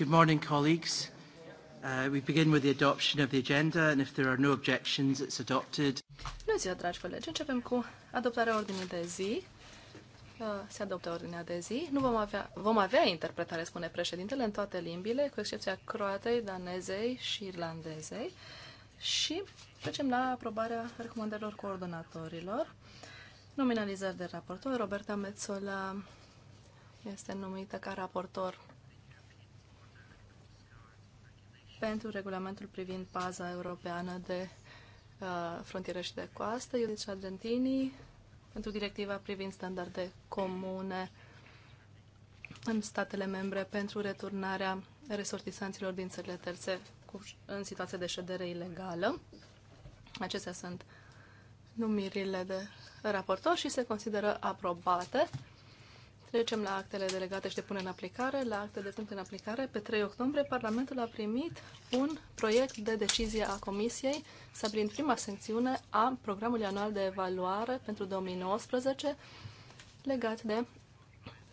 Good morning, colleagues. Uh, we begin with the adoption of the agenda, and if there are no objections, it's adopted. Bună ziua, dragi colegi. Începem cu adoptarea ordinii de zi. Uh, se adoptă ordinea de zi. Nu vom avea, vom avea interpretare, spune președintele, în toate limbile, cu excepția croatei, danezei și irlandezei. Și trecem la aprobarea recomandărilor coordonatorilor. Nominalizări de raportor. Roberta Metzola este numită ca raportor pentru regulamentul privind paza europeană de uh, frontieră și de coastă, Iudice argentini, pentru directiva privind standarde comune în statele membre pentru returnarea resortisanților din țările terțe cu, în situație de ședere ilegală. Acestea sunt numirile de raportor și se consideră aprobate. Trecem la actele delegate și de pune în aplicare. La acte de punct în aplicare, pe 3 octombrie, Parlamentul a primit un proiect de decizie a Comisiei stabilind prima secțiune a programului anual de evaluare pentru 2019 legat de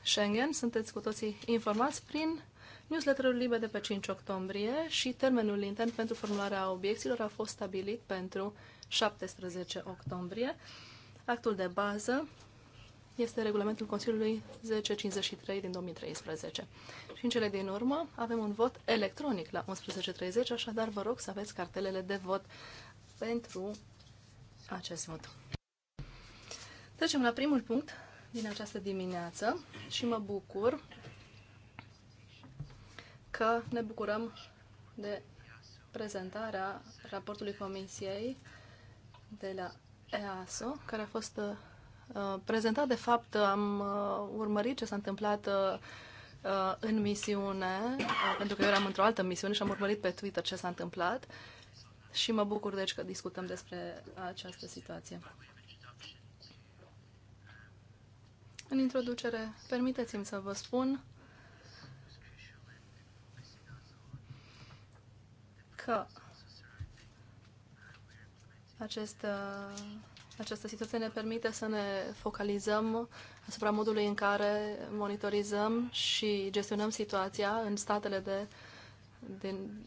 Schengen. Sunteți cu toții informați prin newsletterul liber de pe 5 octombrie și termenul intern pentru formularea obiecțiilor a fost stabilit pentru 17 octombrie. Actul de bază este regulamentul Consiliului 1053 din 2013. Și în cele din urmă avem un vot electronic la 11.30, așadar vă rog să aveți cartelele de vot pentru acest vot. Trecem la primul punct din această dimineață și mă bucur că ne bucurăm de prezentarea raportului Comisiei de la EASO, care a fost uh, Uh, prezentat, de fapt, am uh, urmărit ce s-a întâmplat uh, în misiune, pentru că eu eram într-o altă misiune și am urmărit pe Twitter ce s-a întâmplat și mă bucur, deci, că discutăm despre această situație. În introducere, permiteți-mi să vă spun că acest această situație ne permite să ne focalizăm asupra modului în care monitorizăm și gestionăm situația în statele de, din,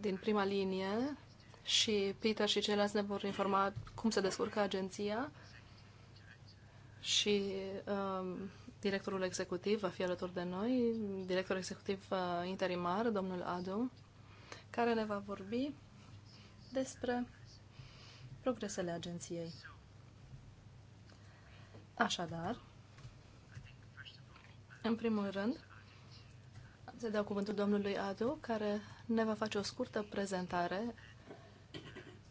din prima linie și Peter și ceilalți ne vor informa cum se descurcă agenția și um, directorul executiv va fi alături de noi, directorul executiv uh, interimar, domnul Adu, care ne va vorbi despre progresele agenției. Așadar, în primul rând, se dau cuvântul domnului Adu, care ne va face o scurtă prezentare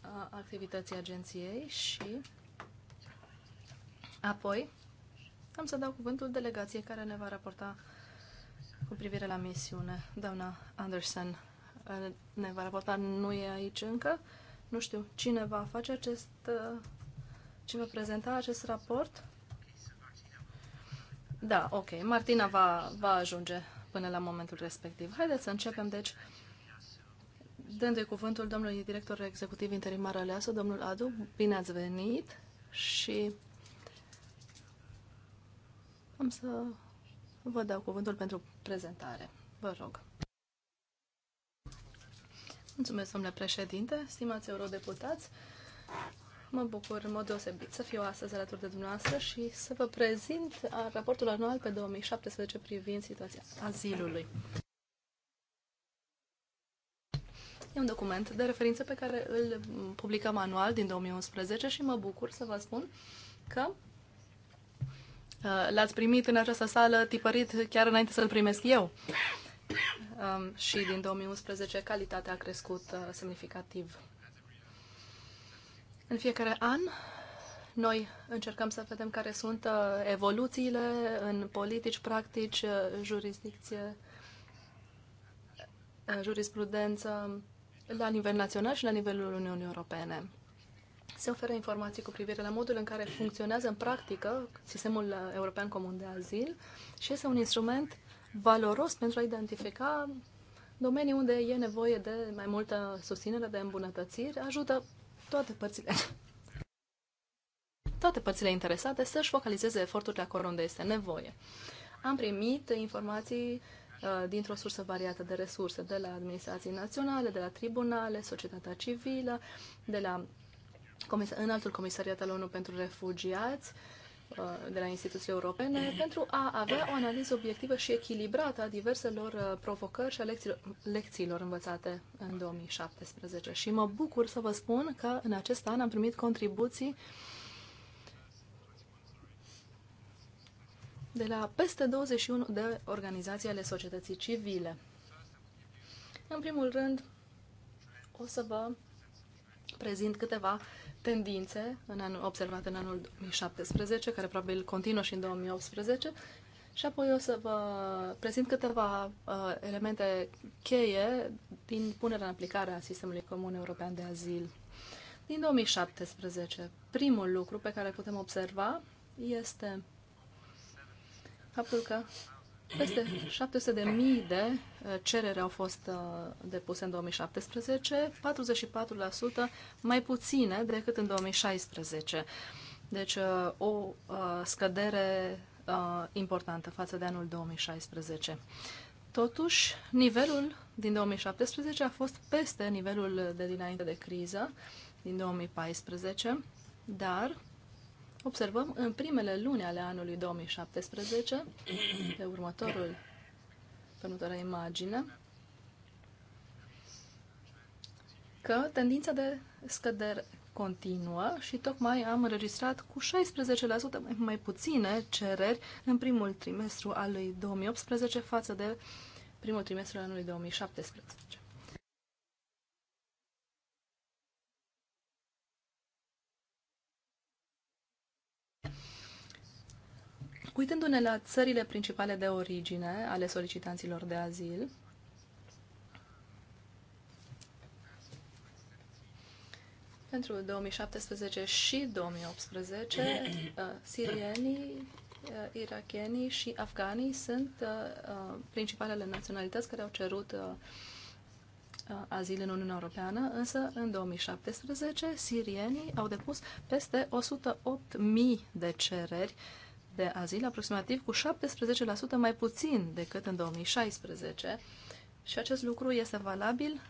a activității agenției și apoi am să dau cuvântul delegației care ne va raporta cu privire la misiune. Doamna Anderson ne va raporta, nu e aici încă, nu știu cine va face acest, uh, ce va prezenta acest raport. Da, ok. Martina va, va ajunge până la momentul respectiv. Haideți să începem, deci, dându-i cuvântul domnului director executiv interimar aleasă, domnul Adu, bine ați venit și am să vă dau cuvântul pentru prezentare. Vă rog. Mulțumesc, domnule președinte, stimați eurodeputați. Mă bucur în mod deosebit să fiu astăzi alături de dumneavoastră și să vă prezint raportul anual pe 2017 privind situația azilului. E un document de referință pe care îl publicăm anual din 2011 și mă bucur să vă spun că uh, l-ați primit în această sală tipărit chiar înainte să-l primesc eu. Um, și din 2011 calitatea a crescut uh, semnificativ. În fiecare an, noi încercăm să vedem care sunt uh, evoluțiile în politici, practici, uh, jurisdicție, jurisprudență la nivel național și la nivelul Uniunii Europene. Se oferă informații cu privire la modul în care funcționează în practică sistemul european comun de azil și este un instrument valoros pentru a identifica domenii unde e nevoie de mai multă susținere, de îmbunătățiri, ajută toate părțile toate părțile interesate să-și focalizeze eforturile acolo unde este nevoie. Am primit informații uh, dintr-o sursă variată de resurse, de la administrații naționale, de la tribunale, societatea civilă, de la comis- înaltul comisariat al ONU pentru refugiați, uh, Uh, de la instituții europene pentru a avea o analiză obiectivă și echilibrată a diverselor uh, provocări și a lecțiilor, lecțiilor învățate în 2017. Și mă bucur să vă spun că în acest an am primit contribuții de la peste 21 de organizații ale societății civile. În primul rând, o să vă prezint câteva tendințe în anul, observate în anul 2017, care probabil continuă și în 2018, și apoi o să vă prezint câteva uh, elemente cheie din punerea în aplicare a sistemului comun european de azil. Din 2017, primul lucru pe care putem observa este faptul că peste 700.000 de, de uh, cereri au fost uh, depuse în 2017, 44% mai puține decât în 2016. Deci uh, o scădere importantă față de anul 2016. Totuși, nivelul din 2017 a fost peste nivelul de dinainte de criză, din 2014, dar observăm în primele luni ale anului 2017, pe următorul, pe următoarea imagine, că tendința de scădere continuă și tocmai am înregistrat cu 16% mai puține cereri în primul trimestru al lui 2018 față de primul trimestru al anului 2017. Uitându-ne la țările principale de origine ale solicitanților de azil, pentru 2017 și 2018, uh, sirienii, uh, irachienii și afganii sunt uh, principalele naționalități care au cerut azil în Uniunea Europeană, însă în 2017 sirienii au depus peste 108.000 de cereri uh, de azil, aproximativ cu 17% mai puțin decât în 2016. Și acest lucru este valabil.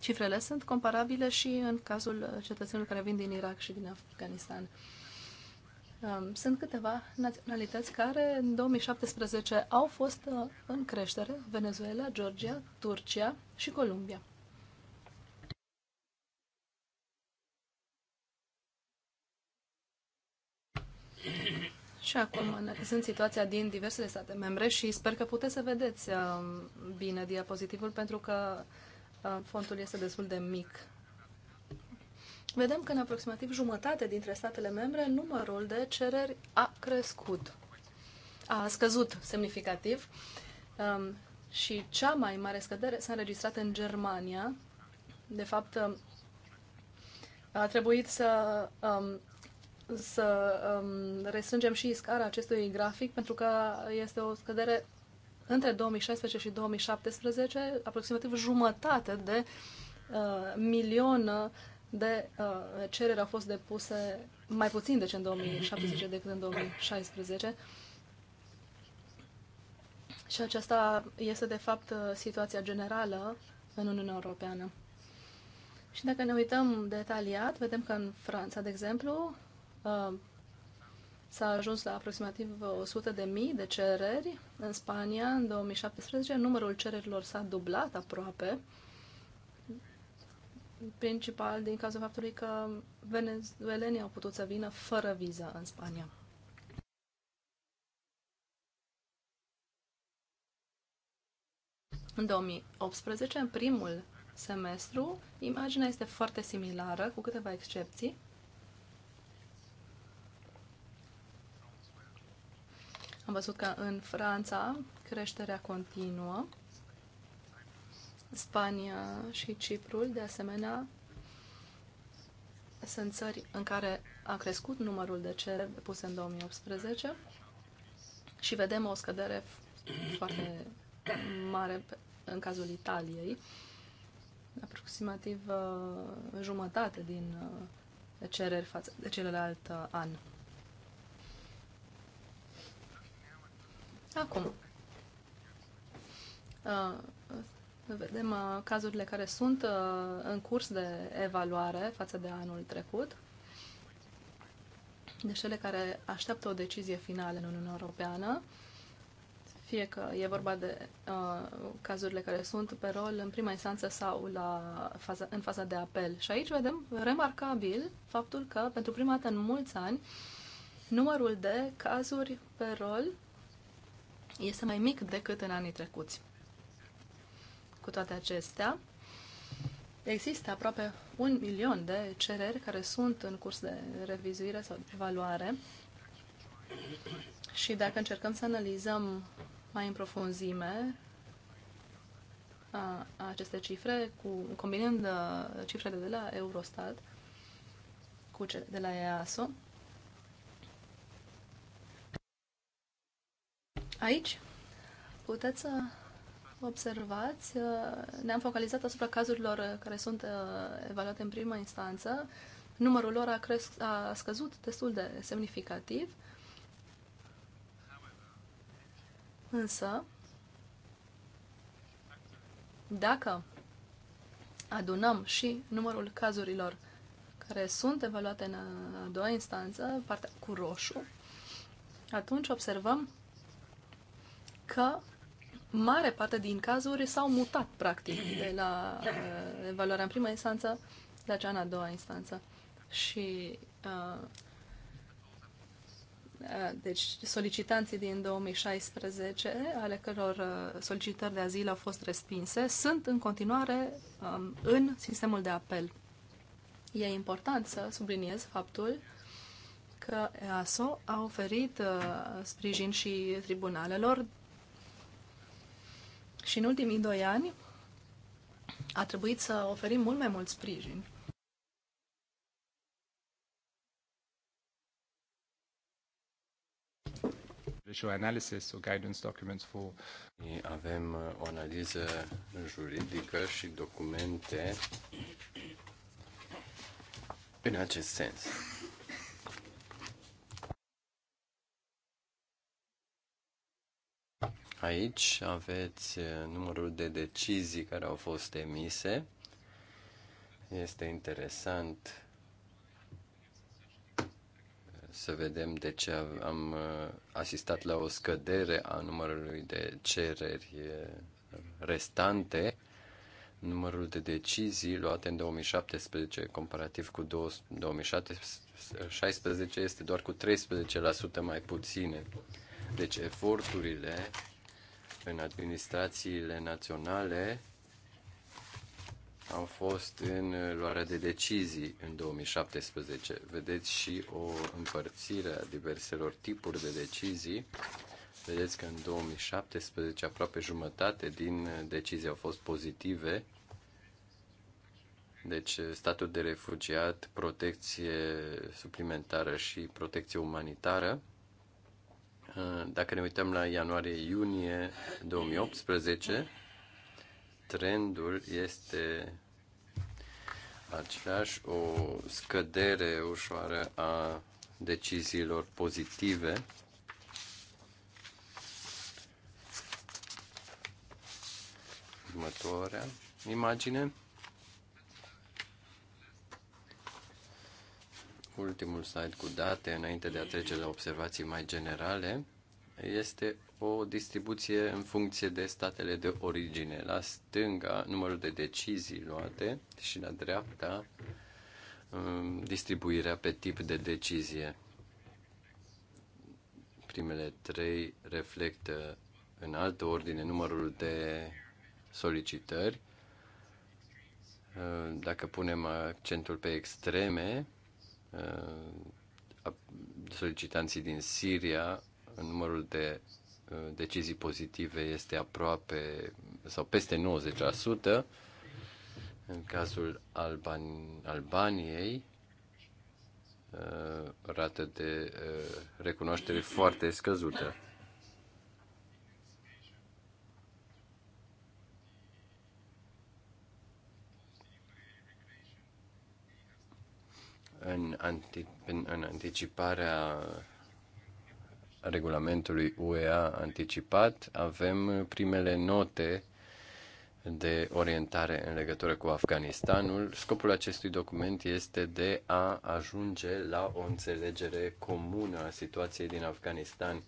Cifrele sunt comparabile și în cazul cetățenilor care vin din Irak și din Afganistan. Um, sunt câteva naționalități care în 2017 au fost uh, în creștere, Venezuela, Georgia, Turcia și Columbia. Și acum analizând situația din diversele state membre și sper că puteți să vedeți uh, bine diapozitivul pentru că uh, fontul este destul de mic. Vedem că în aproximativ jumătate dintre statele membre numărul de cereri a crescut, a scăzut semnificativ um, și cea mai mare scădere s-a înregistrat în Germania. De fapt, um, a trebuit să um, să um, restrângem și scara acestui grafic, pentru că este o scădere între 2016 și 2017, aproximativ jumătate de uh, milion de uh, cereri au fost depuse, mai puțin deci în 2017 decât în 2016. Și aceasta este, de fapt, situația generală în Uniunea Europeană. Și dacă ne uităm detaliat, vedem că în Franța, de exemplu, s-a ajuns la aproximativ 100 de mii de cereri în Spania în 2017. Numărul cererilor s-a dublat aproape, principal din cauza faptului că venezuelenii au putut să vină fără viză în Spania. În 2018, în primul semestru, imaginea este foarte similară, cu câteva excepții. Am văzut că în Franța creșterea continuă. Spania și Ciprul, de asemenea, sunt țări în care a crescut numărul de cereri depuse în 2018 și vedem o scădere foarte mare în cazul Italiei, aproximativ uh, jumătate din uh, cereri față de celălalt uh, an. Acum, uh, vedem uh, cazurile care sunt uh, în curs de evaluare față de anul trecut, de cele care așteaptă o decizie finală în Uniunea Europeană, fie că e vorba de uh, cazurile care sunt pe rol în prima instanță sau la faza, în faza de apel. Și aici vedem remarcabil faptul că pentru prima dată în mulți ani numărul de cazuri pe rol este mai mic decât în anii trecuți. Cu toate acestea, există aproape un milion de cereri care sunt în curs de revizuire sau de evaluare și dacă încercăm să analizăm mai în profunzime a, a aceste cifre, cu, combinând uh, cifrele de la Eurostat cu cele de la EASO, Aici puteți să observați, uh, ne-am focalizat asupra cazurilor uh, care sunt uh, evaluate în prima instanță. Numărul lor a, cres- a scăzut destul de semnificativ. Însă, dacă adunăm și numărul cazurilor care sunt evaluate în a doua instanță, partea cu roșu, atunci observăm că mare parte din cazuri s-au mutat, practic, de la uh, evaluarea în prima instanță la cea în a doua instanță. Și uh, uh deci solicitanții din 2016, ale căror uh, solicitări de azil au fost respinse, sunt în continuare um, în sistemul de apel. E important să subliniez faptul că EASO a oferit uh, sprijin și tribunalelor și în ultimii doi ani a trebuit să oferim mult mai mult sprijin. analysis or guidance documents for avem uh, o analiză juridică și documente în acest sens. Aici aveți uh, numărul de decizii care au fost emise. Este interesant uh, să vedem de ce am uh, asistat la o scădere a numărului de cereri restante, numărul de decizii luate în 2017 comparativ cu 2016 este doar cu 13% mai puține. Deci eforturile în administrațiile naționale au fost în luarea de decizii în 2017. Vedeți și o împărțire a diverselor tipuri de decizii. Vedeți că în 2017 aproape jumătate din decizii au fost pozitive. Deci statul de refugiat, protecție suplimentară și protecție umanitară. Eh, dacă ne uităm la ianuarie-iunie 2018, trendul este același, o scădere ușoară a deciziilor pozitive. Următoarea imagine. ultimul slide cu date, înainte de a trece la observații mai generale, este o distribuție în funcție de statele de origine. La stânga, numărul de decizii luate și la dreapta, um, distribuirea pe tip de decizie. Primele trei reflectă în altă ordine numărul de solicitări. Uh, dacă punem accentul pe extreme, Uh, solicitanții din Siria, numărul de uh, decizii pozitive este aproape sau peste 90%. În cazul Alban- Albaniei, uh, rată de recunoaștere foarte scăzută. în, anti- în anticiparea regulamentului UEA anticipat, avem primele note de orientare în legătură cu Afganistanul. Scopul acestui document este de a ajunge la o înțelegere comună a situației din Afganistan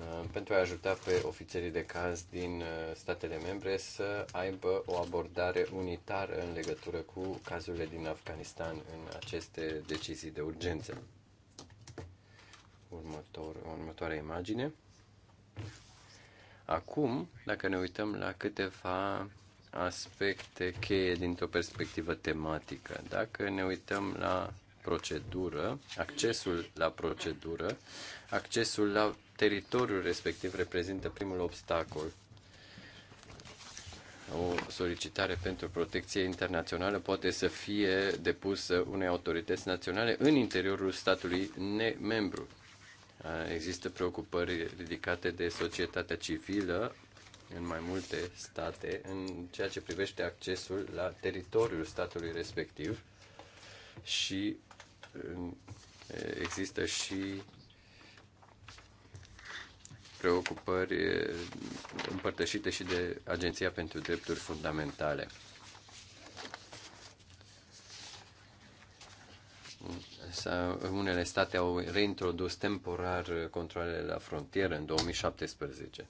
Uh, pentru a ajuta pe ofițerii de caz din uh, statele membre să aibă o abordare unitară în legătură cu cazurile din Afganistan în aceste decizii de urgență. Următor, următoarea imagine. Acum, dacă ne uităm la câteva aspecte cheie dintr-o perspectivă tematică, dacă ne uităm la procedură, accesul la procedură, accesul la teritoriul respectiv reprezintă primul obstacol. O solicitare pentru protecție internațională poate să fie depusă unei autorități naționale în interiorul statului membru. Există preocupări ridicate de societatea civilă în mai multe state în ceea ce privește accesul la teritoriul statului respectiv și există și preocupări împărtășite și de Agenția pentru Drepturi Fundamentale. Unele state au reintrodus temporar controlele la frontieră în 2017.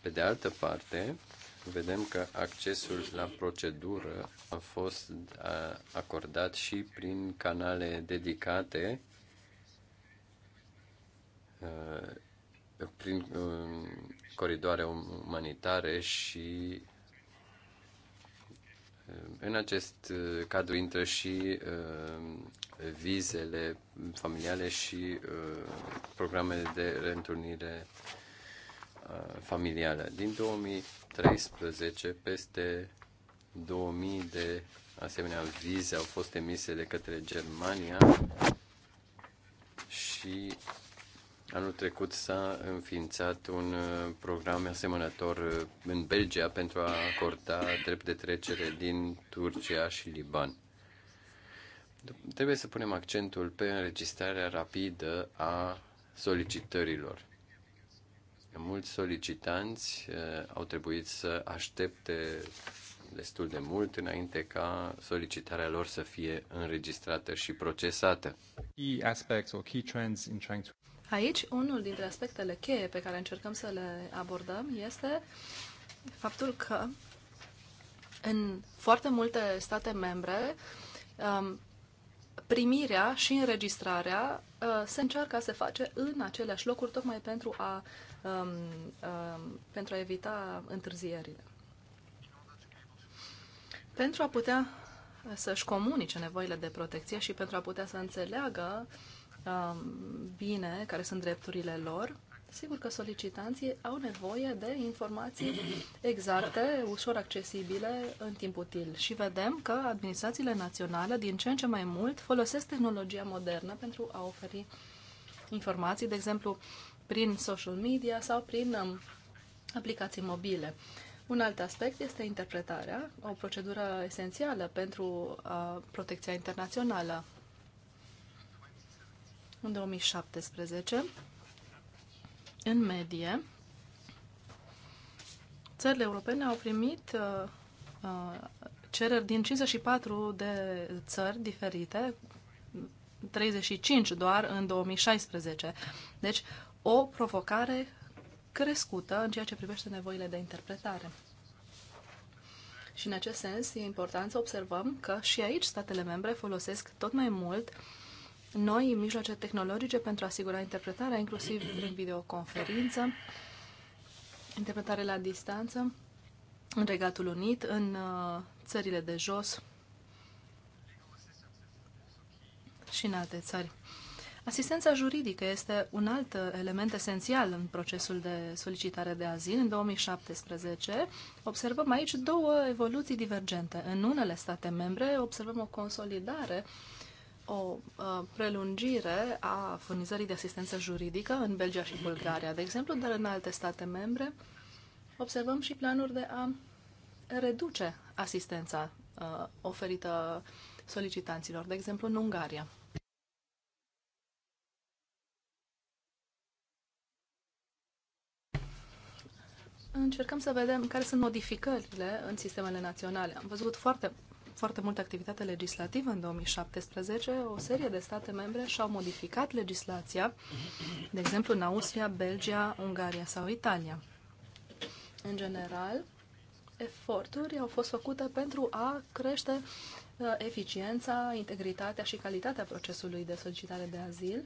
Pe de altă parte, vedem că accesul la procedură a fost acordat și prin canale dedicate, uh, prin um, coridoare umanitare și uh, în acest uh, cadru intră și vizele familiale și programele de reîntâlnire Uh, familială. Din 2013, peste 2000 de asemenea vize au fost emise de către Germania și anul trecut s-a înființat un uh, program asemănător uh, în Belgia pentru a acorda drept de trecere din Turcia și Liban. Trebuie să punem accentul pe înregistrarea rapidă a solicitărilor. Mulți solicitanți uh, au trebuit să aștepte destul de mult înainte ca solicitarea lor să fie înregistrată și procesată. Aici, unul dintre aspectele cheie pe care încercăm să le abordăm este faptul că în foarte multe state membre um, primirea și înregistrarea uh, se încearcă să se face în aceleași locuri tocmai pentru a um, um, pentru a evita întârzierile. Pentru a putea să-și comunice nevoile de protecție și pentru a putea să înțeleagă um, bine care sunt drepturile lor, sigur că solicitanții au nevoie de informații exacte, ușor accesibile, în timp util. Și vedem că administrațiile naționale din ce în ce mai mult folosesc tehnologia modernă pentru a oferi informații, de exemplu, prin social media sau prin um, aplicații mobile. Un alt aspect este interpretarea, o procedură esențială pentru uh, protecția internațională. În 2017, în medie, țările europene au primit uh, uh, cereri din 54 de țări diferite, 35 doar în 2016. Deci, o provocare crescută în ceea ce privește nevoile de interpretare. Și în acest sens e important să observăm că și aici statele membre folosesc tot mai mult noi mijloace tehnologice pentru a asigura interpretarea, inclusiv prin videoconferință, interpretare la distanță, în Regatul Unit, în uh, țările de jos și în alte țări. Asistența juridică este un alt uh, element esențial în procesul de solicitare de azil. În 2017 observăm aici două evoluții divergente. În unele state membre observăm o consolidare, o uh, prelungire a furnizării de asistență juridică în Belgia și Bulgaria, de exemplu, dar în alte state membre observăm și planuri de a reduce asistența uh, oferită solicitanților, de exemplu în Ungaria. încercăm să vedem care sunt modificările în sistemele naționale. Am văzut foarte, foarte multă activitate legislativă în 2017. O serie de state membre și-au modificat legislația, de exemplu în Austria, Belgia, Ungaria sau Italia. În general, eforturi au fost făcute pentru a crește uh, eficiența, integritatea și calitatea procesului de solicitare de azil.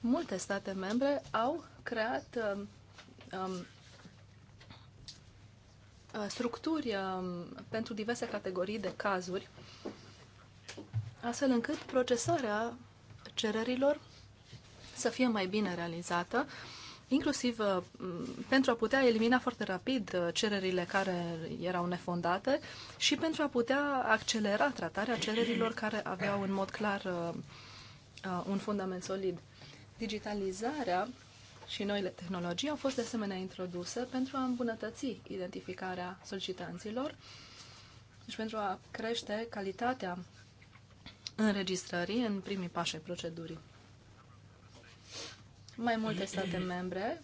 Multe state membre au creat uh, um, Uh, structuri uh, pentru diverse categorii de cazuri, astfel încât procesarea cererilor să fie mai bine realizată, inclusiv uh, pentru a putea elimina foarte rapid cererile care erau nefondate și pentru a putea accelera tratarea cererilor care aveau în mod clar un fundament solid. Digitalizarea și noile tehnologii au fost de asemenea introduse pentru a îmbunătăți identificarea solicitanților și deci pentru a crește calitatea înregistrării în primii pași ai procedurii. Mai multe state membre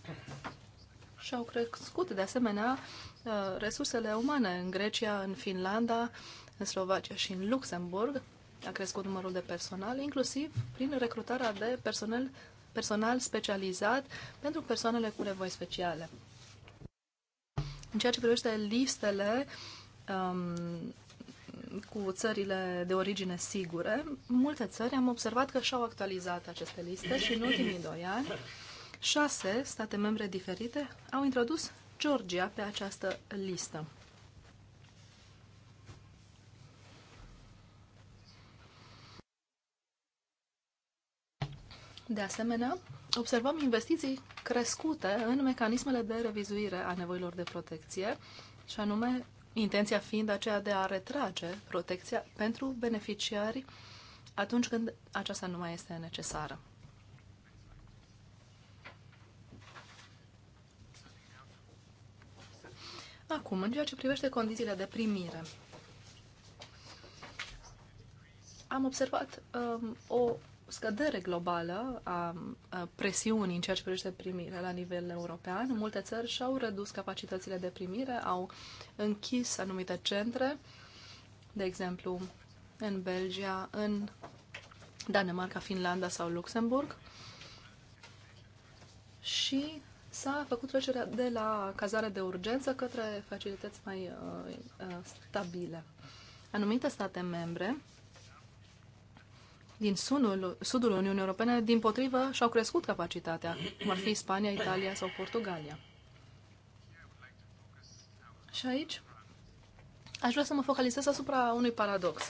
și-au crescut de asemenea uh, resursele umane în Grecia, în Finlanda, în Slovacia și în Luxemburg. A crescut numărul de personal, inclusiv prin recrutarea de personal personal specializat pentru persoanele cu nevoi speciale. În ceea ce privește listele um, cu țările de origine sigure, multe țări am observat că și-au actualizat aceste liste și în ultimii doi ani șase state membre diferite au introdus Georgia pe această listă. De asemenea, observăm investiții crescute în mecanismele de revizuire a nevoilor de protecție, și anume intenția fiind aceea de a retrage protecția pentru beneficiari atunci când aceasta nu mai este necesară. Acum, în ceea ce privește condițiile de primire, am observat um, o scădere globală a presiunii în ceea ce privește primirea la nivel european. Multe țări și-au redus capacitățile de primire, au închis anumite centre, de exemplu în Belgia, în Danemarca, Finlanda sau Luxemburg. Și s-a făcut trecerea de la cazare de urgență către facilități mai uh, uh stabile. Anumite state membre din sunul, sudul Uniunii Europene, din potrivă, și-au crescut capacitatea, cum ar fi Spania, Italia sau Portugalia. Și aici aș vrea să mă focalizez asupra unui paradox.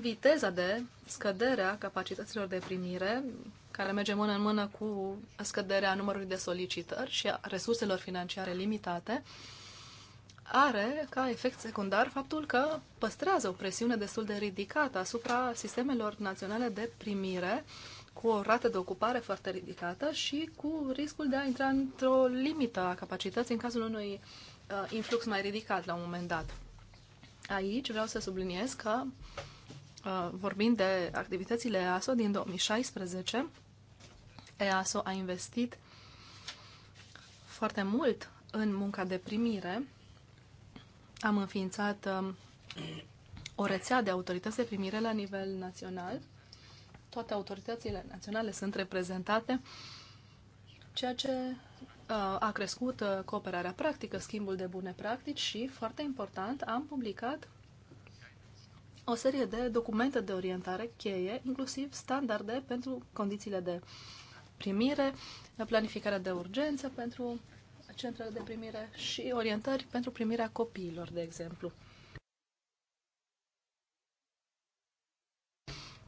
Viteza de scădere a capacităților de primire, care merge mână în mână cu scăderea numărului de solicitări și a resurselor financiare limitate, uh, are ca efect secundar faptul că păstrează o presiune destul de ridicată asupra sistemelor naționale de primire, cu o rată de ocupare foarte ridicată și cu riscul de a intra într-o limită a capacității în cazul unui uh, influx mai ridicat la un moment dat. Aici vreau să subliniez că, uh, vorbind de activitățile EASO din 2016, EASO a investit foarte mult în munca de primire am înființat um, o rețea de autorități de primire la nivel național. Toate autoritățile naționale sunt reprezentate, ceea ce uh, a crescut uh, cooperarea practică, schimbul de bune practici și, foarte important, am publicat o serie de documente de orientare cheie, inclusiv standarde pentru condițiile de primire, planificarea de urgență pentru centrele de primire și orientări pentru primirea copiilor, de exemplu.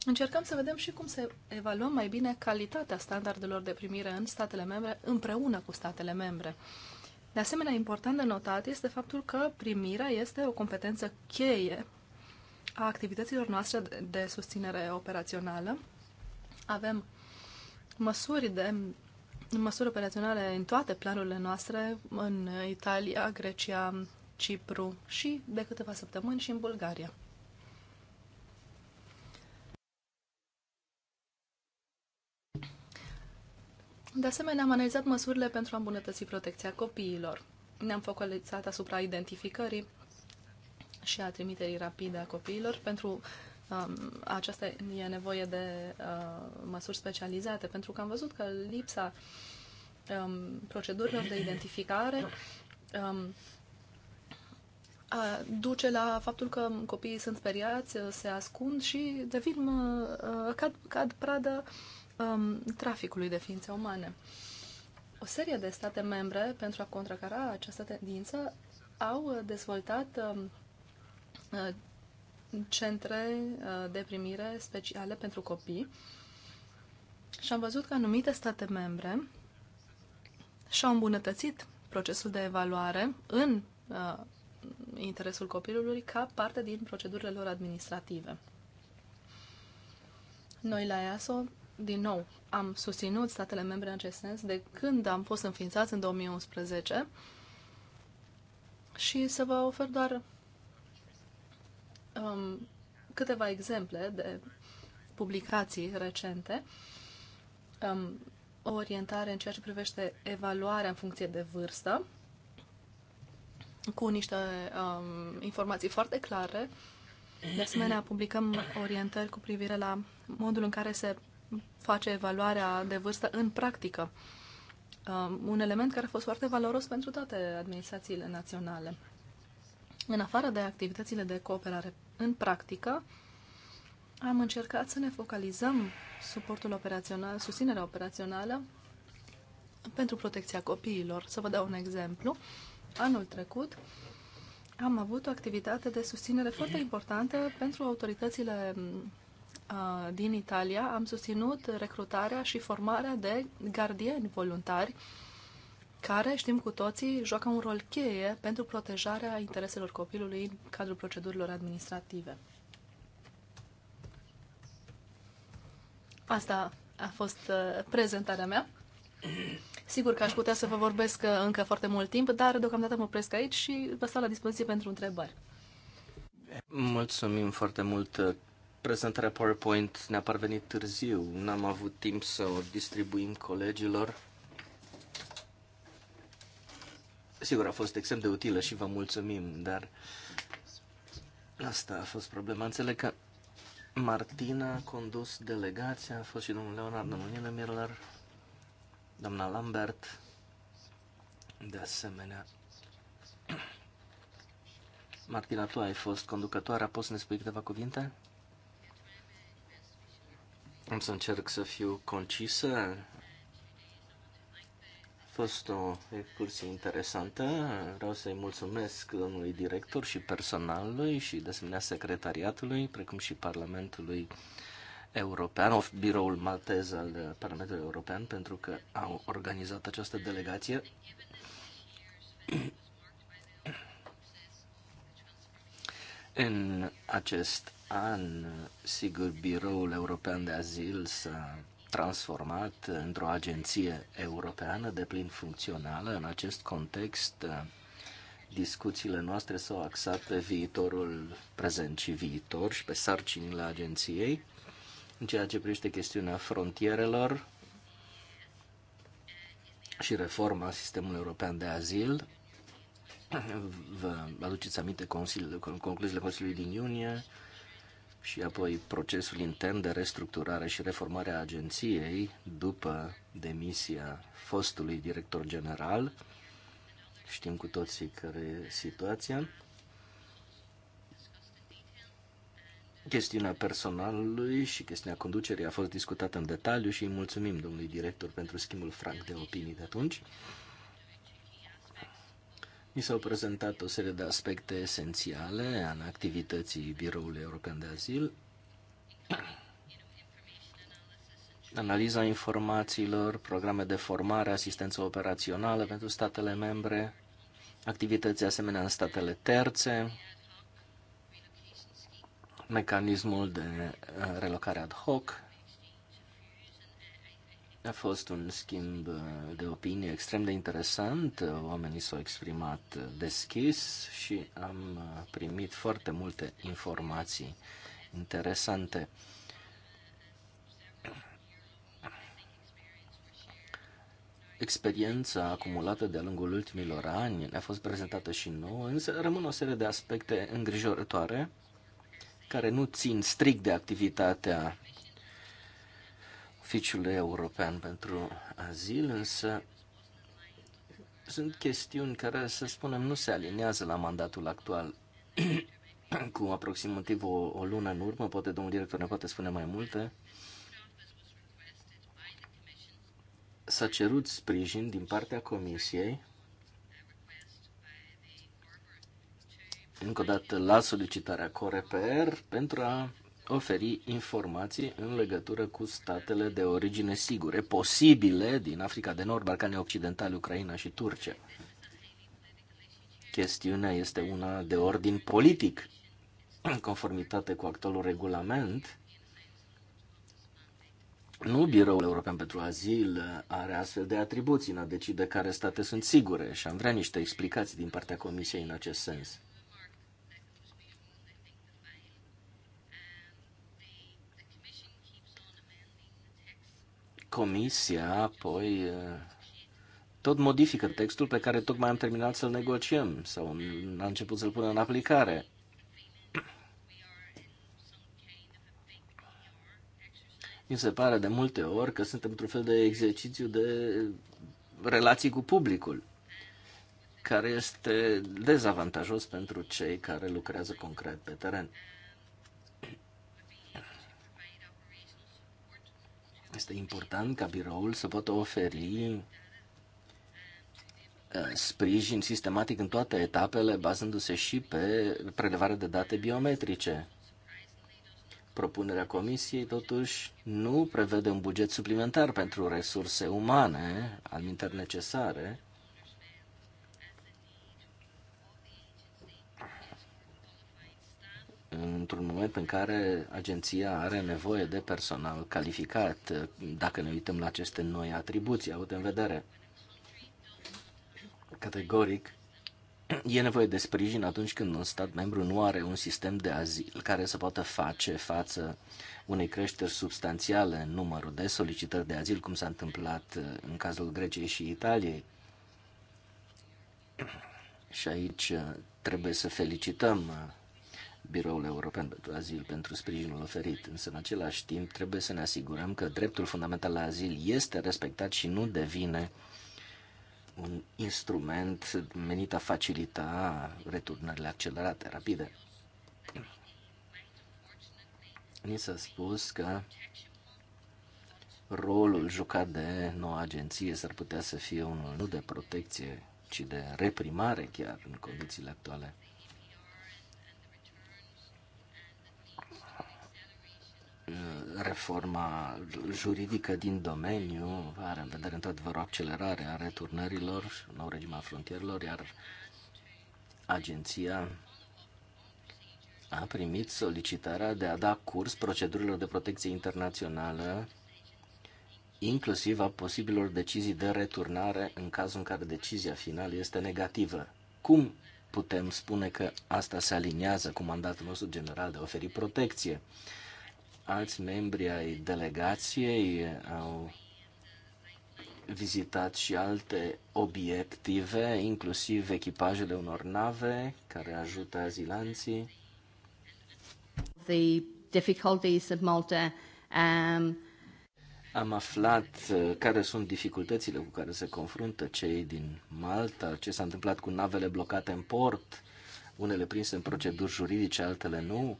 Încercăm să vedem și cum să evaluăm mai bine calitatea standardelor de primire în statele membre împreună cu statele membre. De asemenea, important de notat este faptul că primirea este o competență cheie a activităților noastre de susținere operațională. Avem măsuri de măsuri operaționale în toate planurile noastre, în Italia, Grecia, Cipru și de câteva săptămâni și în Bulgaria. De asemenea, am analizat măsurile pentru a îmbunătăți protecția copiilor. Ne-am focalizat asupra identificării și a trimiterii rapide a copiilor pentru Um, aceasta e nevoie de uh, măsuri specializate, pentru că am văzut că lipsa um, procedurilor de identificare um, a, duce la faptul că copiii sunt speriați, se ascund și devin, uh, uh, cad, cad pradă um, traficului de ființe umane. O serie de state membre, pentru a contracara această tendință, au dezvoltat centre uh, de primire speciale pentru copii și am văzut că anumite state membre și-au îmbunătățit procesul de evaluare în uh, interesul copilului ca parte din procedurile lor administrative. Noi la EASO, din nou, am susținut statele membre în acest sens de când am fost înființați în 2011 și să vă ofer doar um, câteva exemple de publicații recente. Um, o orientare în ceea ce privește evaluarea în funcție de vârstă, cu niște um, informații foarte clare. De asemenea, publicăm orientări cu privire la modul în care se face evaluarea de vârstă în practică. Um, un element care a fost foarte valoros pentru toate administrațiile naționale. În afară de activitățile de cooperare în practică, am încercat să ne focalizăm suportul operațional, susținerea operațională pentru protecția copiilor. Să vă dau un exemplu. Anul trecut am avut o activitate de susținere foarte importantă pentru autoritățile mm, din Italia. Am susținut recrutarea și formarea de gardieni voluntari care, știm cu toții, joacă un rol cheie pentru protejarea intereselor copilului în cadrul procedurilor administrative. Asta a fost uh, prezentarea mea. Sigur că aș putea să vă vorbesc uh, încă foarte mult timp, dar deocamdată mă opresc aici și vă stau la dispoziție pentru întrebări. Mulțumim foarte mult. Prezentarea PowerPoint ne-a parvenit târziu. N-am avut timp să o distribuim colegilor. Sigur, a fost extrem de utilă și vă mulțumim, dar asta a fost problema. Înțeleg că Martina a condus delegația, a fost și domnul Leonard, domnul Miller, doamna Lambert, de asemenea. Martina, tu ai fost conducătoarea, poți să ne spui câteva cuvinte? Am să încerc să fiu concisă fost o excursie interesantă. Vreau să-i mulțumesc domnului director și personalului și de asemenea secretariatului, precum și Parlamentului European, of biroul maltez al Parlamentului European, pentru că au organizat această delegație. În acest an, sigur, Biroul European de Azil s-a transformat într-o agenție europeană de plin funcțională. În acest context, discuțiile noastre s-au axat pe viitorul prezent și viitor și pe sarcinile agenției. În ceea ce privește chestiunea frontierelor și reforma sistemului european de azil, vă aduceți aminte concluziile Consiliului din iunie, și apoi procesul intern de restructurare și reformare a agenției după demisia fostului director general. Știm cu toții care e situația. Chestiunea personalului și chestiunea conducerii a fost discutată în detaliu și îi mulțumim domnului director pentru schimbul franc de opinii de atunci. Mi s-au prezentat o serie de aspecte esențiale în activității Biroului European de Azil. Analiza informațiilor, programe de formare, asistență operațională pentru statele membre, activități asemenea în statele terțe, mecanismul de uh, relocare ad hoc, a fost un schimb uh, de opinie extrem de interesant, uh, oamenii s-au exprimat uh, deschis și am primit foarte multe informații interesante. Experiența acumulată de-a lungul ultimilor ani ne-a fost prezentată și nouă, însă rămân o serie de aspecte îngrijorătoare care nu țin strict de activitatea oficiul european pentru azil, însă sunt chestiuni care, să spunem, nu se aliniază la mandatul actual. Cu aproximativ o, o lună în urmă, poate domnul director ne poate spune mai multe, s-a cerut sprijin din partea Comisiei încă o dată la solicitarea Coreper pentru a oferi informații în legătură cu statele de origine sigure, posibile din Africa de Nord, Balcanii Occidentale, Ucraina și Turcia. Chestiunea este una de ordin politic. În conformitate cu actualul regulament, nu Biroul European pentru Azil are astfel de atribuții în a decide care state sunt sigure și am vrea niște explicații din partea Comisiei în acest sens. Comisia apoi uh, tot modifică textul pe care tocmai am terminat să-l negociem sau am început să-l punem în aplicare. Mi se pare de multe ori că suntem într-un fel de exercițiu de relații cu publicul, care este dezavantajos pentru cei care lucrează concret pe teren. Este important ca biroul să poată oferi uh, sprijin sistematic în toate etapele, bazându-se și pe prelevarea de date biometrice. Propunerea comisiei, totuși, nu prevede un buget suplimentar pentru resurse umane, alminter necesare, într-un moment în care agenția are nevoie de personal calificat, dacă ne uităm la aceste noi atribuții avut în vedere. Categoric, e nevoie de sprijin atunci când un stat membru nu are un sistem de azil care să poată face față unei creșteri substanțiale în numărul de solicitări de azil, cum s-a întâmplat uh, în cazul Greciei și Italiei. Și aici uh, trebuie să felicităm uh, Biroul European pentru Azil pentru sprijinul oferit, însă în același timp trebuie să ne asigurăm că dreptul fundamental la azil este respectat și nu devine un instrument menit a facilita returnările accelerate, rapide. Ni s-a spus că rolul jucat de noua agenție s-ar putea să fie unul nu de protecție, ci de reprimare chiar în condițiile actuale. reforma juridică din domeniu are în vedere într-adevăr o accelerare a returnărilor și un nou regim al frontierelor, iar agenția a primit solicitarea de a da curs procedurilor de protecție internațională, inclusiv a posibilor decizii de returnare în cazul în care decizia finală este negativă. Cum putem spune că asta se aliniază cu mandatul nostru general de a oferi protecție? alți membri ai delegației au vizitat și alte obiective, inclusiv echipajele unor nave care ajută azilanții. The difficulties of Malta, um... Am aflat uh, care sunt dificultățile cu care se confruntă cei din Malta, ce s-a întâmplat cu navele blocate în port, unele prinse în proceduri juridice, altele nu.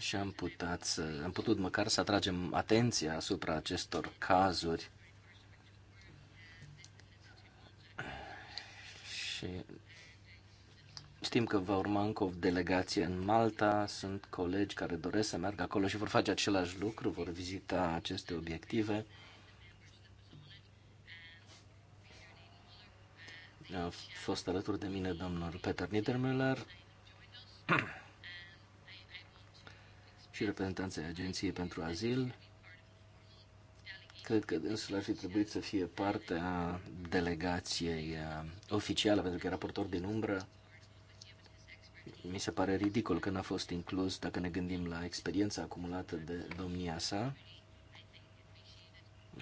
și am, putut să, am putut măcar să atragem atenția asupra acestor cazuri și știm că va urma încă o delegație în Malta, sunt colegi care doresc să meargă acolo și vor face același lucru, vor vizita aceste obiective. A fost alături de mine domnul Peter Niedermüller și reprezentanții Agenției pentru Azil. Cred că dânsul ar fi trebuit să fie parte a delegației oficiale, pentru că e raportor din umbră. Mi se pare ridicol că n-a fost inclus, dacă ne gândim la experiența acumulată de domnia sa.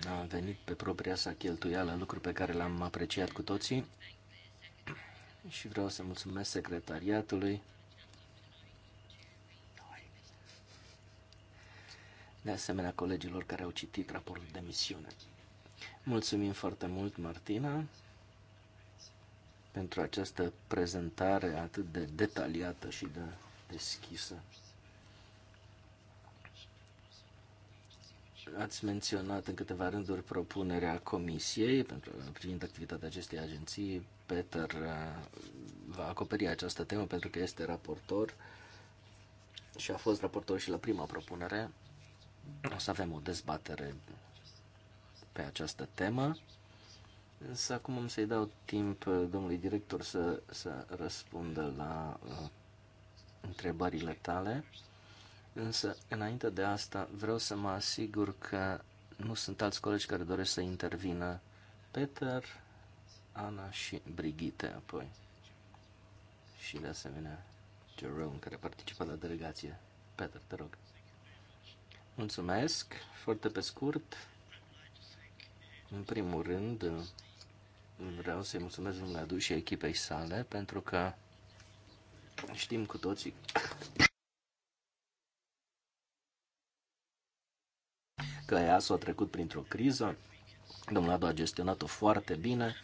A venit pe propria sa cheltuială, lucru pe care l-am apreciat cu toții. Și vreau să mulțumesc secretariatului de asemenea colegilor care au citit raportul de misiune. Mulțumim foarte mult, Martina, pentru această prezentare atât de detaliată și de deschisă. Ați menționat în câteva rânduri propunerea Comisiei pentru privind activitatea acestei agenții. Peter uh, va acoperi această temă pentru că este raportor și a fost raportor și la prima propunere o să avem o dezbatere pe această temă, însă acum am să-i dau timp uh, domnului director să, să răspundă la uh, întrebările tale. Însă, înainte de asta, vreau să mă asigur că nu sunt alți colegi care doresc să intervină. Peter, Ana și Brigitte apoi. Și de asemenea Jerome, care participă la delegație. Peter, te rog. Mulțumesc, foarte pe scurt. În primul rând, vreau să-i mulțumesc domnului Adu și echipei sale, pentru că știm cu toții că EASO a trecut printr-o criză, domnul Adu a gestionat-o foarte bine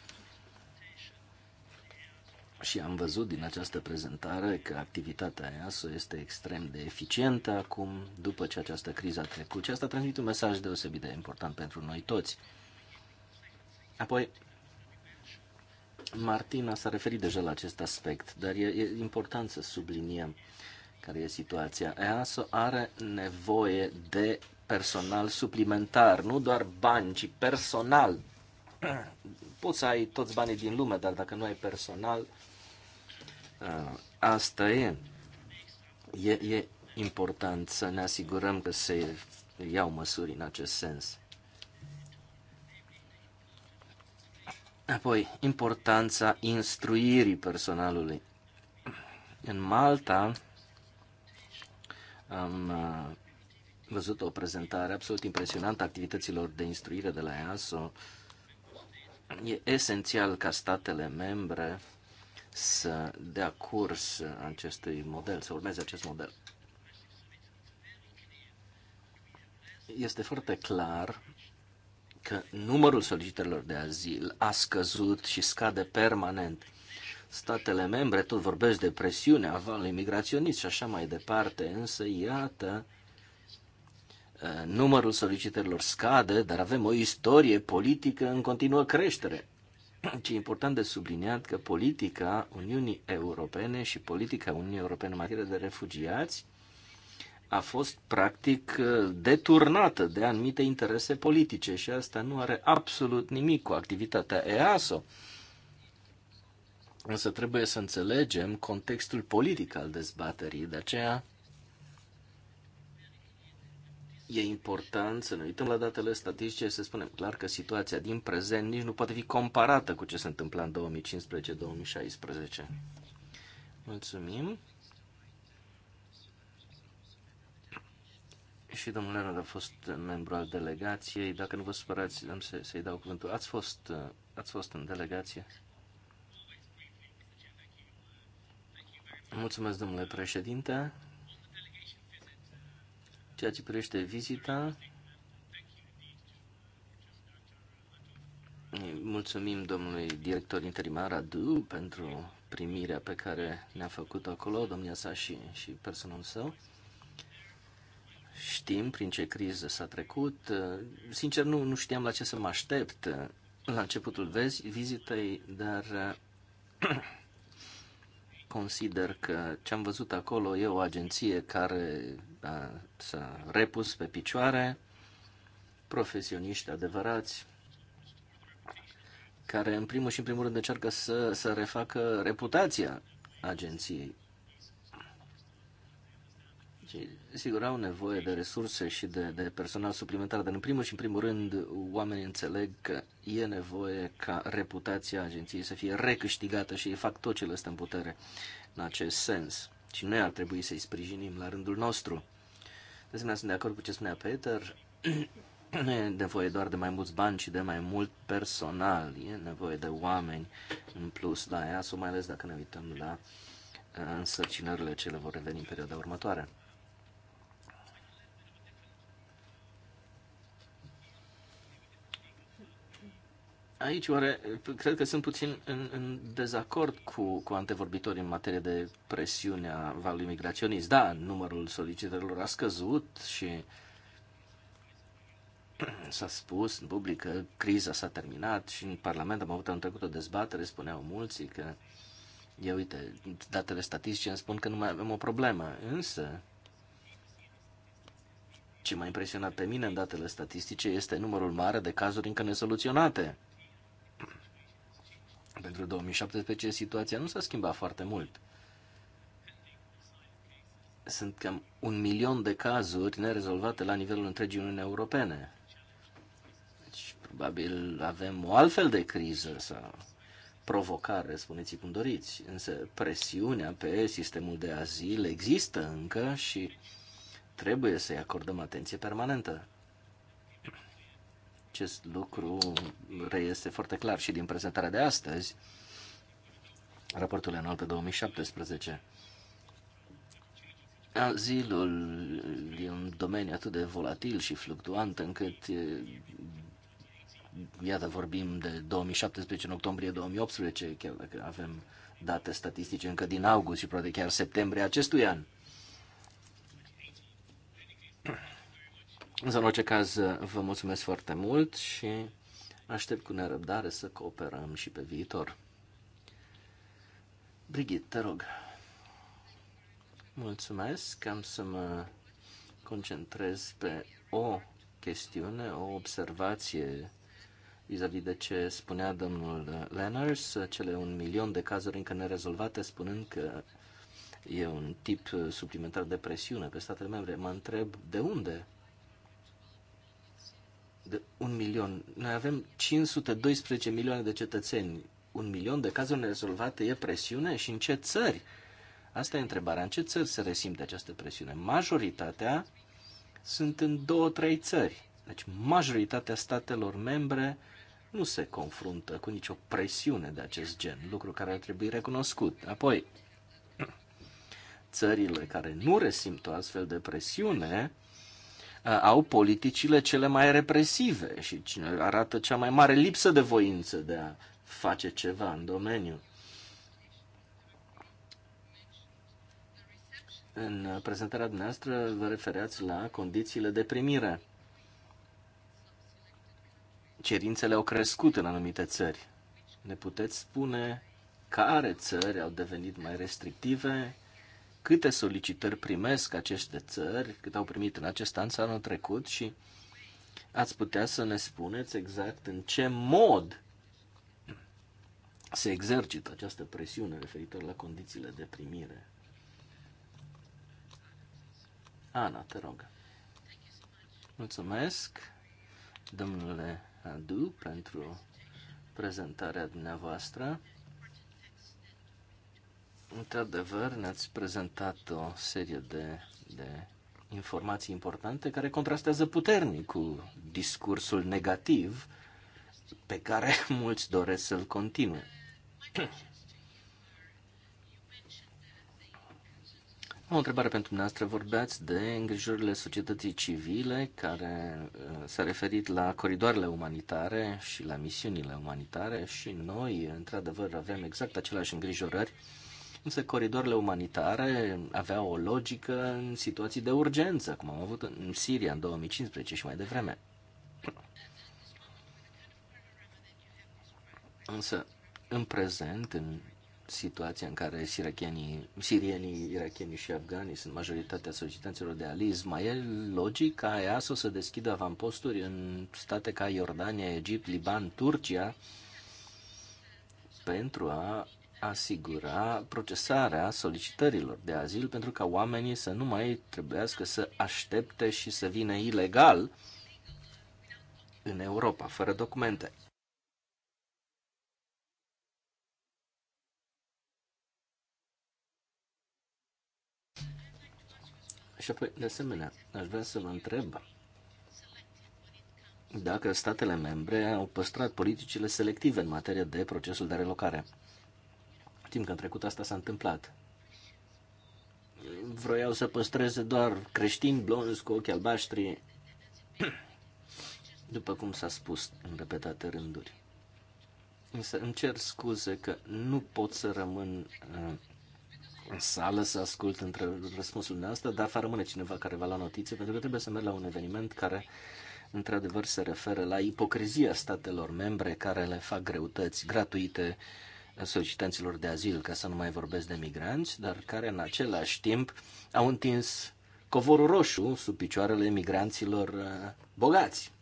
și am văzut din această prezentare că activitatea EASO este extrem de eficientă acum, după ce această criză a trecut. Și asta transmite un mesaj deosebit de important pentru noi toți. Apoi, Martina s-a referit deja la acest aspect, dar e, e important să subliniem care e situația. EASO are nevoie de personal suplimentar, nu doar bani, ci personal. Poți să ai toți banii din lume, dar dacă nu ai personal, Ah, asta e. e. E important să ne asigurăm că se iau măsuri în acest sens. Apoi, importanța instruirii personalului. În Malta am ah, văzut o prezentare absolut impresionantă a activităților de instruire de la EASO. E esențial ca statele membre să dea curs acestui model, să urmeze acest model. Este foarte clar că numărul solicitărilor de azil a scăzut și scade permanent. Statele membre tot vorbesc de presiunea valului imigraționist și așa mai departe, însă iată eh, numărul solicitărilor scade, dar avem o istorie politică în continuă creștere ci e important de subliniat că politica Uniunii Europene și politica Uniunii Europene în materie de refugiați a fost practic deturnată de anumite interese politice și asta nu are absolut nimic cu activitatea EASO. Însă trebuie să înțelegem contextul politic al dezbaterii, de aceea E important să ne uităm la datele statistice, să spunem clar că situația din prezent nici nu poate fi comparată cu ce se întâmpla în 2015-2016. Mulțumim. Și domnul Leonard a fost membru al delegației. Dacă nu vă supărați, am să, să-i dau cuvântul. Ați fost, ați fost în delegație? Mulțumesc, domnule președinte ceea ce privește vizita, mulțumim domnului director interimar Adu pentru primirea pe care ne-a făcut acolo, domnia sa și, și personalul său. Știm prin ce criză s-a trecut. Sincer, nu, nu știam la ce să mă aștept la începutul vezi, vizitei, dar consider că ce am văzut acolo e o agenție care s-a repus pe picioare, profesioniști adevărați, care în primul și în primul rând încearcă să, să refacă reputația agenției. Și, sigur, au nevoie de resurse și de, de personal suplimentar, dar în primul și în primul rând oamenii înțeleg că e nevoie ca reputația agenției să fie recâștigată și ei fac tot ce le stă în putere în acest sens. Și noi ar trebui să-i sprijinim la rândul nostru. De asemenea, sunt de acord cu ce spunea Peter. nu e nevoie doar de mai mulți bani, ci de mai mult personal. E nevoie de oameni în plus la sau mai ales dacă ne uităm la uh, însărcinările ce le vor reveni în perioada următoare. Aici, oare, cred că sunt puțin în, în dezacord cu, cu antevorbitorii în materie de presiunea valului migraționist. Da, numărul solicitărilor a scăzut și s-a spus în public că criza s-a terminat și în Parlament am avut în trecut o dezbatere, spuneau mulți că, ia uite, datele statistice îmi spun că nu mai avem o problemă, însă ce m-a impresionat pe mine în datele statistice este numărul mare de cazuri încă nesoluționate. Pentru 2017 situația nu s-a schimbat foarte mult. Sunt cam un milion de cazuri nerezolvate la nivelul întregii Uniunii Europene. Deci, probabil avem o altfel de criză sau provocare, spuneți cum doriți, însă presiunea pe sistemul de azil există încă și trebuie să-i acordăm atenție permanentă. Acest lucru reiese foarte clar și din prezentarea de astăzi, raportul anual pe 2017. Azilul e un domeniu atât de volatil și fluctuant încât iată vorbim de 2017 în octombrie 2018, chiar dacă avem date statistice încă din august și poate chiar septembrie acestui an. Însă, în orice caz, vă mulțumesc foarte mult și aștept cu nerăbdare să cooperăm și pe viitor. Brigit, te rog. Mulțumesc, am să mă concentrez pe o chestiune, o observație vis-a-vis -vis de ce spunea domnul Lenners, cele un milion de cazuri încă nerezolvate, spunând că e un tip suplimentar de presiune pe statele membre. Mă întreb de unde de un milion. Noi avem 512 milioane de cetățeni. Un milion de cazuri nerezolvate e presiune și în ce țări? Asta e întrebarea. În ce țări se resimte această presiune? Majoritatea sunt în două, trei țări. Deci majoritatea statelor membre nu se confruntă cu nicio presiune de acest gen, lucru care ar trebui recunoscut. Apoi, țările care nu resimt o astfel de presiune Uh, au politicile cele mai represive și arată cea mai mare lipsă de voință de a face ceva în domeniu. În prezentarea dumneavoastră vă refereați la condițiile de primire. Cerințele au crescut în anumite țări. Ne puteți spune care țări au devenit mai restrictive, câte solicitări primesc aceste țări, cât au primit în acest an sau anul trecut și ați putea să ne spuneți exact în ce mod se exercită această presiune referitor la condițiile de primire. Ana, te rog. Mulțumesc, domnule Adu, pentru prezentarea dumneavoastră. Într-adevăr, ne-ați prezentat o serie de, de informații importante care contrastează puternic cu discursul negativ pe care mulți doresc să-l continue. O întrebare pentru dumneavoastră. Vorbeați de îngrijorile societății civile care uh, s-a referit la coridoarele umanitare și la misiunile umanitare și noi, într-adevăr, avem exact aceleași îngrijorări Însă coridoarele umanitare aveau o logică în situații de urgență, cum am avut în Siria în 2015 și mai devreme. Însă, în prezent, în situația în care sirienii, sirienii irachienii și afganii sunt majoritatea solicitanților de aliz, mai e logic ca EASO să deschidă avamposturi în state ca Iordania, Egipt, Liban, Turcia, pentru a asigura procesarea solicitărilor de azil pentru ca oamenii să nu mai trebuiască să aștepte și să vină ilegal în Europa, fără documente. Și apoi, de asemenea, aș vrea să vă întreb dacă statele membre au păstrat politicile selective în materie de procesul de relocare. Știm că în trecut asta s-a întâmplat. Vroiau să păstreze doar creștini blonzi cu ochi albaștri, după cum s-a spus în repetate rânduri. Însă îmi cer scuze că nu pot să rămân uh, în sală să ascult între răspunsul dumneavoastră, dar va rămâne cineva care va lua notițe, pentru că trebuie să merg la un eveniment care într-adevăr se referă la ipocrizia statelor membre care le fac greutăți gratuite solicitanților de azil, ca să nu mai vorbesc de migranți, dar care în același timp au întins covorul roșu sub picioarele migranților uh, bogați,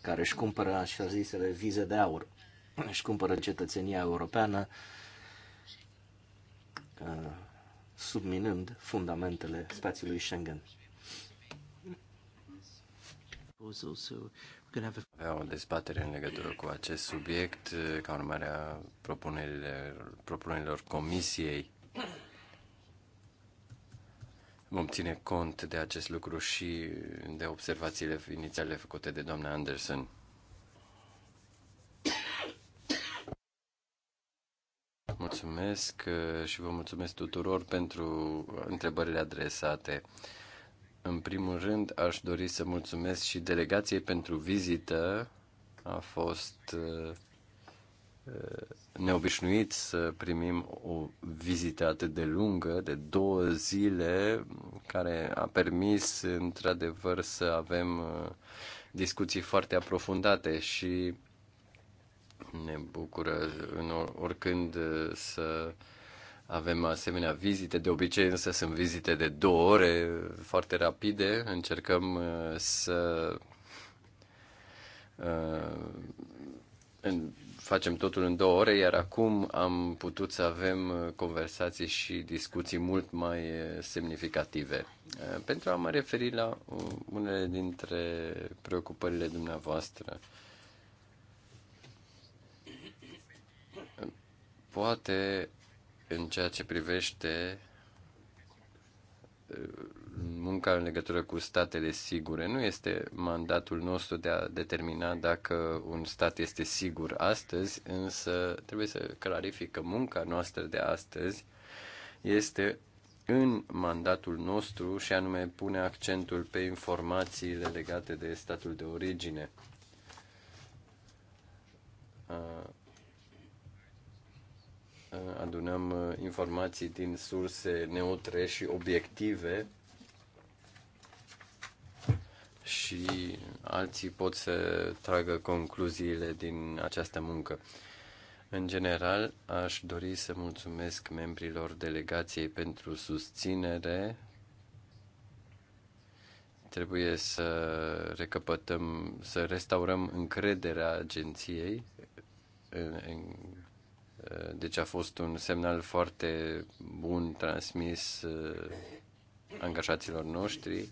care își cumpără așa zisele vize de aur, își cumpără cetățenia europeană, uh, subminând fundamentele spațiului Schengen avea o dezbatere în legătură cu acest subiect ca urmare a propunerilor, propunerilor comisiei. Vom ține cont de acest lucru și de observațiile inițiale făcute de doamna Anderson. Mulțumesc uh, și vă mulțumesc tuturor pentru întrebările adresate. În primul rând, aș dori să mulțumesc și delegației pentru vizită. A fost uh, neobișnuit să primim o vizită atât de lungă, de două zile, care a permis, într-adevăr, să avem uh, discuții foarte aprofundate și ne bucură în oricând uh, să avem asemenea vizite, de obicei însă sunt vizite de două ore, foarte rapide. Încercăm uh, să uh, facem totul în două ore, iar acum am putut să avem uh, conversații și discuții mult mai semnificative. Pentru a mă referi la unele dintre preocupările dumneavoastră. Poate în ceea ce privește uh, munca în legătură cu statele sigure. Nu este mandatul nostru de a determina dacă un stat este sigur astăzi, însă trebuie să clarific că munca noastră de astăzi este în mandatul nostru și anume pune accentul pe informațiile legate de statul de origine. Uh, adunăm uh, informații din surse neutre și obiective și alții pot să tragă concluziile din această muncă. În general, aș dori să mulțumesc membrilor delegației pentru susținere. Trebuie să recapătăm, să restaurăm încrederea agenției în, în deci a fost un semnal foarte bun transmis uh, angajaților noștri.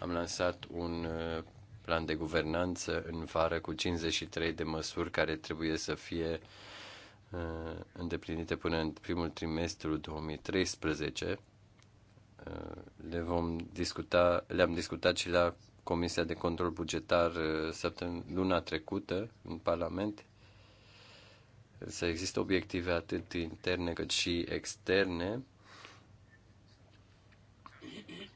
Am lansat un uh, plan de guvernanță în vară cu 53 de măsuri care trebuie să fie uh, îndeplinite până în primul trimestru 2013. Le vom discuta, le-am discutat și la Comisia de Control Bugetar săptămâna luna trecută în Parlament să existe obiective atât interne cât și externe.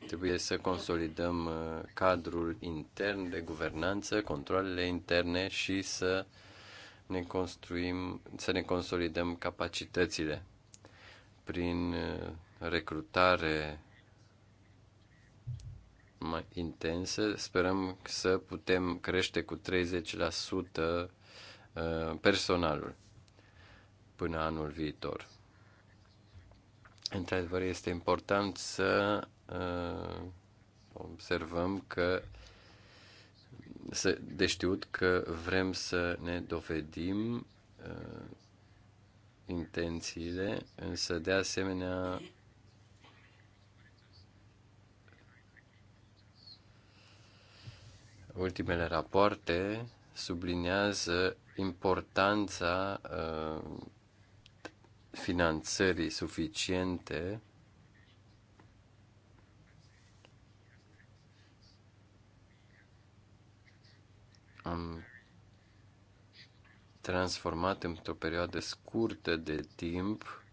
Trebuie să consolidăm uh, cadrul intern de guvernanță, controlele interne și să ne construim, să ne consolidăm capacitățile prin uh, recrutare mai intensă. Sperăm să putem crește cu 30% uh, personalul până anul viitor. Într-adevăr, este important să uh, observăm că să, de știut că vrem să ne dovedim uh, intențiile, însă de asemenea ultimele rapoarte sublinează importanța uh, finanțării suficiente am transformat într-o perioadă scurtă de timp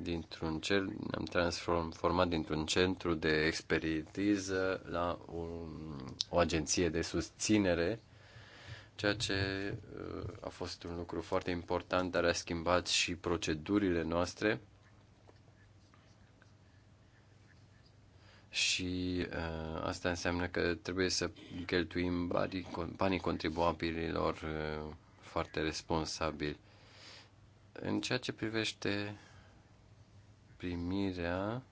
dintr-un cer, am transformat dintr-un centru de expertiză la un, o agenție de susținere ceea ce uh, a fost un lucru foarte important, dar a schimbat și procedurile noastre și uh, asta înseamnă că trebuie să cheltuim banii, banii contribuabililor uh, foarte responsabil. În ceea ce privește primirea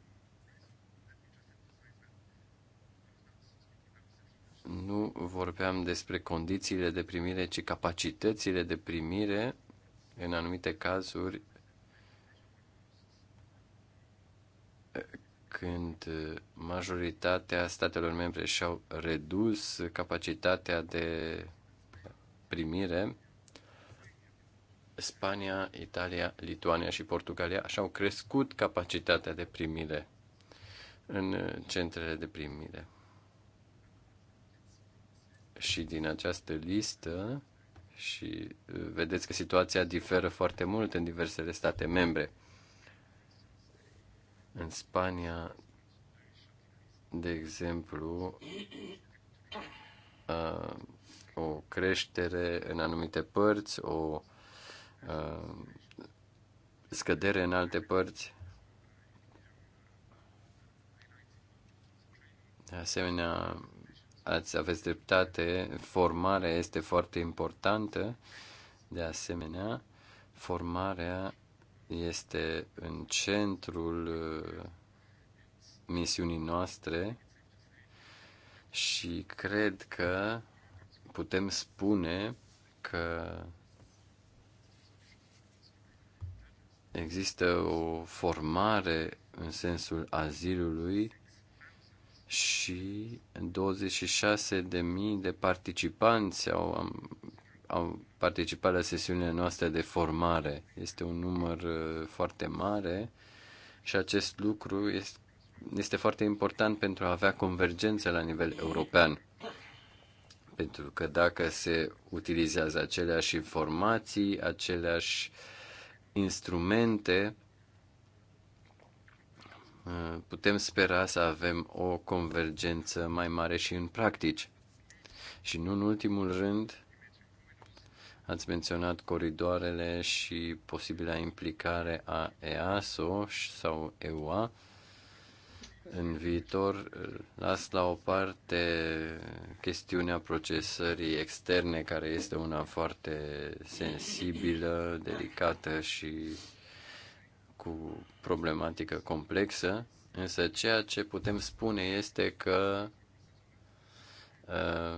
nu vorbeam despre condițiile de primire, ci capacitățile de primire, în anumite cazuri, când majoritatea statelor membre și-au redus capacitatea de primire, Spania, Italia, Lituania și Portugalia și-au crescut capacitatea de primire în centrele de primire și din această listă și uh, vedeți că situația diferă foarte mult în diversele state membre. În Spania, de exemplu, uh, o creștere în anumite părți, o uh, scădere în alte părți. De asemenea, ați aveți dreptate, formarea este foarte importantă. De asemenea, formarea este în centrul uh, misiunii noastre și cred că putem spune că există o formare în sensul azilului și 26.000 de participanți au, au participat la sesiunile noastre de formare. Este un număr uh, foarte mare și acest lucru este, este foarte important pentru a avea convergență la nivel european. Pentru că dacă se utilizează aceleași informații, aceleași instrumente, Eh, putem spera să avem o convergență mai mare și în practici. Și nu în ultimul rând, ați menționat coridoarele și posibila implicare a EASO sau EUA în viitor. Eh, las la o parte chestiunea procesării externe, care este una foarte sensibilă, delicată și cu problematică complexă, însă ceea ce putem spune este că uh,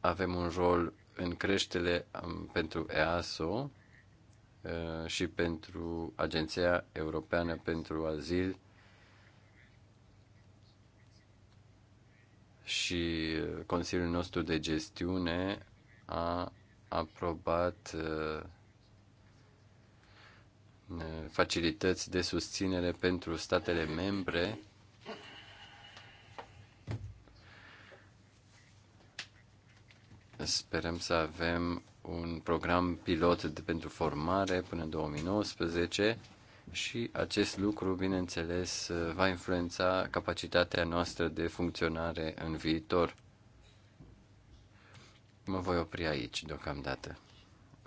avem un rol în creștere um, pentru EASO uh, și pentru Agenția Europeană pentru Azil și Consiliul nostru de Gestiune a aprobat uh, Uh, facilități de susținere pentru statele membre Sperăm să avem un program pilot de, pentru formare până în 2019 și acest lucru, bineînțeles, va influența capacitatea noastră de funcționare în viitor. Mă voi opri aici deocamdată.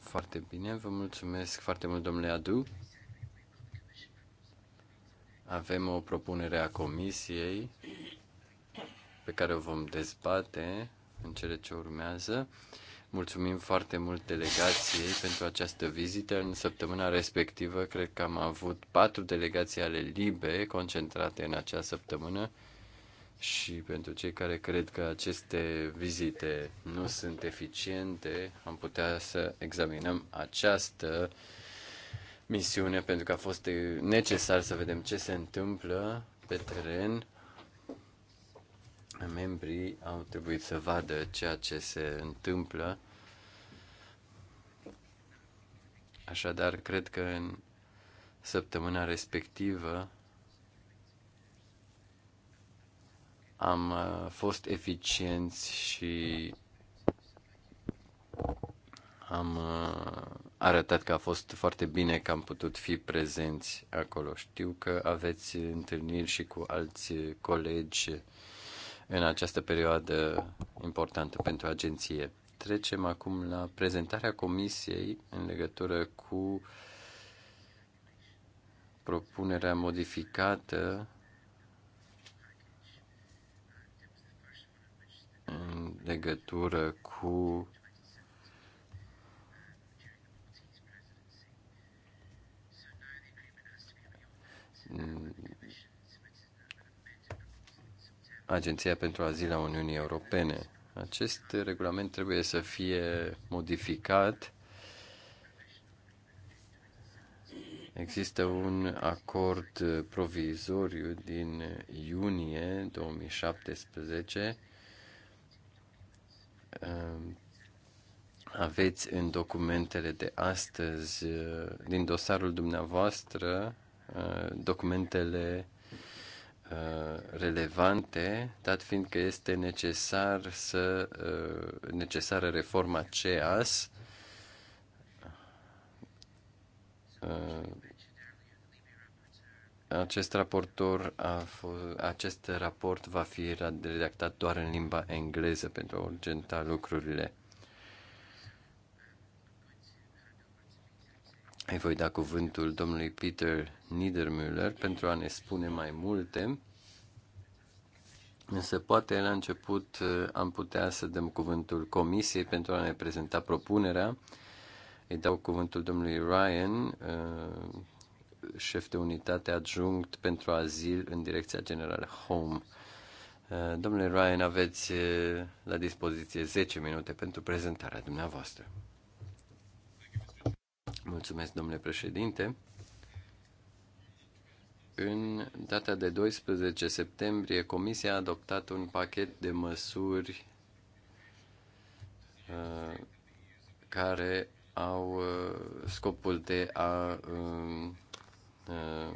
Foarte bine, vă mulțumesc foarte mult, domnule Adu. Avem o propunere a Comisiei pe care o vom dezbate în cele ce urmează. Mulțumim foarte mult delegației pentru această vizită. În săptămâna respectivă, cred că am avut patru delegații ale LIBE concentrate în acea săptămână și pentru cei care cred că aceste vizite nu sunt eficiente, am putea să examinăm această misiune pentru că a fost necesar să vedem ce se întâmplă pe teren. Membrii au trebuit să vadă ceea ce se întâmplă. Așadar, cred că în săptămâna respectivă am uh, fost eficienți și am uh, arătat că a fost foarte bine că am putut fi prezenți acolo. Știu că aveți întâlniri și cu alți colegi în această perioadă importantă pentru agenție. Trecem acum la prezentarea comisiei în legătură cu propunerea modificată în legătură cu Agenția pentru Azil a Uniunii Europene. Acest regulament trebuie să fie modificat. Există un acord provizoriu din iunie 2017 ehm, aveți în documentele de astăzi, din dosarul dumneavoastră, Uh, documentele uh, relevante, dat fiind că este necesar să, uh, necesară reforma CEAS, acest, raportor a fost, acest raport va fi redactat doar în limba engleză pentru a urgenta lucrurile. Îi voi da cuvântul domnului Peter Niedermüller pentru a ne spune mai multe. Însă poate la început uh, am putea să dăm cuvântul comisiei pentru a ne prezenta propunerea. Îi dau cuvântul domnului Ryan, uh, șef de unitate adjunct pentru azil în Direcția Generală Home. Uh, domnule Ryan, aveți la dispoziție 10 minute pentru prezentarea dumneavoastră. Mulțumesc, domnule președinte. În data de 12 septembrie, Comisia a adoptat un pachet de măsuri uh, care au uh, scopul de a uh, uh,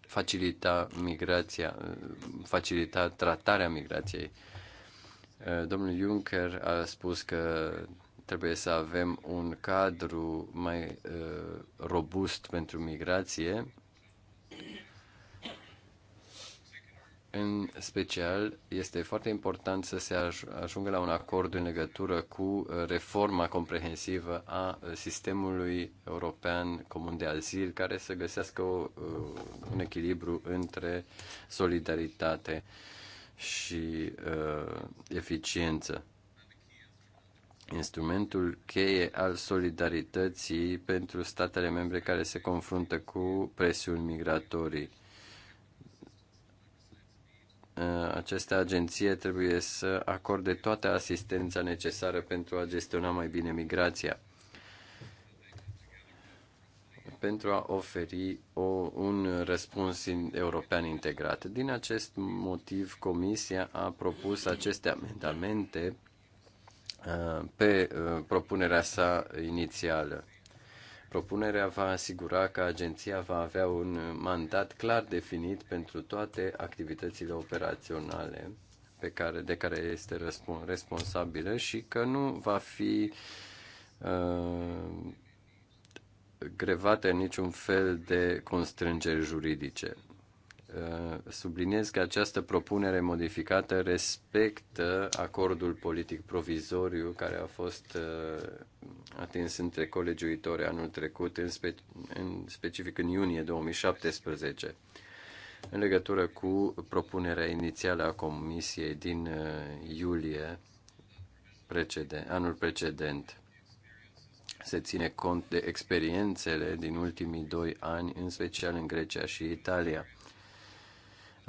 facilita migrația, uh, facilita tratarea migrației. Uh, domnul Juncker a spus că Trebuie să avem un cadru mai uh, robust pentru migrație, În special, este foarte important să se ajungă la un acord în legătură cu uh, reforma comprehensivă a uh, sistemului european comun de azil, care să găsească o, uh, un echilibru între solidaritate și uh, eficiență instrumentul cheie al solidarității pentru statele membre care se confruntă cu presiuni migratorii. Uh, această agenție trebuie să acorde toată asistența necesară pentru a gestiona mai bine migrația, pentru a oferi o, un răspuns european integrat. Din acest motiv, Comisia a propus aceste amendamente Uh, pe uh, propunerea sa inițială. Propunerea va asigura că agenția va avea un mandat clar definit pentru toate activitățile operaționale pe care, de care este responsabilă și că nu va fi uh, grevată în niciun fel de constrângeri juridice. Uh, subliniez că această propunere modificată respectă acordul politic provizoriu care a fost uh, atins între colegiuitori anul trecut, în, spe- în specific în iunie 2017, în legătură cu propunerea inițială a Comisiei din uh, iulie precedent, anul precedent. Se ține cont de experiențele din ultimii doi ani, în special în Grecia și Italia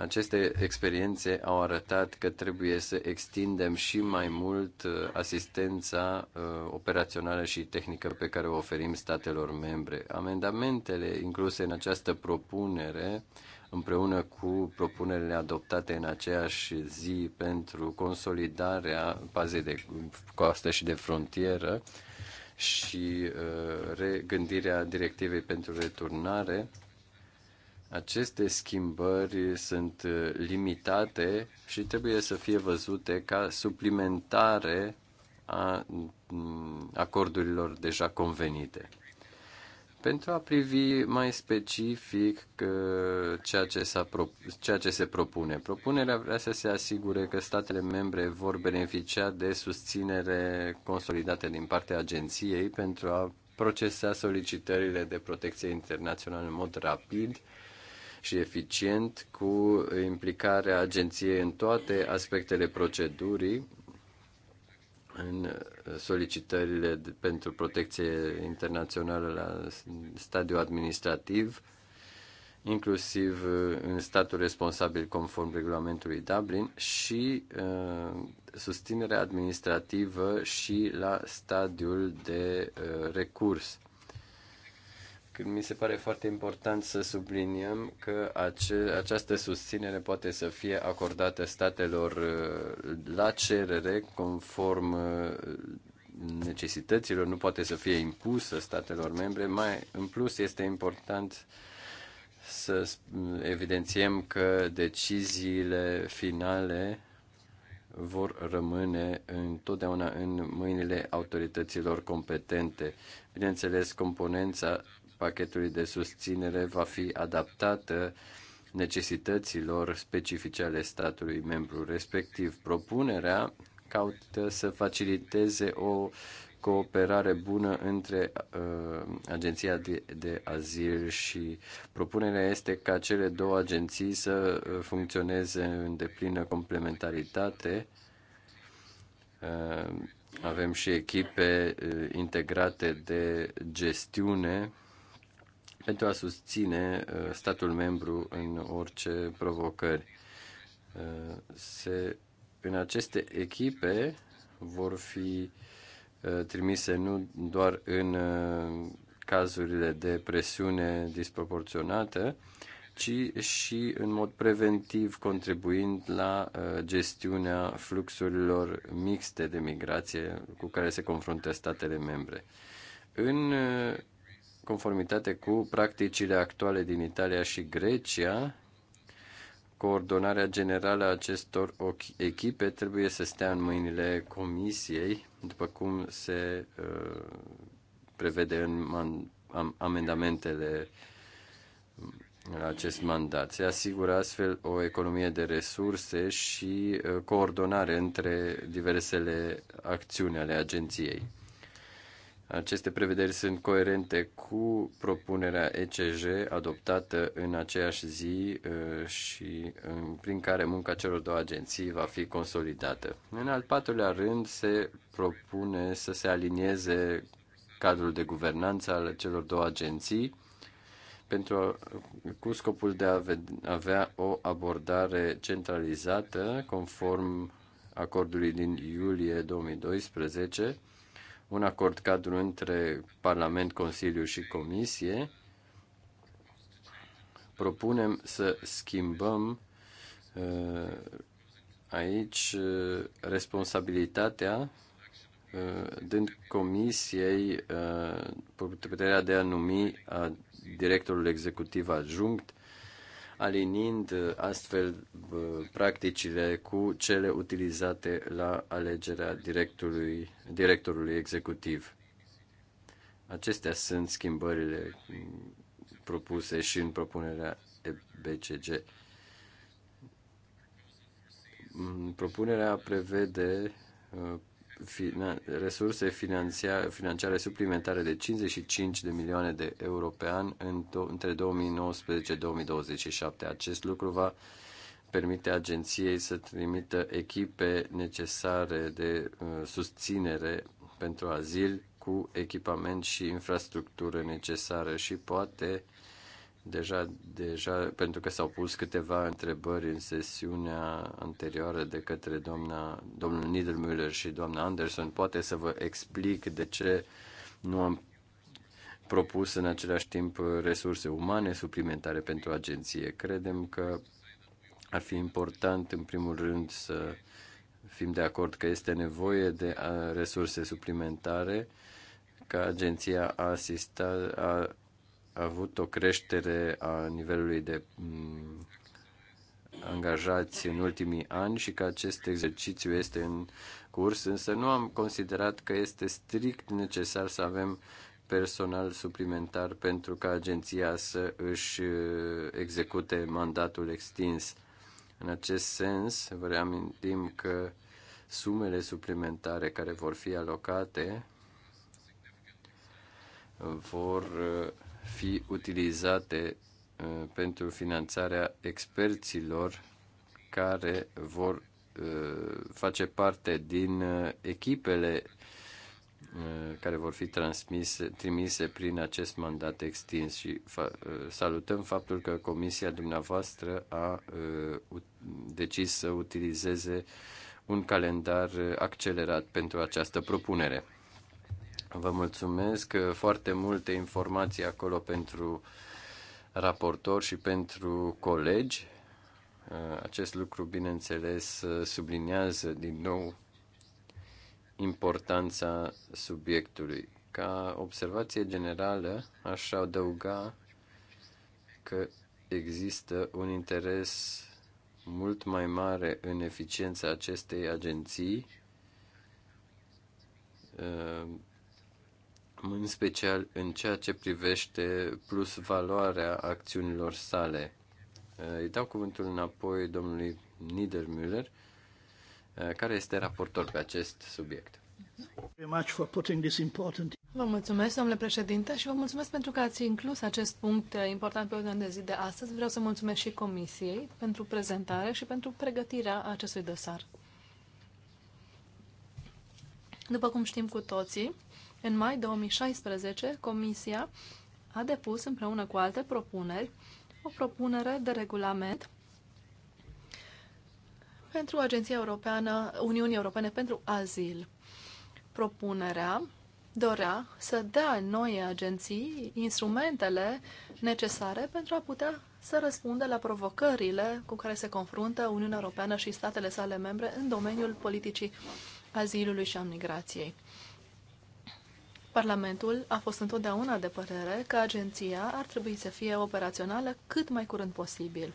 aceste experiențe au arătat că trebuie să extindem și mai mult uh, asistența uh, operațională și tehnică pe care o oferim statelor membre. Amendamentele incluse în această propunere, împreună cu propunerile adoptate în aceeași zi pentru consolidarea bazei de coastă și de frontieră și uh, regândirea directivei pentru returnare, aceste schimbări sunt uh, limitate și trebuie să fie văzute ca suplimentare a mm, acordurilor deja convenite. Pentru a privi mai specific uh, ceea ce, s-a ceea ce se propune. Propunerea vrea să se asigure că statele membre vor beneficia de susținere consolidată din partea agenției pentru a procesa solicitările de protecție internațională în mod rapid și eficient cu implicarea agenției în toate aspectele procedurii, în solicitările pentru protecție internațională la stadiu administrativ, inclusiv în statul responsabil conform regulamentului Dublin și uh, susținerea administrativă și la stadiul de uh, recurs când mi se pare foarte important să subliniem că ace- această susținere poate să fie acordată statelor uh, la cerere conform uh, necesităților, nu poate să fie impusă statelor membre. Mai în plus este important să evidențiem că deciziile finale vor rămâne întotdeauna în mâinile autorităților competente. Bineînțeles, componența pachetului de susținere va fi adaptată necesităților specifice ale statului membru respectiv. Propunerea caută să faciliteze o cooperare bună între uh, Agenția de, de Azil și propunerea este ca cele două agenții să uh, funcționeze în deplină complementaritate. Uh, avem și echipe uh, integrate de gestiune pentru a susține uh, statul membru în orice provocări. Uh, se, în aceste echipe vor fi uh, trimise nu doar în cazurile de presiune disproporționată, ci și în mod preventiv contribuind la gestiunea fluxurilor mixte de migrație cu care se confruntă statele membre. În conformitate cu practicile actuale din Italia și Grecia, coordonarea generală a acestor echipe trebuie să stea în mâinile comisiei, după cum se uh, prevede în amendamentele um, la acest mandat. Se asigură astfel o economie de resurse și uh, coordonare între diversele acțiuni ale agenției. Aceste prevederi sunt coerente cu propunerea ECJ adoptată în aceeași zi uh, și uh, prin care munca celor două agenții va fi consolidată. În al patrulea rând se propune să se alinieze cadrul de guvernanță al celor două agenții pentru, cu scopul de a avea o abordare centralizată conform acordului din iulie 2012 un acord cadru între Parlament, Consiliu și Comisie, propunem să schimbăm uh, aici uh, responsabilitatea uh, dând comisiei puterea de a numi directorul executiv adjunct alinind uh, astfel uh, practicile cu cele utilizate la alegerea directorului, directorului executiv. Acestea sunt schimbările mm, propuse și în propunerea BCG. Mm, propunerea prevede uh, finan- resurse financiare, financiare suplimentare de 55 de milioane de euro pe an în între 2019-2027. Acest lucru va permite agenției să trimită echipe necesare de uh, susținere pentru azil cu echipament și infrastructură necesară și poate deja, deja pentru că s-au pus câteva întrebări în sesiunea anterioară de către doamna, domnul Niedermüller și doamna Anderson, poate să vă explic de ce nu am propus în același timp resurse umane suplimentare pentru agenție. Credem că ar fi important, în primul rând, să fim de acord că este nevoie de resurse suplimentare, ca agenția a, asista, a avut o creștere a nivelului de mm, angajați în ultimii ani și că acest exercițiu este în curs, însă nu am considerat că este strict necesar să avem personal suplimentar pentru ca agenția să își uh, execute mandatul extins. În acest sens, vă reamintim că sumele suplimentare care vor fi alocate vor uh, fi utilizate uh, pentru finanțarea experților care vor uh, face parte din uh, echipele care vor fi transmise, trimise prin acest mandat extins și salutăm faptul că comisia dumneavoastră a decis să utilizeze un calendar accelerat pentru această propunere. Vă mulțumesc foarte multe informații acolo pentru raportor și pentru colegi. Acest lucru, bineînțeles, subliniază din nou importanța subiectului. Ca observație generală, aș adăuga că există un interes mult mai mare în eficiența acestei agenții în special în ceea ce privește plus valoarea acțiunilor sale. Uh, îi dau cuvântul înapoi domnului Niedermüller, uh, care este raportor pe acest subiect. Vă mulțumesc, domnule președinte, și vă mulțumesc pentru că ați inclus acest punct important pe ordinea de zi de astăzi. Vreau să mulțumesc și Comisiei pentru prezentare și pentru pregătirea acestui dosar. După cum știm cu toții, în mai 2016, Comisia a depus împreună cu alte propuneri o propunere de regulament pentru Agenția Europeană, Uniunii Europene pentru Azil. Propunerea dorea să dea noi agenții instrumentele necesare pentru a putea să răspundă la provocările cu care se confruntă Uniunea Europeană și statele sale membre în domeniul politicii azilului și a migrației. Parlamentul a fost întotdeauna de părere că agenția ar trebui să fie operațională cât mai curând posibil.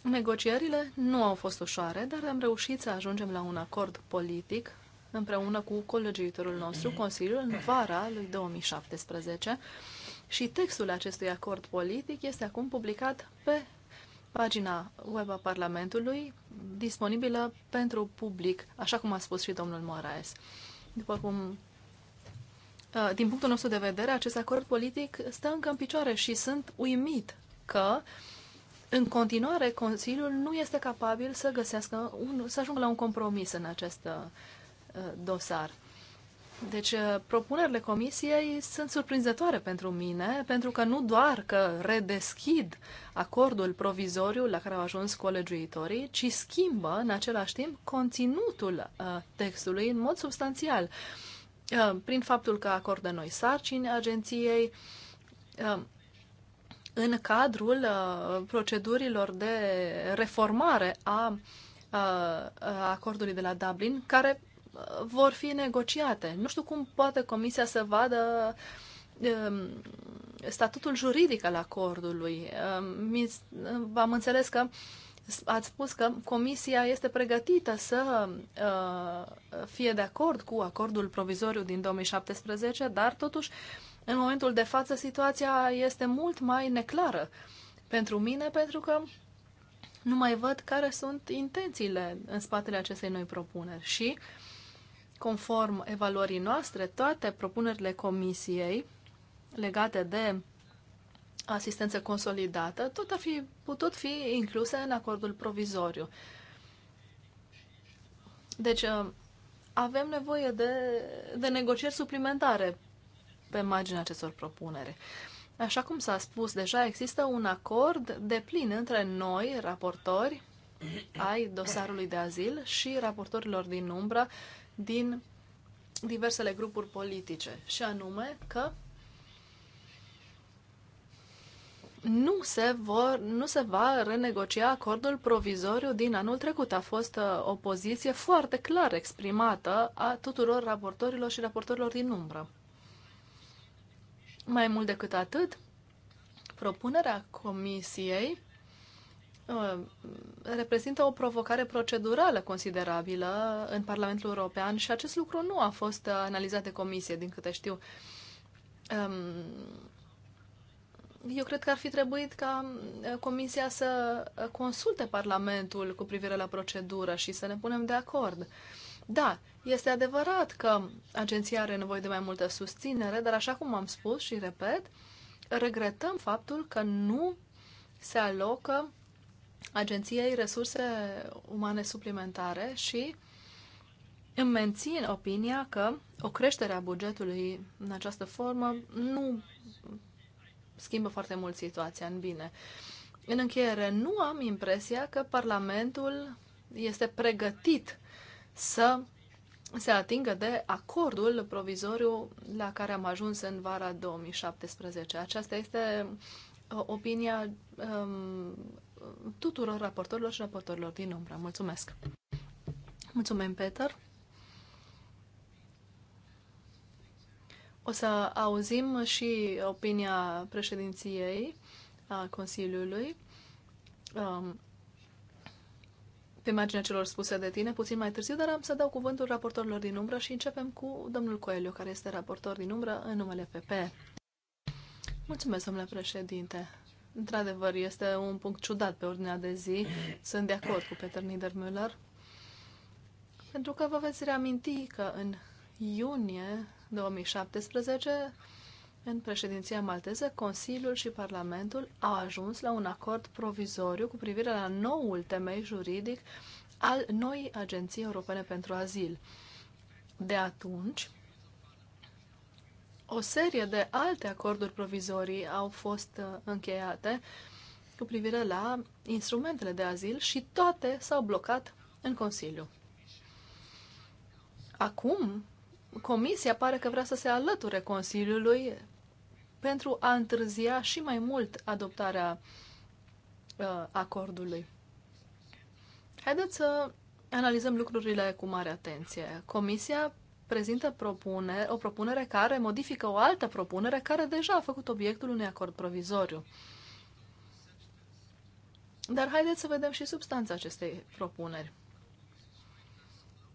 Negocierile nu au fost ușoare, dar am reușit să ajungem la un acord politic împreună cu colegiuitorul nostru, Consiliul, în vara lui 2017 și textul acestui acord politic este acum publicat pe pagina web a Parlamentului, disponibilă pentru public, așa cum a spus și domnul Moraes. După cum Uh, din punctul nostru de vedere, acest acord politic stă încă în picioare și sunt uimit că în continuare Consiliul nu este capabil să găsească un, să ajungă la un compromis în acest uh, dosar. Deci, uh, propunerile comisiei sunt surprinzătoare pentru mine, pentru că nu doar că redeschid acordul provizoriu la care au ajuns colegiuitorii, ci schimbă în același timp conținutul textului în mod substanțial. Uh, Uh, prin faptul că acordă noi sarcini agenției, uh, în cadrul uh, procedurilor de reformare a acordului de la Dublin, care vor fi negociate. Nu știu cum poate Comisia să vadă um, statutul juridic al acordului. V-am înțeles că ați spus că Comisia este pregătită să uh, fie de acord cu acordul provizoriu din 2017, dar totuși, în momentul de față, situația este mult mai neclară pentru mine, pentru că nu mai văd care sunt intențiile în spatele acestei noi propuneri. Și, conform evaluării noastre, toate propunerile Comisiei legate de asistență consolidată, tot a fi putut fi inclusă în acordul provizoriu. Deci uh, avem nevoie de, de negocieri suplimentare pe marginea acestor propunere. Așa cum s-a spus deja, există un acord de plin între noi, raportori ai dosarului de azil și raportorilor din umbră din diversele grupuri politice, și anume că nu se, vor, nu se va renegocia acordul provizoriu din anul trecut. A fost uh, o poziție foarte clar exprimată a tuturor raportorilor și raportorilor din umbră. Mai mult decât atât, propunerea Comisiei uh, reprezintă o provocare procedurală considerabilă în Parlamentul European și acest lucru nu a fost uh, analizat de comisie, din câte știu. Um, eu cred că ar fi trebuit ca uh, Comisia să uh, consulte Parlamentul cu privire la procedură și să ne punem de acord. Da, este adevărat că agenția are nevoie de mai multă susținere, dar așa cum am spus și repet, regretăm faptul că nu se alocă agenției resurse umane suplimentare și îmi mențin opinia că o creștere a bugetului în această formă nu schimbă foarte mult situația în bine. În încheiere, nu am impresia că Parlamentul este pregătit să se atingă de acordul provizoriu la care am ajuns în vara 2017. Aceasta este uh, opinia um, tuturor raportorilor și raportorilor din umbră. Mulțumesc! Mulțumim, Peter! O să auzim și opinia președinției a Consiliului um, pe marginea celor spuse de tine puțin mai târziu, dar am să dau cuvântul raportorilor din umbră și începem cu domnul Coelho, care este raportor din umbră în numele PP. Mulțumesc, domnule președinte. Într-adevăr, este un punct ciudat pe ordinea de zi. Sunt de acord cu Peter Niedermüller. Pentru că vă veți reaminti că în iunie 2017, în președinția malteză, Consiliul și Parlamentul au ajuns la un acord provizoriu cu privire la noul temei juridic al noii Agenții Europene pentru Azil. De atunci, o serie de alte acorduri provizorii au fost uh, încheiate cu privire la instrumentele de azil și toate s-au blocat în Consiliu. Acum, Comisia pare că vrea să se alăture Consiliului pentru a întârzia și mai mult adoptarea uh, acordului. Haideți să analizăm lucrurile cu mare atenție. Comisia prezintă propune, o propunere care modifică o altă propunere care deja a făcut obiectul unui acord provizoriu. Dar haideți să vedem și substanța acestei propuneri.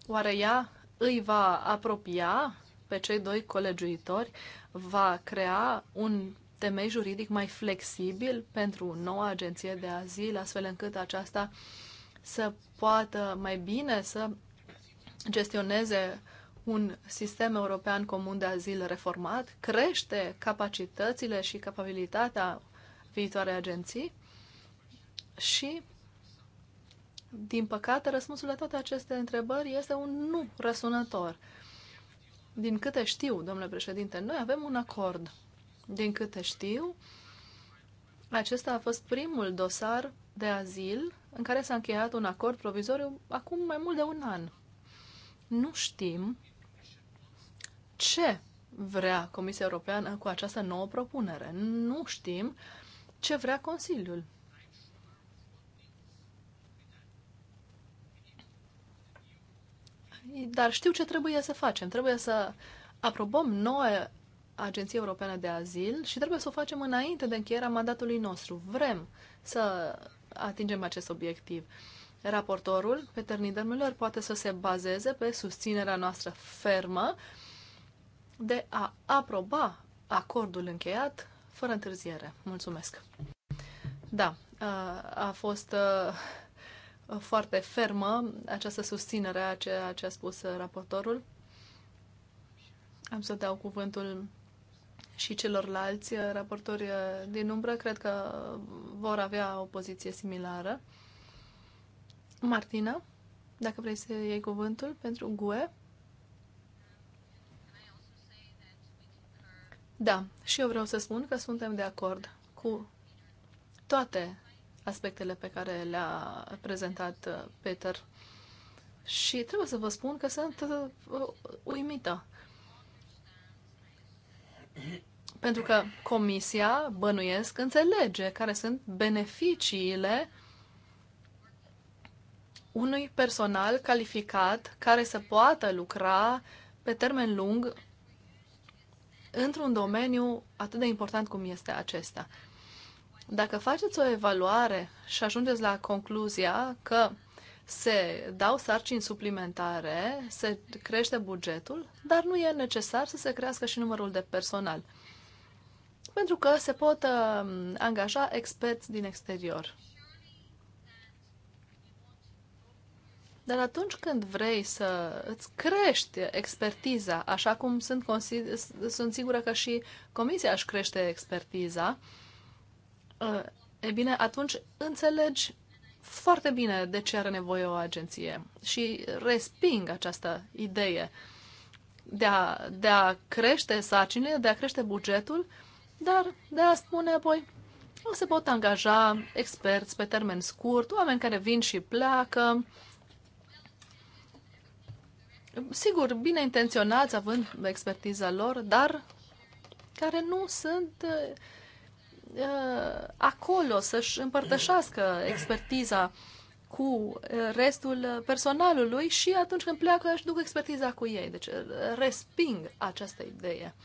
Oare ea îi va apropia pe cei doi colegiuitori, va crea un temei juridic mai flexibil pentru noua agenție de azil, astfel încât aceasta să poată mai bine să gestioneze un sistem european comun de azil reformat, crește capacitățile și capabilitatea viitoarei agenții și din păcate, răspunsul la toate aceste întrebări este un nu răsunător. Din câte știu, domnule președinte, noi avem un acord. Din câte știu, acesta a fost primul dosar de azil în care s-a încheiat un acord provizoriu acum mai mult de un an. Nu știm ce vrea Comisia Europeană cu această nouă propunere. Nu știm ce vrea Consiliul. Dar știu ce trebuie să facem. Trebuie să aprobăm noi Agenția Europeană de Azil și trebuie să o facem înainte de încheierea mandatului nostru. Vrem să atingem acest obiectiv. Raportorul, Peter Niedermüller, poate să se bazeze pe susținerea noastră fermă de a aproba acordul încheiat fără întârziere. Mulțumesc! Da, a fost foarte fermă această susținere a ceea ce a spus raportorul. Am să dau cuvântul și celorlalți raportori din umbră. Cred că vor avea o poziție similară. Martina, dacă vrei să iei cuvântul pentru GUE. Da, și eu vreau să spun că suntem de acord cu toate aspectele pe care le-a prezentat uh, Peter. Și trebuie să vă spun că sunt uh, uh, uimită. Pentru că comisia, bănuiesc, înțelege care sunt beneficiile unui personal calificat care să poată lucra pe termen lung într-un domeniu atât de important cum este acesta. Dacă faceți o evaluare și ajungeți la concluzia că se dau sarcini suplimentare, se crește bugetul, dar nu e necesar să se crească și numărul de personal. Pentru că se pot uh, angaja experți din exterior. Dar atunci când vrei să îți crești expertiza, așa cum sunt, sunt sigură că și comisia își crește expertiza, uh, Eh, e bine, atunci înțelegi foarte bine de ce are nevoie o agenție și resping această idee de a, de a crește sarcinile, de a crește bugetul, dar de a spune apoi o se pot angaja experți pe termen scurt, oameni care vin și pleacă, sigur, bine intenționați, având expertiza lor, dar care nu sunt uh, Uh, acolo, să-și împărtășească expertiza cu uh, restul personalului și atunci când pleacă își duc expertiza cu ei. Deci uh, resping această idee.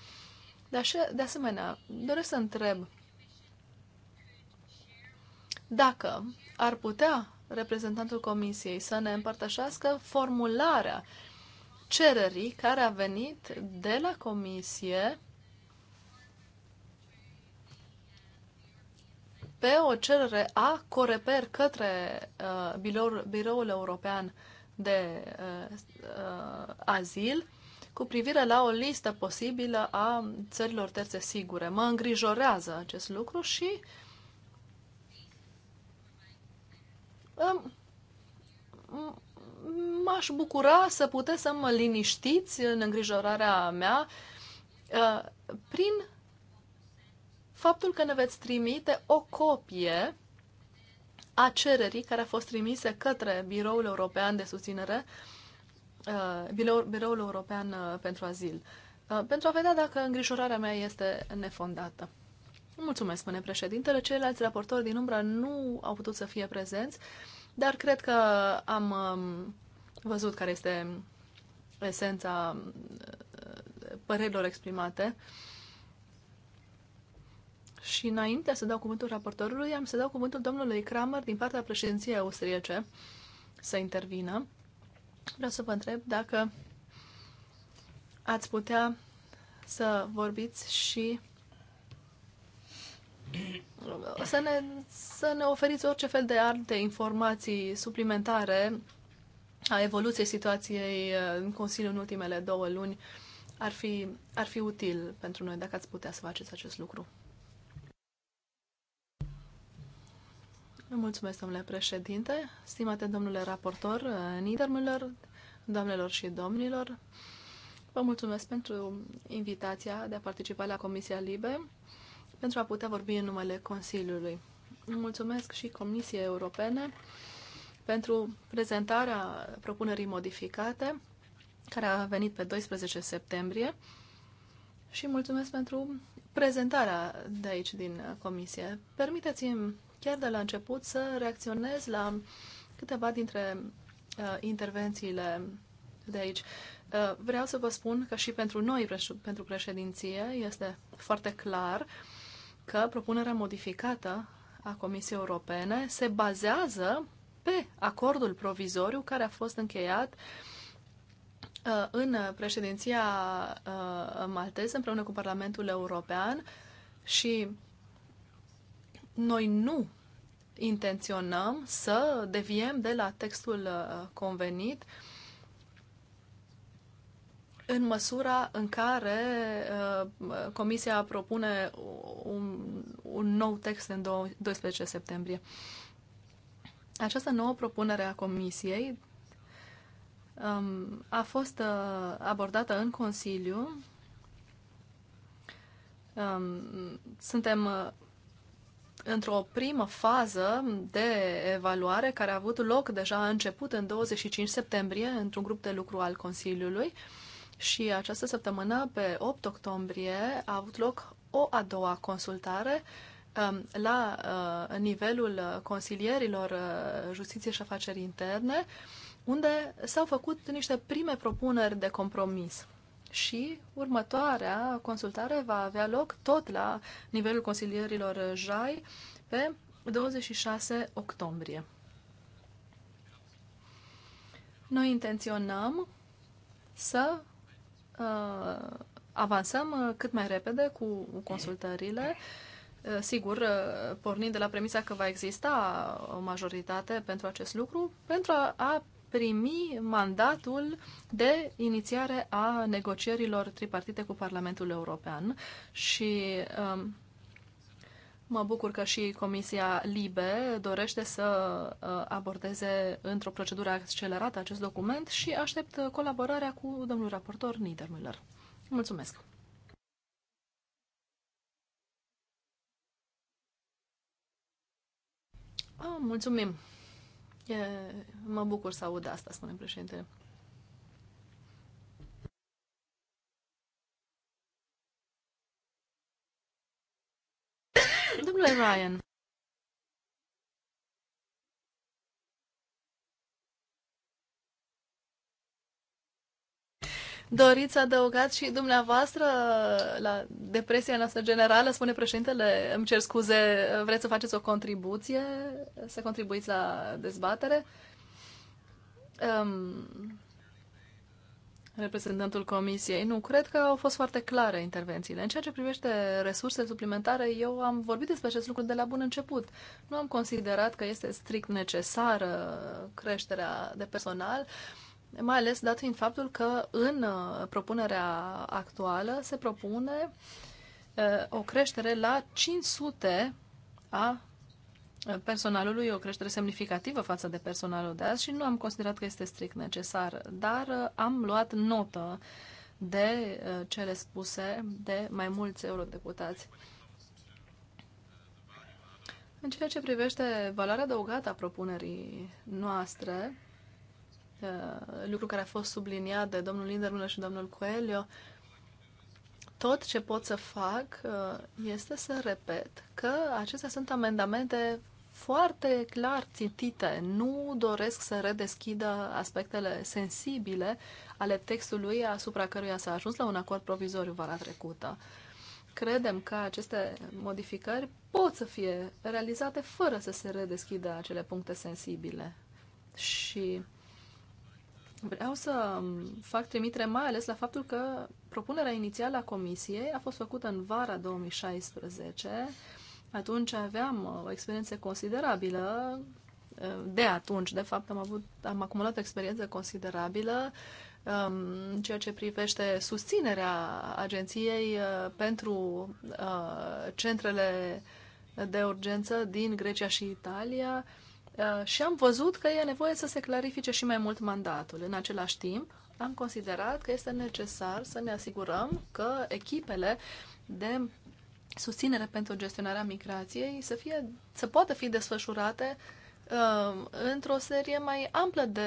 De, așa, de asemenea, doresc să întreb dacă ar putea reprezentantul comisiei să ne împărtășească formularea cererii care a venit de la comisie pe o cerere a Coreper către uh, biroul, biroul european de uh, uh, azil cu privire la o listă posibilă a țărilor terțe sigure. Mă îngrijorează acest lucru și um, m-aș bucura să puteți să mă liniștiți în îngrijorarea mea uh, prin faptul că ne veți trimite o copie a cererii care a fost trimise către Biroul European de Susținere, uh, Biroul, European uh, pentru Azil, uh, pentru a vedea dacă îngrijorarea mea este nefondată. Mulțumesc, spune președintele. Ceilalți raportori din umbra nu au putut să fie prezenți, dar cred că am um, văzut care este esența părerilor exprimate. Și înainte să dau cuvântul raportorului, am să dau cuvântul domnului Kramer din partea președinției austriece să intervină. Vreau să vă întreb dacă ați putea să vorbiți și să ne, să ne oferiți orice fel de alte informații suplimentare a evoluției situației uh, în Consiliu în ultimele două luni ar fi, ar fi util pentru noi dacă ați putea să faceți acest lucru. Mulțumesc, domnule președinte, stimate domnule raportor Niedermüller, doamnelor și domnilor. Vă mulțumesc pentru invitația de a participa la Comisia Libe pentru a putea vorbi în numele Consiliului. Mulțumesc și Comisiei Europene pentru prezentarea propunerii modificate care a venit pe 12 septembrie și mulțumesc pentru prezentarea de aici din comisie. Permiteți-mi chiar de la început să reacționez la câteva dintre uh, intervențiile de aici. Uh, vreau să vă spun că și pentru noi, pentru președinție, este foarte clar că propunerea modificată a Comisiei Europene se bazează pe acordul provizoriu care a fost încheiat uh, în președinția uh, malteză împreună cu Parlamentul European și noi nu intenționăm să deviem de la textul uh, convenit în măsura în care uh, Comisia propune un, un nou text în 12 septembrie. Această nouă propunere a Comisiei um, a fost uh, abordată în Consiliu. Um, suntem într-o primă fază de evaluare care a avut loc deja a început în 25 septembrie într-un grup de lucru al Consiliului și această săptămână, pe 8 octombrie, a avut loc o a doua consultare um, la uh, nivelul consilierilor uh, justiție și afaceri interne, unde s-au făcut niște prime propuneri de compromis și următoarea consultare va avea loc tot la nivelul consilierilor JAI pe 26 octombrie. Noi intenționăm să uh, avansăm uh, cât mai repede cu consultările uh, sigur, uh, pornind de la premisa că va exista o majoritate pentru acest lucru, pentru a, a primi mandatul de inițiare a negocierilor tripartite cu Parlamentul European și um, mă bucur că și Comisia Libe dorește să uh, abordeze într-o procedură accelerată acest document și aștept colaborarea cu domnul raportor Niedermüller. Mulțumesc! Ah, mulțumim! E, mă bucur să aud asta, spune președintele. Domnule Ryan, Doriți să adăugați și dumneavoastră la depresia noastră generală, spune președintele, îmi cer scuze, vreți să faceți o contribuție, să contribuiți la dezbatere? Um, reprezentantul comisiei. Nu, cred că au fost foarte clare intervențiile. În ceea ce privește resurse suplimentare, eu am vorbit despre acest lucru de la bun început. Nu am considerat că este strict necesară creșterea de personal mai ales dat fiind faptul că în uh, propunerea actuală se propune uh, o creștere la 500 a personalului, o creștere semnificativă față de personalul de azi și nu am considerat că este strict necesar, dar uh, am luat notă de cele spuse de mai mulți eurodeputați. În ceea ce privește valoarea adăugată a propunerii noastre, lucru care a fost subliniat de domnul Lindermüller și domnul Coelho, tot ce pot să fac uh, este să repet că acestea sunt amendamente foarte clar țintite. Nu doresc să redeschidă aspectele sensibile ale textului asupra căruia s-a ajuns la un acord provizoriu vara trecută. Credem că aceste modificări pot să fie realizate fără să se redeschidă acele puncte sensibile. Și Vreau să fac trimitere mai ales la faptul că propunerea inițială a Comisiei a fost făcută în vara 2016. Atunci aveam uh, o experiență considerabilă. Uh, de atunci, de fapt, am, avut, am acumulat o experiență considerabilă um, în ceea ce privește susținerea agenției uh, pentru centrele de urgență din Grecia și Italia Uh, și am văzut că e nevoie să se clarifice și mai mult mandatul. În același timp, am considerat că este necesar să ne asigurăm că echipele de susținere pentru gestionarea migrației să, fie, să poată fi desfășurate uh, într-o serie mai amplă de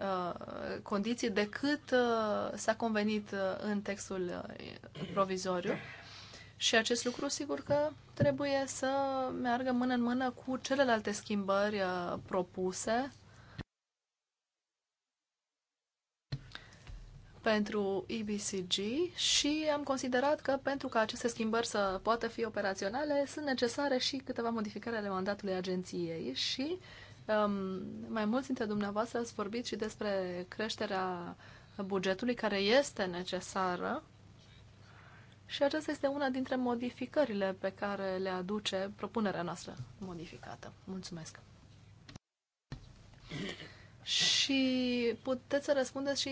uh, condiții decât uh, s-a convenit uh, în textul uh, provizoriu. Uh, și acest lucru, sigur că trebuie să meargă mână în mână cu celelalte schimbări uh, propuse pentru EBCG și am considerat că pentru ca aceste schimbări să poată fi operaționale, sunt necesare și câteva modificări ale mandatului agenției și um, mai mulți dintre dumneavoastră ați vorbit și despre creșterea bugetului care este necesară și aceasta este una dintre modificările pe care le aduce propunerea noastră modificată. Mulțumesc! Și puteți să răspundeți și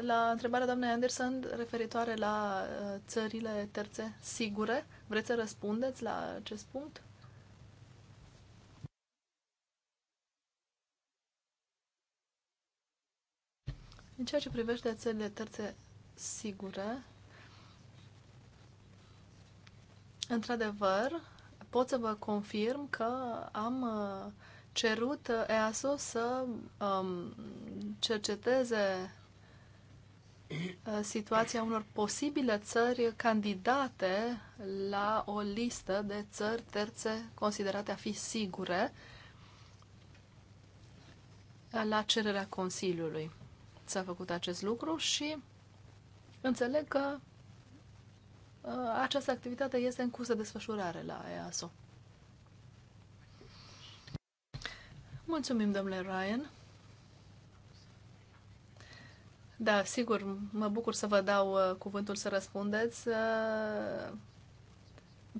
la întrebarea doamnei Anderson referitoare la uh, țările terțe sigure. Vreți să răspundeți la acest punct? În ceea ce privește țările terțe sigure, Într-adevăr, pot să vă confirm că am uh, cerut uh, EASO să um, cerceteze uh, situația unor posibile țări candidate la o listă de țări terțe considerate a fi sigure la cererea Consiliului. S-a făcut acest lucru și înțeleg că Uh, această activitate este în curs de desfășurare la EASO. Mulțumim, domnule Ryan. Da, sigur, mă bucur să vă dau uh, cuvântul să răspundeți. Uh,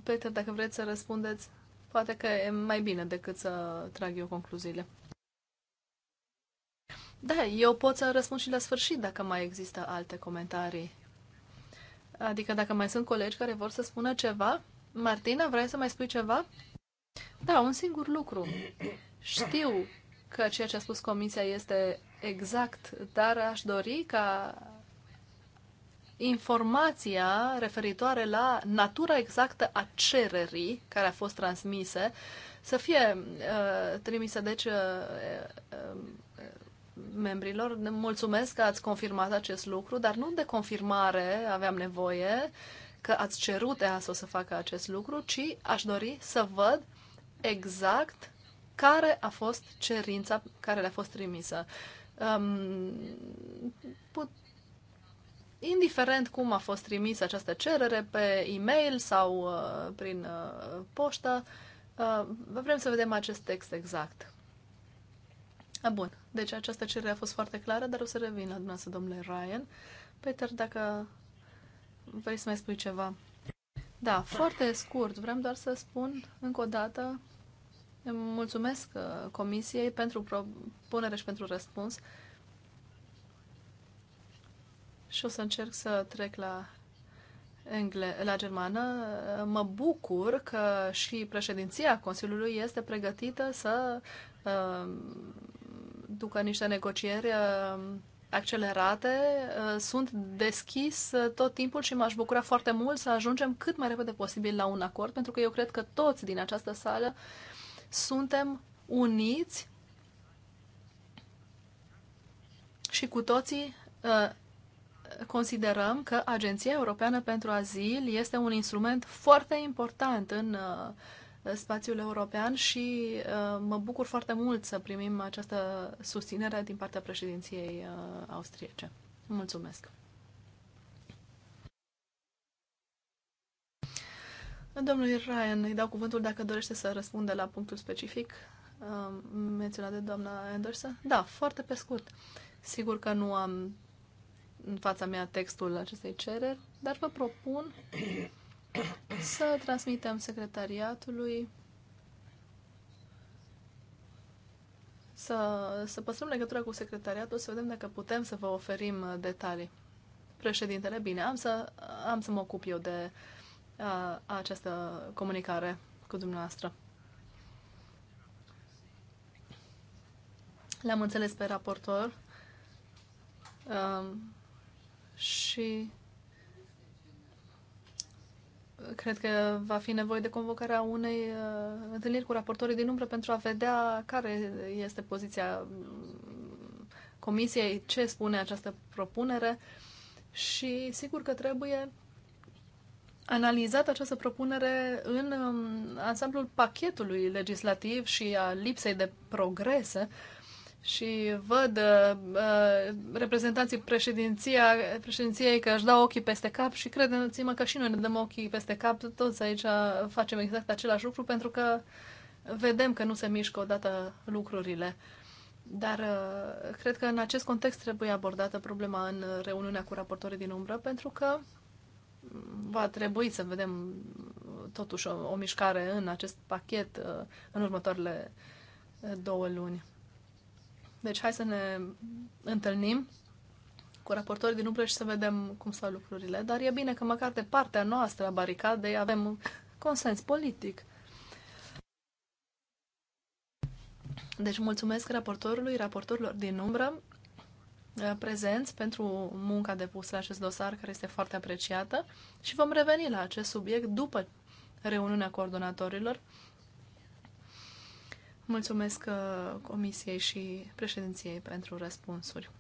Peter, dacă vreți să răspundeți, poate că e mai bine decât să trag eu concluziile. Da, eu pot să răspund și la sfârșit dacă mai există alte comentarii. Adică dacă mai sunt colegi care vor să spună ceva, Martina, vrei să mai spui ceva? Da, un singur lucru. Știu că ceea ce a spus comisia este exact, dar aș dori ca informația referitoare la natura exactă a cererii care a fost transmise să fie uh, trimisă, deci, uh, uh, membrilor. Ne mulțumesc că ați confirmat acest lucru, dar nu de confirmare aveam nevoie că ați cerut EASO să facă acest lucru, ci aș dori să văd exact care a fost cerința care le-a fost trimisă. Um, put, indiferent cum a fost trimisă această cerere, pe e-mail sau uh, prin uh, poștă, uh, vrem să vedem acest text exact. Ah, bun, deci această cerere a fost foarte clară, dar o să revin la dumneavoastră, domnule Ryan. Peter, dacă vrei să mai spui ceva. Da, foarte scurt. Vreau doar să spun încă o dată mulțumesc uh, Comisiei pentru propunere și pentru răspuns. Și o să încerc să trec la engle- la germană. Uh, mă bucur că și președinția Consiliului este pregătită să uh, ducă niște negocieri uh, accelerate. Uh, sunt deschis uh, tot timpul și m-aș bucura foarte mult să ajungem cât mai repede posibil la un acord, pentru că eu cred că toți din această sală suntem uniți și cu toții considerăm că Agenția Europeană pentru Azil este un instrument foarte important în uh, spațiul european și uh, mă bucur foarte mult să primim această susținere din partea președinției uh, austriece. Mulțumesc! Domnului Ryan, îi dau cuvântul dacă dorește să răspundă la punctul specific uh, menționat de doamna Anderson? Da, foarte pe scurt. Sigur că nu am în fața mea textul acestei cereri, dar vă propun să transmitem secretariatului să, să păstrăm legătura cu secretariatul, să vedem dacă putem să vă oferim detalii. Președintele, bine, am să, am să mă ocup eu de a, această comunicare cu dumneavoastră. L-am înțeles pe raportor um, și cred că va fi nevoie de convocarea unei uh, întâlniri cu raportorii din umbră pentru a vedea care este poziția mm, comisiei, ce spune această propunere și sigur că trebuie analizat această propunere în mm, ansamblul pachetului legislativ și a lipsei de progrese uh, și văd uh, reprezentanții președinția, președinției că își dau ochii peste cap și credeți-mă că și noi ne dăm ochii peste cap, toți aici facem exact același lucru pentru că vedem că nu se mișcă odată lucrurile. Dar uh, cred că în acest context trebuie abordată problema în reuniunea cu raportorii din umbră pentru că va trebui să vedem totuși o, o mișcare în acest pachet uh, în următoarele uh, două luni. Deci hai să ne întâlnim cu raportorii din umbră și să vedem cum stau lucrurile. Dar e bine că măcar de partea noastră a baricadei avem consens politic. Deci mulțumesc raportorului, raportorilor din umbră eh, prezenți pentru munca depusă la acest dosar, care este foarte apreciată și vom reveni la acest subiect după reuniunea coordonatorilor Mulțumesc uh, Comisiei și președinției pentru răspunsuri.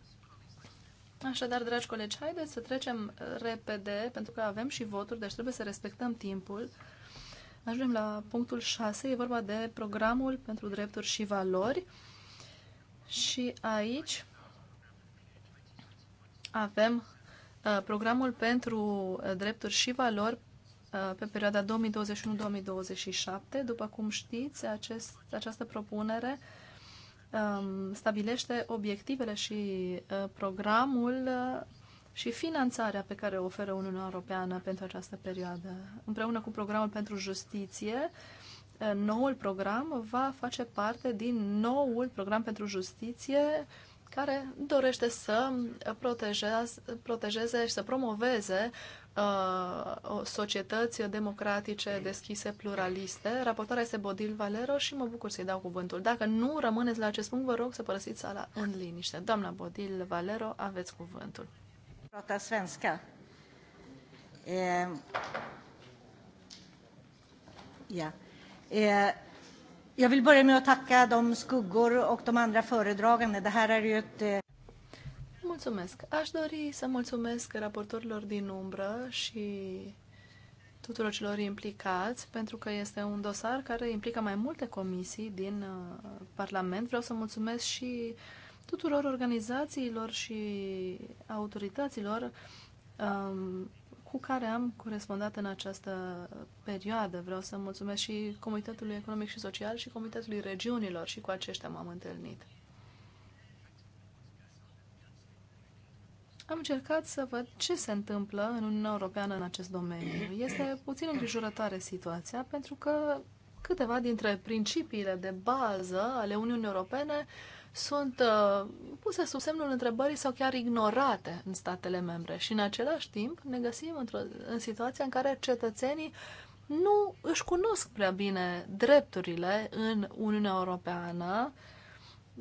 Așadar, dragi colegi, haideți să trecem uh, repede, pentru că avem și voturi, deci trebuie să respectăm timpul. Ajungem la punctul 6, e vorba de programul pentru drepturi și valori. Și aici avem uh, programul pentru drepturi și valori Uh, pe perioada 2021-2027. După cum știți, acest, această propunere um, stabilește obiectivele și uh, programul uh, și finanțarea pe care o oferă Uniunea Europeană pentru această perioadă. Împreună cu programul pentru justiție, uh, noul program va face parte din noul program pentru justiție care dorește să protejeze, protejeze și să promoveze uh, Uh, societăți democratice, deschise, pluraliste. Raportoarea este Bodil Valero și mă bucur să-i dau cuvântul. Dacă nu rămâneți la acest punct, vă rog să părăsiți sala în liniște. Doamna Bodil Valero, aveți cuvântul. Prata svenska. E... Eh, ja. E... Eh, jag vill börja med att tacka de skuggor och de andra föredragande. Det här är ju ett... Eh, Mulțumesc. Aș dori să mulțumesc raportorilor din umbră și tuturor celor implicați, pentru că este un dosar care implică mai multe comisii din uh, Parlament. Vreau să mulțumesc și tuturor organizațiilor și autorităților um, cu care am corespondat în această perioadă. Vreau să mulțumesc și Comitetului Economic și Social și Comitetului Regiunilor și cu aceștia m-am întâlnit. Deci am încercat să văd ce se întâmplă în Uniunea Europeană în acest domeniu. Este puțin îngrijorătoare situația pentru că câteva dintre principiile de bază ale Uniunii Europene sunt uh, puse sub semnul întrebării sau chiar ignorate în statele membre. Și în același timp ne găsim într-o, în situația în care cetățenii nu își cunosc prea bine drepturile în Uniunea Europeană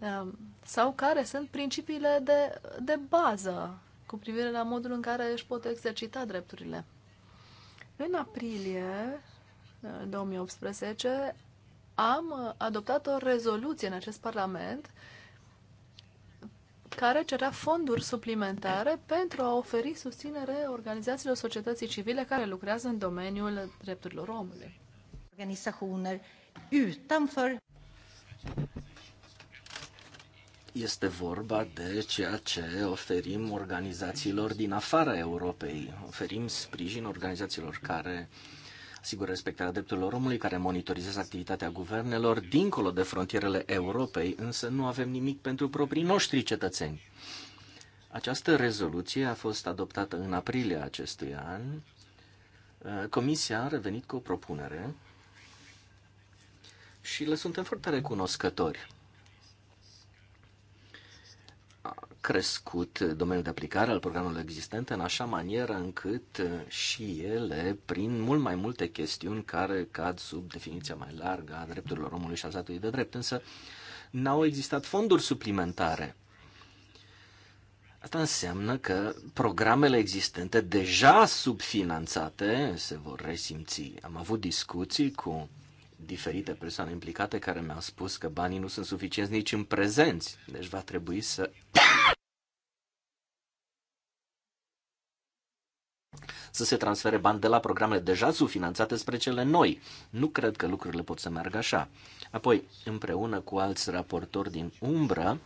uh, sau care sunt principiile de, de bază cu privire la modul în care își pot exercita drepturile. În aprilie 2018 uh, am uh, adoptat o rezoluție în acest Parlament care cerea fonduri suplimentare pentru a oferi susținere organizațiilor societății civile care lucrează în domeniul drepturilor omului. Organizațiilor utanför este vorba de ceea ce oferim organizațiilor din afara Europei. Oferim sprijin organizațiilor care asigură respectarea drepturilor omului, care monitorizează activitatea guvernelor dincolo de frontierele Europei, însă nu avem nimic pentru proprii noștri cetățeni. Această rezoluție a fost adoptată în aprilie acestui an. Comisia a revenit cu o propunere și le suntem foarte recunoscători crescut domeniul de aplicare al programelor existente în așa manieră încât uh, și ele, prin mult mai multe chestiuni care cad sub definiția mai largă a drepturilor omului și a statului de drept, însă n-au existat fonduri suplimentare. Asta înseamnă că programele existente deja subfinanțate se vor resimți. Am avut discuții cu diferite persoane implicate care mi-au spus că banii nu sunt suficienți nici în prezenți. Deci va trebui să... să se transfere bani de la programele deja subfinanțate spre cele noi. Nu cred că lucrurile pot să meargă așa. Apoi, împreună cu alți raportori din umbră,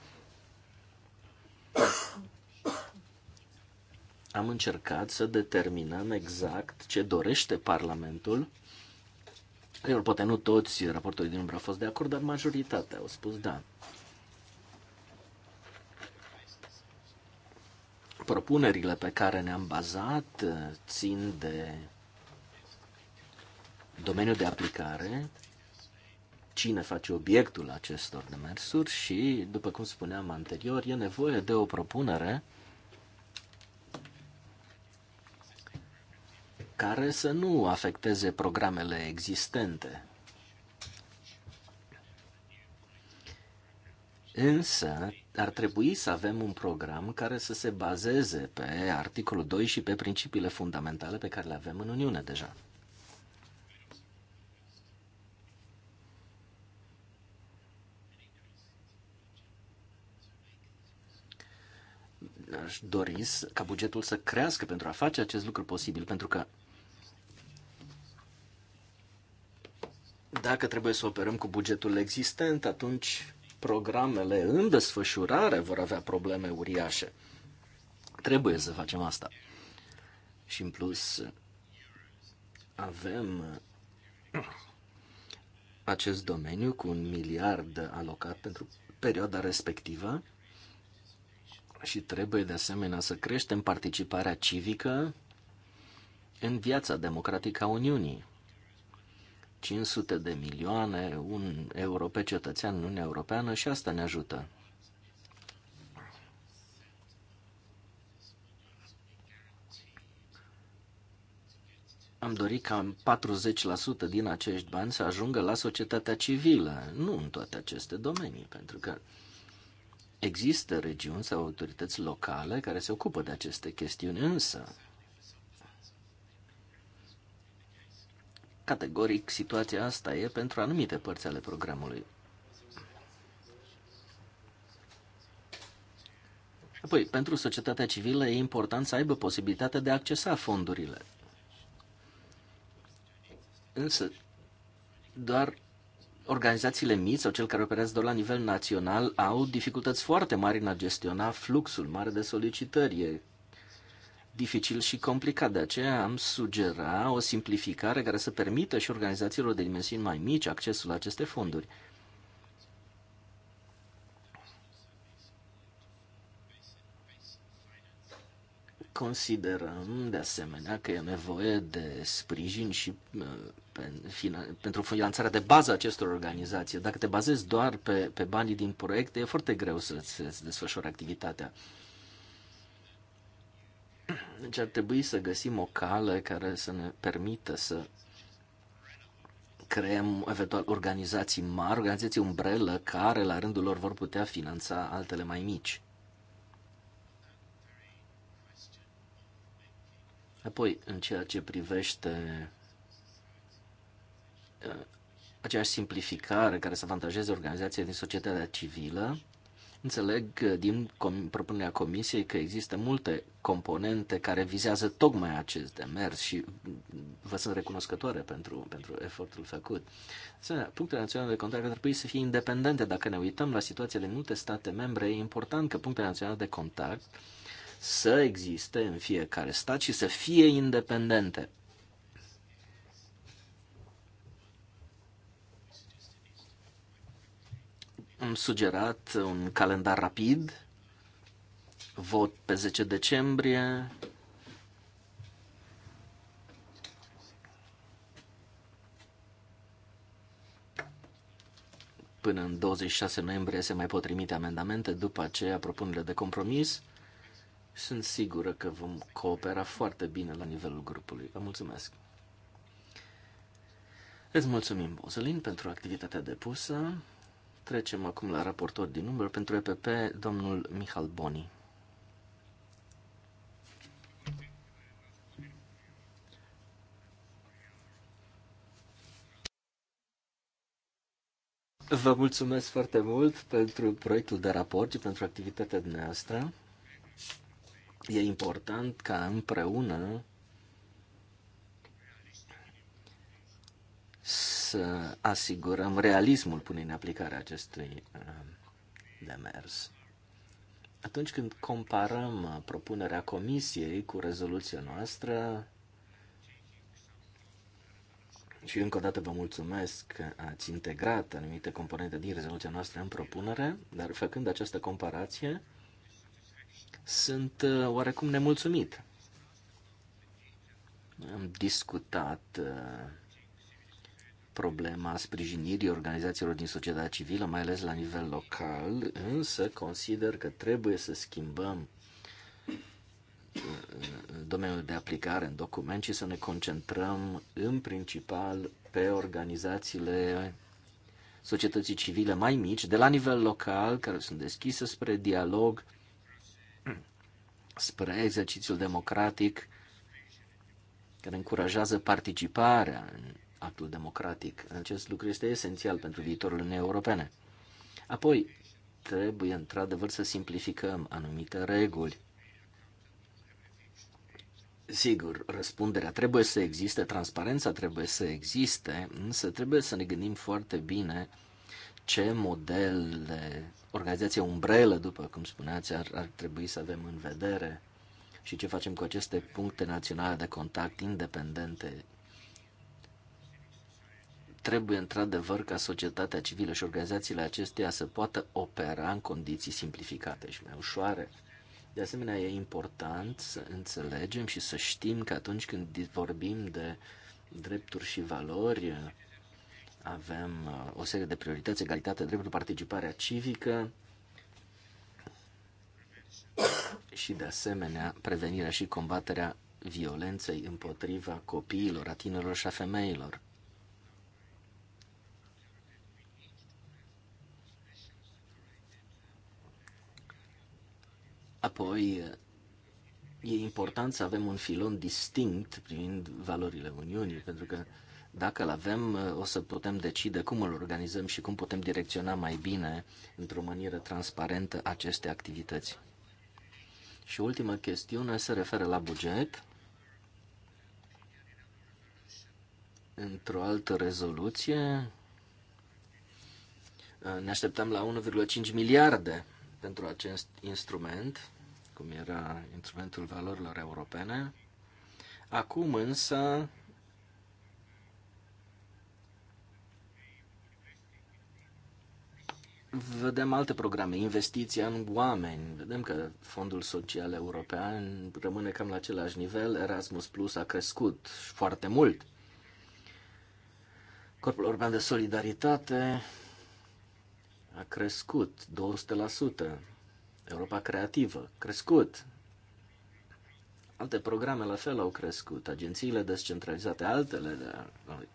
am încercat să determinăm exact ce dorește Parlamentul eu, poate nu toți raportorii din umbră au fost de acord, dar majoritatea au spus da. Propunerile pe care ne-am bazat uh, țin de domeniul de aplicare, cine face obiectul acestor demersuri și, după cum spuneam anterior, e nevoie de o propunere care să nu afecteze programele existente. Însă, ar trebui să avem un program care să se bazeze pe articolul 2 și pe principiile fundamentale pe care le avem în Uniune deja. Aș dori ca bugetul să crească pentru a face acest lucru posibil, pentru că Dacă trebuie să operăm cu bugetul existent, atunci programele în desfășurare vor avea probleme uriașe. Trebuie să facem asta. Și în plus avem acest domeniu cu un miliard alocat pentru perioada respectivă și trebuie de asemenea să creștem participarea civică în viața democratică a Uniunii. 500 de milioane, un euro pe cetățean în Uniunea Europeană și asta ne ajută. Am dorit ca 40% din acești bani să ajungă la societatea civilă, nu în toate aceste domenii, pentru că există regiuni sau autorități locale care se ocupă de aceste chestiuni, însă Categoric, situația asta e pentru anumite părți ale programului. Și apoi, pentru societatea civilă e important să aibă posibilitatea de a accesa fondurile. Însă, doar organizațiile mici sau cel care operează doar la nivel național au dificultăți foarte mari în a gestiona fluxul mare de solicitări. E dificil și complicat. De aceea am sugera o simplificare care să permită și organizațiilor de dimensiuni mai mici accesul la aceste fonduri. Considerăm, de asemenea, că e nevoie de sprijin și uh, pentru finanțarea de bază acestor organizații. Dacă te bazezi doar pe, pe banii din proiecte, e foarte greu să-ți desfășori activitatea. Deci ar trebui să găsim o cale care să ne permită să creăm eventual organizații mari, organizații umbrelă, care la rândul lor vor putea finanța altele mai mici. Apoi, în ceea ce privește uh, aceeași simplificare care să avantajeze organizația din societatea civilă, Înțeleg uh, din propunerea Comisiei că există multe componente care vizează tocmai acest demers și mm, vă sunt recunoscătoare pentru, pentru efortul făcut. Asemenea, punctele naționale de contact ar trebui să fie independente. Dacă ne uităm la situația din multe state membre, e important că punctele naționale de contact să existe în fiecare stat și să fie independente. Am sugerat un calendar rapid, vot pe 10 decembrie, până în 26 noiembrie se mai pot trimite amendamente, după aceea propunerile de compromis. Sunt sigură că vom coopera foarte bine la nivelul grupului. Vă mulțumesc! Îți mulțumim, Bozălin, pentru activitatea depusă. Trecem acum la raportor din număr pentru EPP, domnul Mihal Boni. Vă mulțumesc foarte mult pentru proiectul de raport și pentru activitatea dumneavoastră. E important ca împreună să asigurăm realismul punei în aplicare acestui uh, demers. Atunci când comparăm uh, propunerea comisiei cu rezoluția noastră, și încă o dată vă mulțumesc că ați integrat anumite componente din rezoluția noastră în propunere, dar făcând această comparație, sunt uh, oarecum nemulțumit. Am discutat uh, problema sprijinirii organizațiilor din societatea civilă, mai ales la nivel local, însă consider că trebuie să schimbăm uh, domeniul de aplicare în document și să ne concentrăm în principal pe organizațiile societății civile mai mici, de la nivel local, care sunt deschise spre dialog, spre exercițiul democratic, care încurajează participarea în actul democratic. Acest lucru este esențial pentru viitorul Uniunii Europene. Apoi, trebuie într-adevăr să simplificăm anumite reguli. Sigur, răspunderea trebuie să existe, transparența trebuie să existe, însă trebuie să ne gândim foarte bine ce model de organizație umbrelă, după cum spuneați, ar, ar trebui să avem în vedere și ce facem cu aceste puncte naționale de contact independente trebuie într-adevăr ca societatea civilă și organizațiile acesteia să poată opera în condiții simplificate și mai ușoare. De asemenea, e important să înțelegem și să știm că atunci când vorbim de drepturi și valori, avem uh, o serie de priorități, egalitate, dreptul, participarea civică și, de asemenea, prevenirea și combaterea violenței împotriva copiilor, a tinerilor și a femeilor. Apoi, e important să avem un filon distinct privind valorile Uniunii, pentru că dacă îl avem, o să putem decide cum îl organizăm și cum putem direcționa mai bine, într-o manieră transparentă, aceste activități. Și ultima chestiune se referă la buget. Într-o altă rezoluție, ne așteptăm la 1,5 miliarde pentru acest instrument, cum era instrumentul valorilor europene. Acum însă vedem alte programe, investiția în oameni. Vedem că Fondul Social European rămâne cam la același nivel, Erasmus Plus a crescut foarte mult. Corpul Urban de Solidaritate a crescut 200%. Europa Creativă, crescut. Alte programe la fel au crescut. Agențiile descentralizate, altele de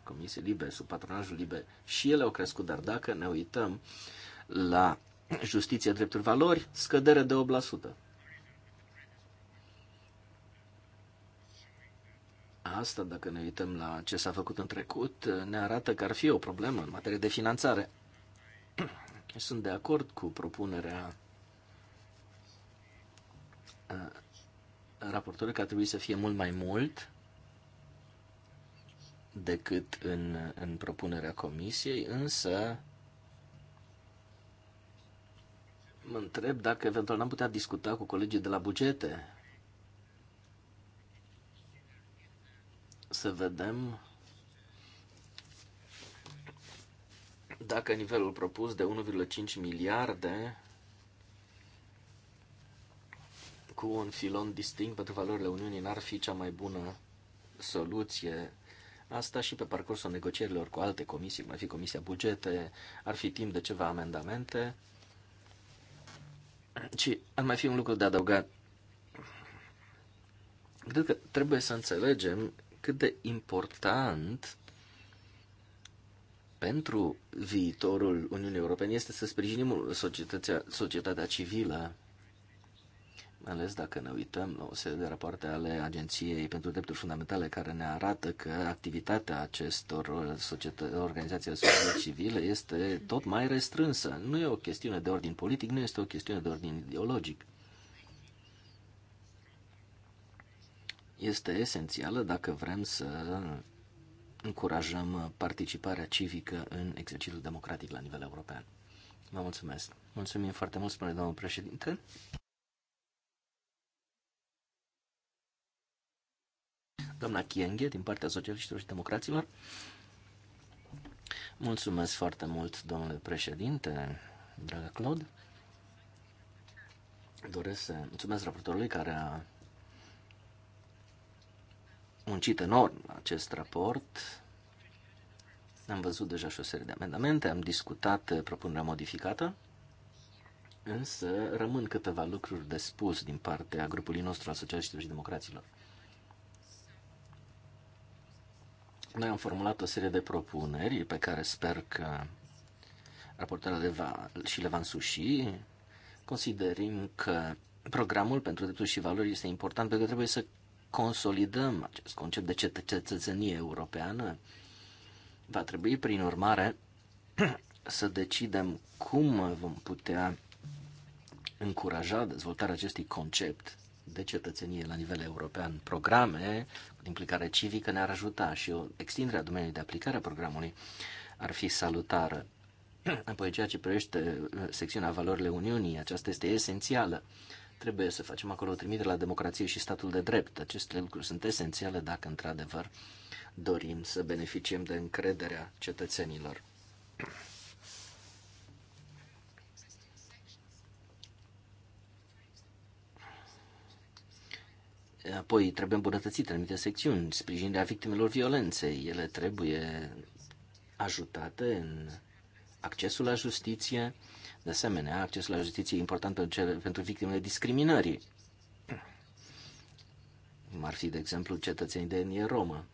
Comisie Libe, sub patronajul Libe, și ele au crescut. Dar dacă ne uităm la justiție, drepturi, valori, scădere de 8%. Asta, dacă ne uităm la ce s-a făcut în trecut, ne arată că ar fi o problemă în materie de finanțare. Sunt de acord cu propunerea raportorului că ar trebui să fie mult mai mult decât în, în propunerea comisiei, însă mă întreb dacă eventual n-am putea discuta cu colegii de la bugete să vedem dacă nivelul propus de 1,5 miliarde cu un filon distinct pentru valorile Uniunii n-ar fi cea mai bună soluție. Asta și pe parcursul negocierilor cu alte comisii, mai ar fi Comisia Bugete, ar fi timp de ceva amendamente. Și ar mai fi un lucru de adăugat. Cred că trebuie să înțelegem cât de important pentru viitorul Uniunii Europene este să sprijinim societatea, societatea civilă, mai ales dacă ne uităm la o serie de rapoarte ale Agenției pentru Drepturi Fundamentale care ne arată că activitatea acestor organizații de societății civile este tot mai restrânsă. Nu e o chestiune de ordin politic, nu este o chestiune de ordin ideologic. Este esențială dacă vrem să încurajăm uh, participarea civică în exercițiul democratic la nivel european. Vă mulțumesc. Mulțumim foarte mult, spune domnul președinte. Doamna Chienghe, din partea socialiștilor și democraților. Mulțumesc foarte mult, domnule președinte, dragă Claude. Doresc să mulțumesc raportorului care a muncit enorm la acest raport. Am văzut deja și o serie de amendamente, am discutat eh, propunerea modificată, însă rămân câteva lucruri de spus din partea grupului nostru al Socialiștilor și Democraților. Noi am formulat o serie de propuneri pe care sper că raportarea de va, și le va însuși. Considerim că programul pentru drepturi și valori este important pentru că trebuie să consolidăm acest concept de cetățenie europeană, va trebui, prin urmare, să decidem cum vom putea încuraja dezvoltarea acestui concept de cetățenie la nivel european. Programe cu implicare civică ne-ar ajuta și o extindere a domeniului de aplicare a programului ar fi salutară. Apoi, ceea ce privește uh, secțiunea Valorile Uniunii, aceasta este esențială. Trebuie să facem acolo o trimitere la democrație și statul de drept. Aceste lucruri sunt esențiale dacă într-adevăr dorim să beneficiem de încrederea cetățenilor. Apoi trebuie îmbunătățite anumite secțiuni, sprijinirea victimelor violenței. Ele trebuie ajutate în accesul la justiție, de asemenea, accesul la justiție e important pentru, cele, pentru victimele discriminării, cum ar fi, de exemplu, cetățenii de etnie romă.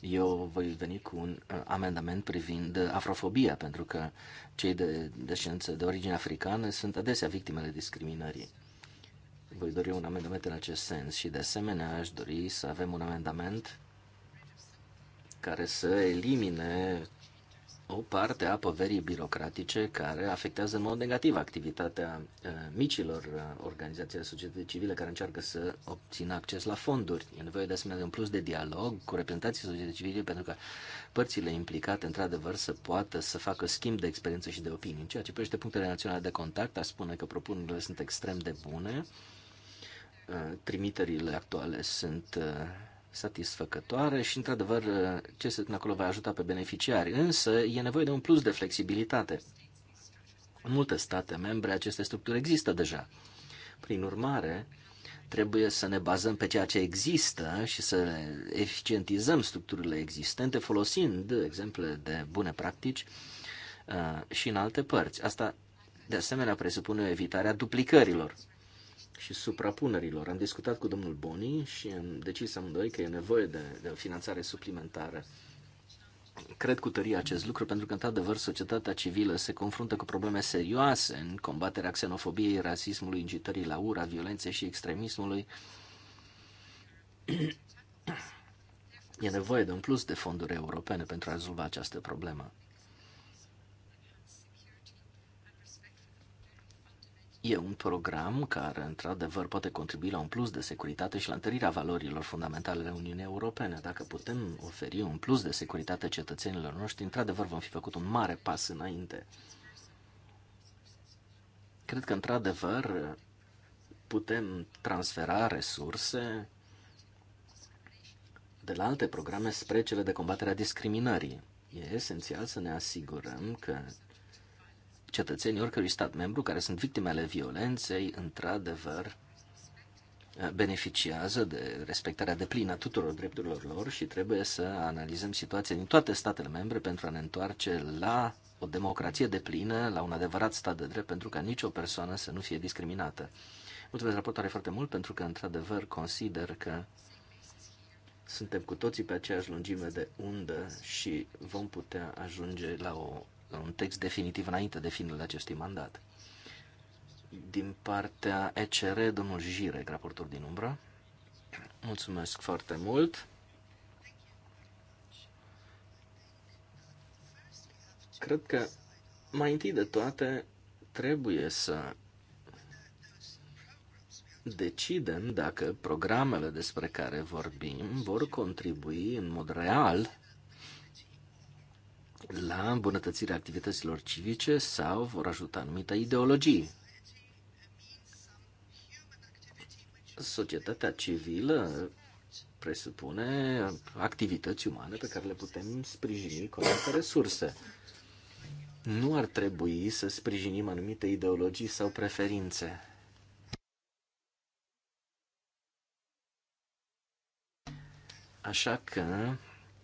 eu voi veni cu un uh, amendament privind uh, afrofobia, pentru că cei de descendență de origine africană sunt adesea victimele discriminării. Voi dori un amendament în acest sens și, de asemenea, aș dori să avem un amendament care să elimine o parte a poverii birocratice care afectează în mod negativ activitatea uh, micilor uh, organizații de societate civile care încearcă să obțină acces la fonduri. E nevoie de asemenea de un plus de dialog cu reprezentanții societății civile pentru că părțile implicate într-adevăr să poată să facă schimb de experiență și de opinii. În ceea ce privește punctele naționale de contact, a spune că propunerile sunt extrem de bune. Uh, trimiterile actuale sunt satisfăcătoare și, într-adevăr, ce se acolo va ajuta pe beneficiari. Însă, e nevoie de un plus de flexibilitate. În multe state membre, aceste structuri există deja. Prin urmare, trebuie să ne bazăm pe ceea ce există și să eficientizăm structurile existente, folosind exemple de bune practici uh, și în alte părți. Asta, de asemenea, presupune evitarea duplicărilor și suprapunerilor. Am discutat cu domnul Boni și am decis amândoi că e nevoie de, de o finanțare suplimentară. Cred cu tărie acest lucru pentru că, într-adevăr, societatea civilă se confruntă cu probleme serioase în combaterea xenofobiei, rasismului, incitării la ura, violenței și extremismului. E nevoie de un plus de fonduri europene pentru a rezolva această problemă. E un program care, într-adevăr, poate contribui la un plus de securitate și la întărirea valorilor fundamentale ale Uniunii Europene. Dacă putem oferi un plus de securitate cetățenilor noștri, într-adevăr vom fi făcut un mare pas înainte. Cred că, într-adevăr, putem transfera resurse de la alte programe spre cele de combatere a discriminării. E esențial să ne asigurăm că cetățenii oricărui stat membru care sunt victime ale violenței, într-adevăr, beneficiază de respectarea deplină a tuturor drepturilor lor și trebuie să analizăm situația din toate statele membre pentru a ne întoarce la o democrație deplină, la un adevărat stat de drept, pentru ca nicio persoană să nu fie discriminată. Mulțumesc raportare foarte mult pentru că, într-adevăr, consider că suntem cu toții pe aceeași lungime de undă și vom putea ajunge la o un text definitiv înainte de finul acestui mandat. Din partea ECR, domnul Jire, raportor din umbră. Mulțumesc foarte mult. Cred că mai întâi de toate trebuie să decidem dacă programele despre care vorbim vor contribui în mod real la îmbunătățirea activităților civice sau vor ajuta anumite ideologii. Societatea civilă presupune activități umane pe care le putem sprijini cu anumite resurse. Nu ar trebui să sprijinim anumite ideologii sau preferințe. Așa că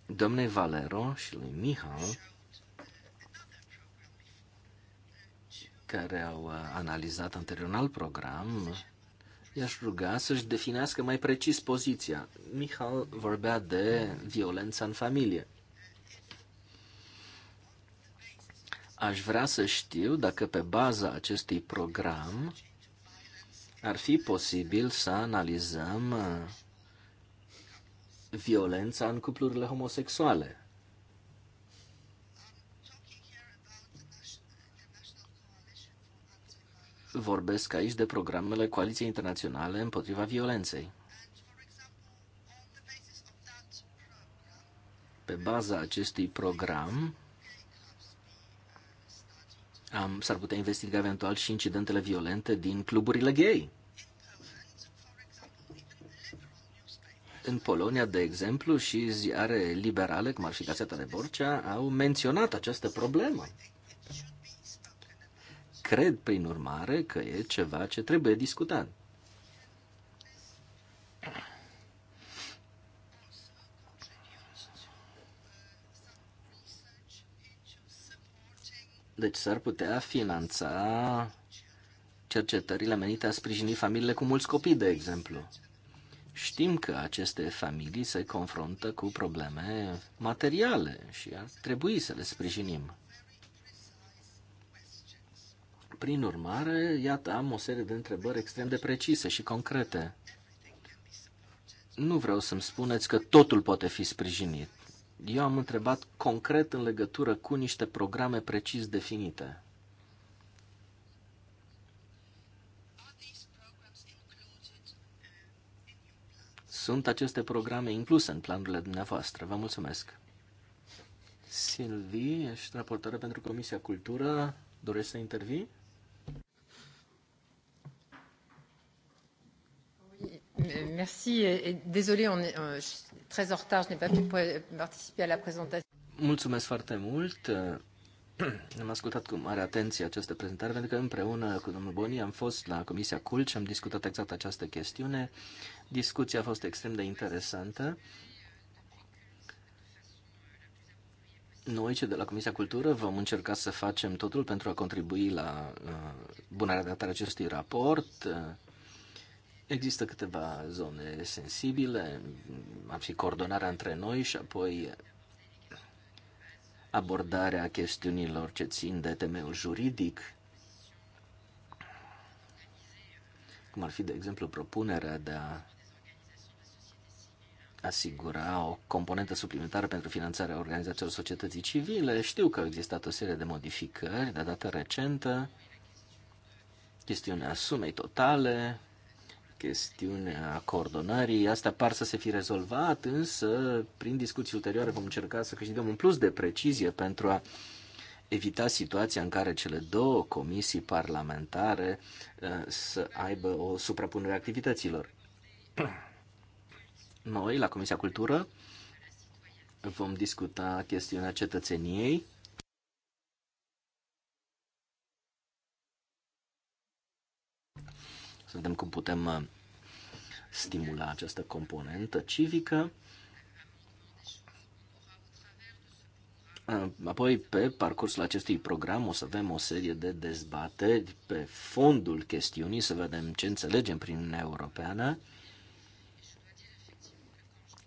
domnei Valero și lui Mihal care au uh, analizat anterior program, i-aș ruga să-și definească mai precis poziția. Mihal vorbea de violența în familie. Aș vrea să știu dacă pe baza acestui program ar fi posibil să analizăm uh, violența în cuplurile homosexuale. vorbesc aici de programele Coaliției Internaționale împotriva violenței. Pe baza acestui program, am, s-ar putea investiga eventual și incidentele violente din cluburile gay. În Polonia, de exemplu, și ziare liberale, cum ar fi Gazeta de Borcea, au menționat această problemă. Cred, prin urmare, că e ceva ce trebuie discutat. Deci s-ar putea finanța cercetările menite a sprijini familiile cu mulți copii, de exemplu. Știm că aceste familii se confruntă cu probleme materiale și ar trebui să le sprijinim. Prin urmare, iată, am o serie de întrebări extrem de precise și concrete. Nu vreau să-mi spuneți că totul poate fi sprijinit. Eu am întrebat concret în legătură cu niște programe precis definite. Sunt aceste programe incluse în planurile dumneavoastră? Vă mulțumesc. Silvi, ești raportoare pentru Comisia Cultură. Doresc să intervii? Euh, merci. Désolé, on est euh, très en retard. Je n'ai pas pu participer à la présentation. Mulțumesc foarte mult. Am ascultat cu mare atenție această prezentare pentru că împreună cu domnul Boni am fost la Comisia Cult și am discutat exact această chestiune. Discuția a fost extrem de interesantă. Noi, cei de la Comisia Cultură, vom încerca să facem totul pentru a contribui la uh, bunarea datare acestui raport. Există câteva zone sensibile, am fi coordonarea între noi și apoi abordarea chestiunilor ce țin de temeul juridic, cum ar fi, de exemplu, propunerea de a asigura o componentă suplimentară pentru finanțarea organizațiilor societății civile. Știu că au existat o serie de modificări de data recentă, chestiunea sumei totale, chestiunea coordonării. Asta par să se fi rezolvat, însă prin discuții ulterioare vom încerca să câștigăm un plus de precizie pentru a evita situația în care cele două comisii parlamentare uh, să aibă o suprapunere a activităților. Noi, la Comisia Cultură, vom discuta chestiunea cetățeniei să vedem cum putem uh, stimula această componentă civică. Uh, apoi, pe parcursul acestui program, o să avem o serie de dezbateri pe fondul chestiunii, să vedem ce înțelegem prin Uniunea Europeană,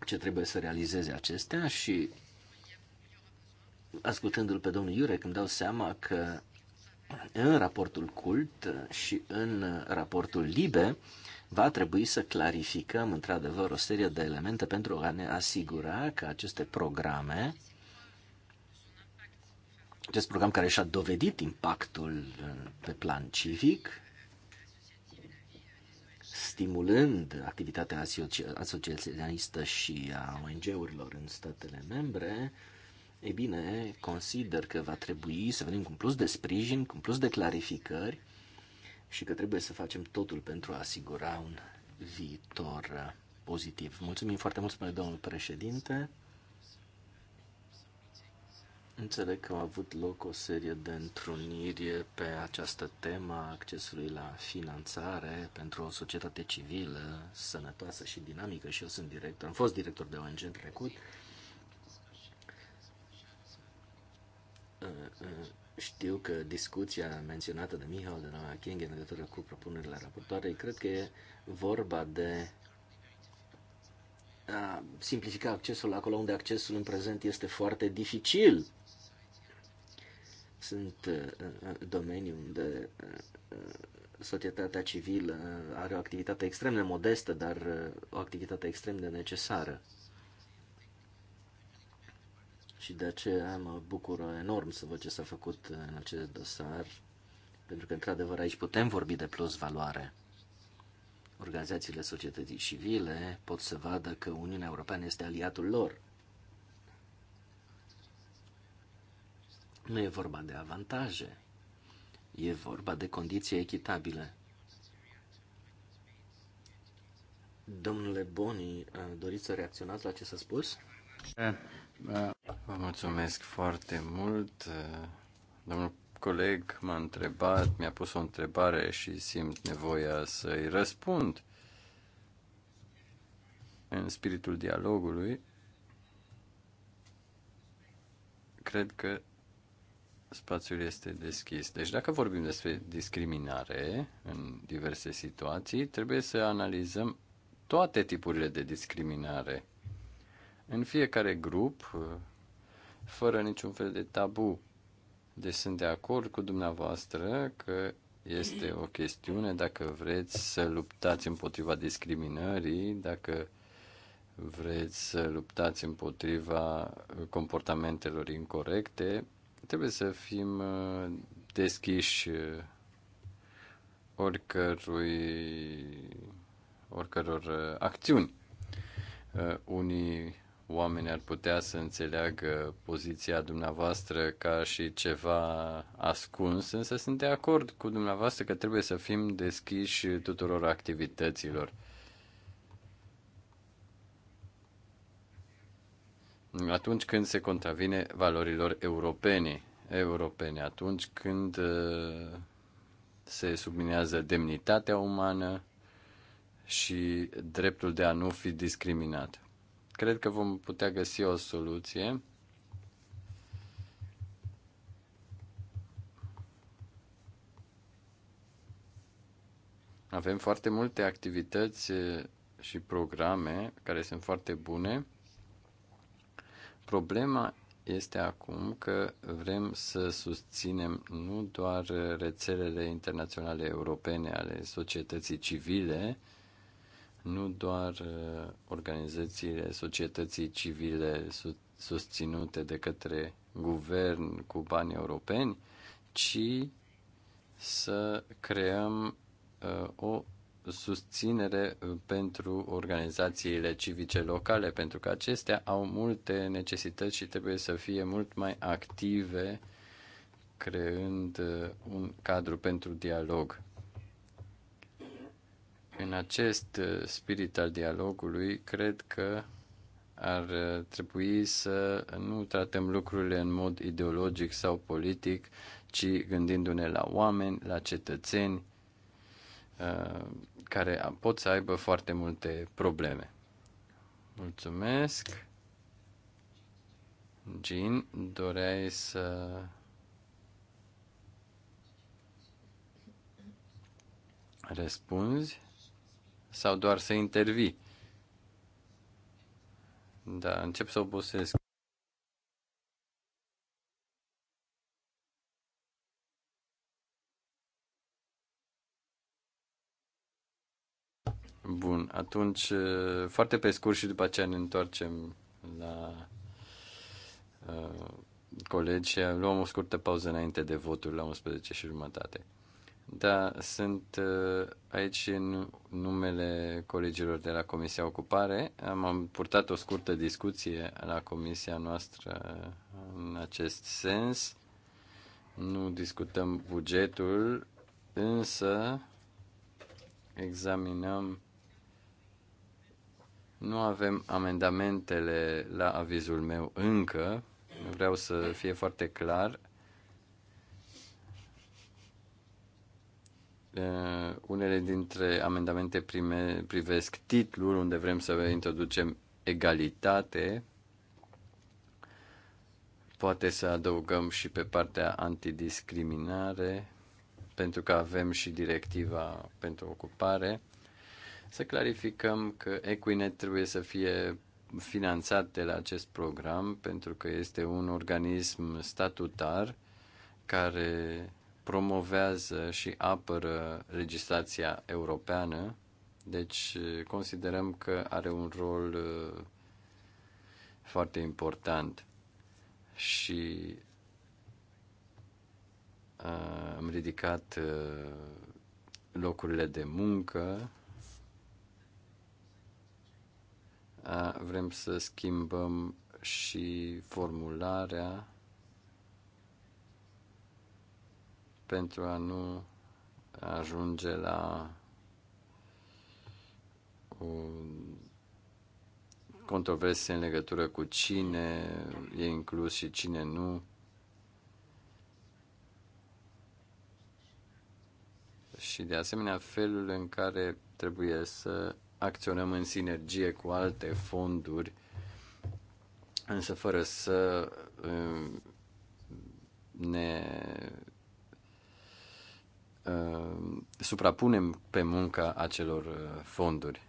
ce trebuie să realizeze acestea și, ascultându-l pe domnul Iurec, îmi dau seama că în raportul cult și în raportul libe va trebui să clarificăm într-adevăr o serie de elemente pentru a ne asigura că aceste programe, acest program care și-a dovedit impactul pe plan civic, stimulând activitatea asociaționistă și a ONG-urilor în statele membre, ei bine, consider că va trebui să venim cu un plus de sprijin, cu un plus de clarificări și că trebuie să facem totul pentru a asigura un viitor pozitiv. Mulțumim foarte mult, spune domnul președinte. Înțeleg că au avut loc o serie de întruniri pe această temă a accesului la finanțare pentru o societate civilă sănătoasă și dinamică și eu sunt director, am fost director de ONG în trecut Uh, uh, știu că discuția menționată de Mihal de la King în legătură cu propunerile raportoarei, cred că e vorba de a simplifica accesul acolo unde accesul în prezent este foarte dificil. Sunt uh, domeniul unde societatea civilă are o activitate extrem de modestă, dar o activitate extrem de necesară și de aceea mă bucur enorm să văd ce s-a făcut în acest dosar, pentru că, într-adevăr, aici putem vorbi de plus valoare. Organizațiile societății civile pot să vadă că Uniunea Europeană este aliatul lor. Nu e vorba de avantaje, e vorba de condiții echitabile. Domnule Boni, doriți să reacționați la ce s-a spus? Eh, Vă mulțumesc foarte mult. Domnul coleg m-a întrebat, mi-a pus o întrebare și simt nevoia să-i răspund în spiritul dialogului. Cred că spațiul este deschis. Deci dacă vorbim despre discriminare în diverse situații, trebuie să analizăm toate tipurile de discriminare în fiecare grup, fără niciun fel de tabu. Deci sunt de acord cu dumneavoastră că este o chestiune dacă vreți să luptați împotriva discriminării, dacă vreți să luptați împotriva comportamentelor incorrecte, trebuie să fim uh, deschiși uh, oricărui, oricăror uh, acțiuni. Unii oamenii ar putea să înțeleagă poziția dumneavoastră ca și ceva ascuns, însă sunt de acord cu dumneavoastră că trebuie să fim deschiși tuturor activităților. Atunci când se contravine valorilor europene, europene atunci când uh, se subminează demnitatea umană și dreptul de a nu fi discriminat. Cred că vom putea găsi o soluție. Avem foarte multe activități și programe care sunt foarte bune. Problema este acum că vrem să susținem nu doar rețelele internaționale europene ale societății civile, nu doar uh, organizațiile societății civile susținute de către guvern cu bani europeni, ci să creăm uh, o susținere uh, pentru organizațiile civice locale, pentru că acestea au multe necesități și trebuie să fie mult mai active, creând un cadru pentru dialog. În acest uh, spirit al dialogului, cred că ar uh, trebui să nu tratăm lucrurile în mod ideologic sau politic, ci gândindu-ne la oameni, la cetățeni, uh, care pot să aibă foarte multe probleme. Mulțumesc! Jean, doreai să... Răspunzi? sau doar să intervii? Da, încep să obosesc. Bun, atunci eh, foarte pe scurt și după aceea ne întoarcem la uh, colegi și luăm o scurtă pauză înainte de votul la 11 și jumătate. Da, sunt uh, aici în numele colegilor de la Comisia Ocupare. Am, purtat o scurtă discuție la comisia noastră în acest sens. Nu discutăm bugetul, însă examinăm. Nu avem amendamentele la avizul meu încă. Vreau să fie foarte clar Uh, unele dintre amendamente prime, privesc titlul, unde vrem să introducem egalitate. Poate să adăugăm și pe partea antidiscriminare, pentru că avem și directiva pentru ocupare. Să clarificăm că Equinet trebuie să fie finanțat de la acest program, pentru că este un organism statutar care promovează și apără legislația europeană, deci considerăm că are un rol uh, foarte important și uh, am ridicat uh, locurile de muncă. Vrem să schimbăm și formularea pentru a nu ajunge la controverse în legătură cu cine e inclus și cine nu. Și de asemenea felul în care trebuie să acționăm în sinergie cu alte fonduri, însă fără să uh, ne uh, suprapunem pe munca acelor uh, fonduri.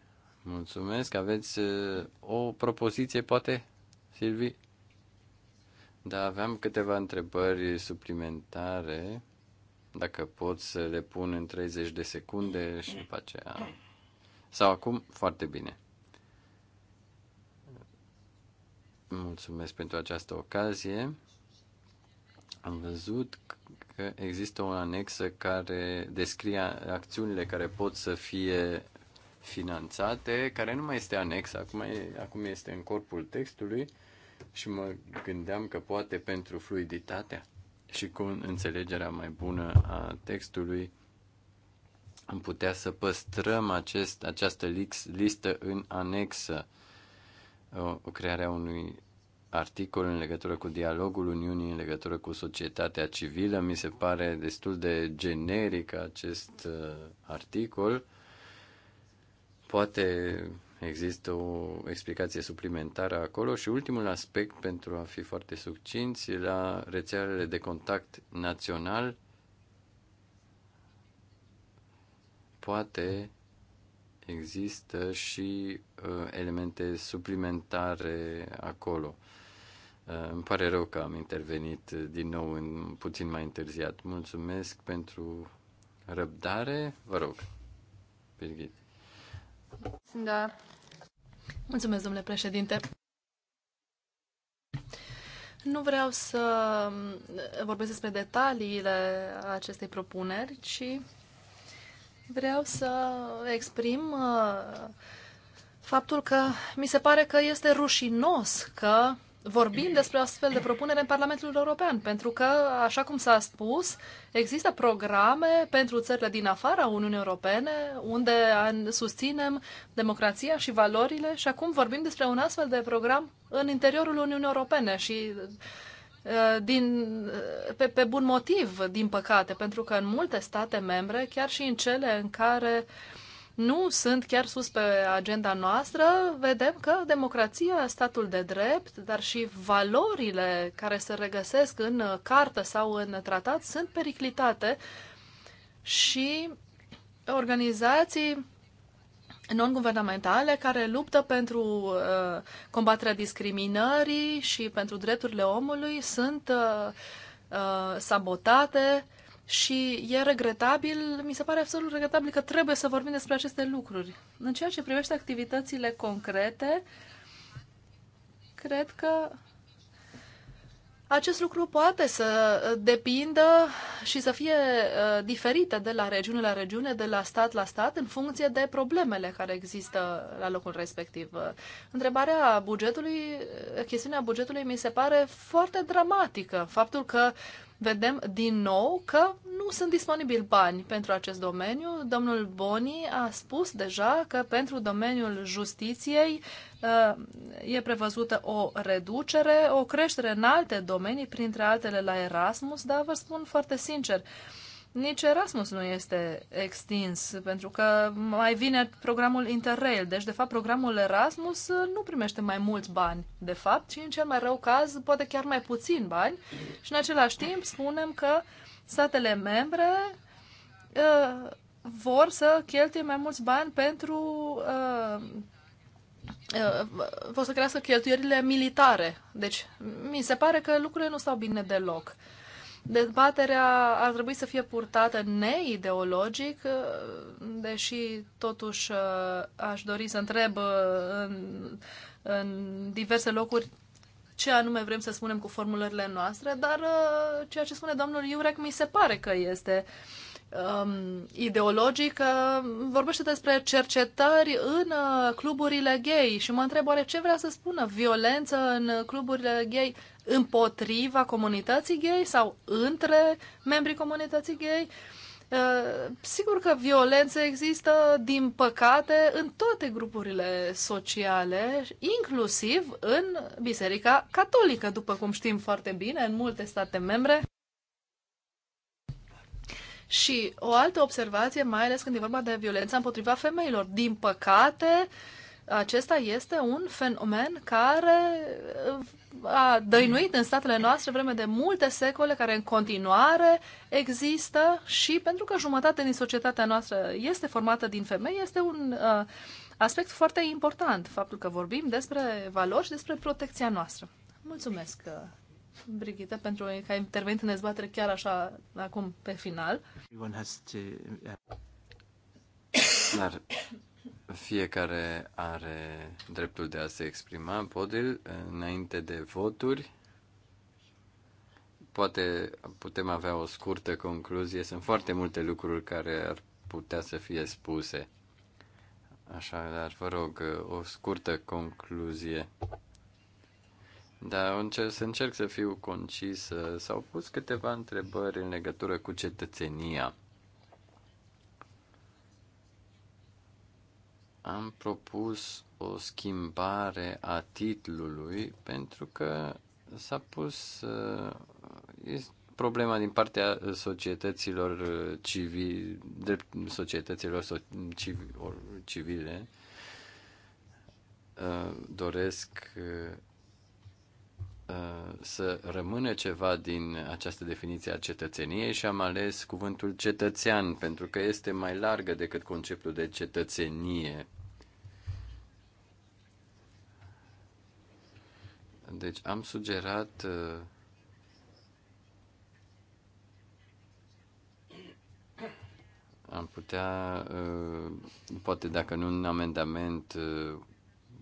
Mulțumesc, aveți uh, o propoziție, poate, Silvi? Da, aveam câteva întrebări suplimentare, dacă pot să le pun în 30 de secunde și după aceea... Sau acum, foarte bine. Mulțumesc pentru această ocazie. Am văzut că există o anexă care descrie acțiunile care pot să fie finanțate, care nu mai este anexă, acum, e, acum este în corpul textului și mă gândeam că poate pentru fluiditatea și cu înțelegerea mai bună a textului am putea să păstrăm acest, această listă în anexă, o, o crearea unui articol în legătură cu dialogul Uniunii în legătură cu societatea civilă. Mi se pare destul de generic acest uh, articol. Poate există o explicație suplimentară acolo și ultimul aspect pentru a fi foarte succinți la rețelele de contact național poate există și uh, elemente suplimentare acolo. Uh, îmi pare rău că am intervenit din nou în puțin mai întârziat. Mulțumesc pentru răbdare. Vă rog, Birgit. Da. Mulțumesc, domnule președinte. Nu vreau să vorbesc despre detaliile acestei propuneri, ci vreau să exprim uh, faptul că mi se pare că este rușinos că vorbim despre astfel de propunere în Parlamentul European, pentru că, așa cum s-a spus, există programe pentru țările din afara Uniunii Europene, unde susținem democrația și valorile și acum vorbim despre un astfel de program în interiorul Uniunii Europene și uh, din, uh, pe, pe bun motiv, din păcate, pentru că în multe state membre, chiar și în cele în care uh, nu sunt chiar sus pe agenda noastră, vedem că democrația, statul de drept, dar și valorile care se regăsesc în cartă sau în tratat sunt periclitate și organizații non-guvernamentale care luptă pentru uh, combaterea discriminării și pentru drepturile omului sunt uh, uh, sabotate uh, și e regretabil, mi se pare absolut regretabil că trebuie să vorbim despre aceste lucruri. În ceea ce privește activitățile concrete, cred că acest lucru poate să depindă și să fie uh, diferită de la regiune la regiune, de la stat la stat, în funcție de problemele care există la locul respectiv. Întrebarea bugetului, uh, chestiunea bugetului mi se pare foarte dramatică. Faptul că vedem din nou că nu sunt disponibili bani pentru acest domeniu. Domnul Boni a spus deja că pentru domeniul justiției uh, e prevăzută o reducere, o creștere în alte domenii, printre altele la Erasmus, dar vă spun foarte sincer, nici Erasmus nu este extins, pentru că mai vine programul Interrail. Deci, de fapt, programul Erasmus nu primește mai mulți bani, de fapt, ci în cel mai rău caz, poate chiar mai puțin bani. Și în același timp spunem că statele membre uh, vor să cheltuie mai mulți bani pentru uh, uh vor să crească cheltuierile militare. Deci, mi se pare că lucrurile nu stau bine deloc. Dezbaterea ar trebui să fie purtată neideologic, deși totuși uh, aș dori să întreb uh, în, în diverse locuri ce anume vrem să spunem cu formulările noastre, dar uh, ceea ce spune domnul Iurec mi se pare că este um, ideologic, vorbește despre cercetări în cluburile gay și mă întreb oare ce vrea să spună violență în cluburile gay împotriva comunității gay sau între membrii comunității gay. Uh, sigur că violență există, din păcate, în toate grupurile sociale, inclusiv în Biserica Catolică, după cum știm foarte bine, în multe state membre. Și o altă observație, mai ales când e vorba de violența împotriva femeilor. Din păcate, uh, acesta este un fenomen care uh, a dăinuit în statele noastre vreme de multe secole, care în continuare există și pentru că jumătate din societatea noastră este formată din femei, este un uh, aspect foarte important, faptul că vorbim despre valori și despre protecția noastră. Mulțumesc, uh, Brigitte, pentru că ai intervenit în dezbatere chiar așa, acum, pe final. Dar fiecare are dreptul de a se exprima, Podil, înainte de voturi. Poate putem avea o scurtă concluzie. Sunt foarte multe lucruri care ar putea să fie spuse. Așa, dar vă rog, o scurtă concluzie. Da, încerc, să încerc să fiu concis. S-au pus câteva întrebări în legătură cu cetățenia. am propus o schimbare a titlului pentru că s-a pus uh, problema din partea societăților uh, civile, societăților uh, civile doresc Uh, să rămână ceva din această definiție a cetățeniei și am ales cuvântul cetățean pentru că este mai largă decât conceptul de cetățenie. Deci am sugerat uh, am putea uh, poate dacă nu un amendament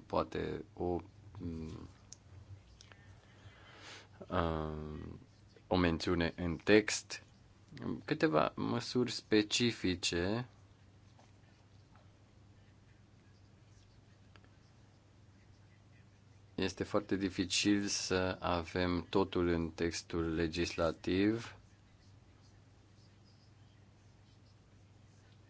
poate o mm, Uh, o mențiune în text, câteva măsuri specifice Este foarte dificil să avem totul în textul legislativ.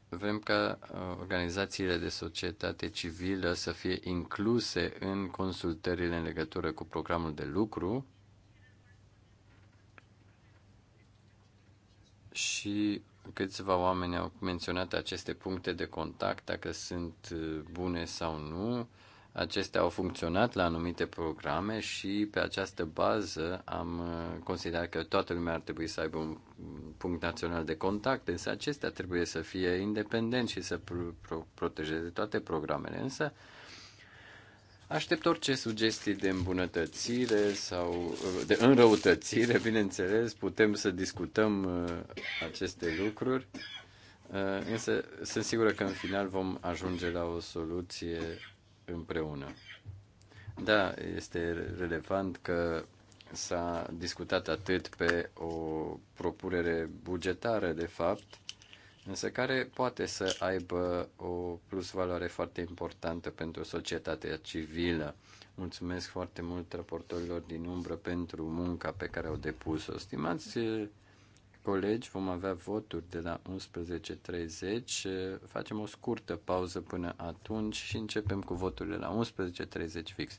Vrem ca uh, organizațiile de societate civilă să fie incluse în consultările în legătură cu programul de lucru. și câțiva oameni au menționat aceste puncte de contact, dacă sunt uh, bune sau nu. Acestea au funcționat la anumite programe și pe această bază am uh, considerat că toată lumea ar trebui să aibă un punct național de contact, însă acestea trebuie să fie independent și să pro- protejeze toate programele. Însă Aștept orice sugestii de îmbunătățire sau uh, de înrăutățire, bineînțeles, putem să discutăm uh, aceste lucruri, uh, însă sunt sigură că în final vom ajunge la o soluție împreună. Da, este relevant că s-a discutat atât pe o propunere bugetară, de fapt, însă care poate să aibă o plusvaloare foarte importantă pentru societatea civilă. Mulțumesc foarte mult raportorilor din umbră pentru munca pe care au depus-o. Stimați eh, colegi, vom avea voturi de la 11.30. Eh, facem o scurtă pauză până atunci și începem cu voturile la 11.30 fix.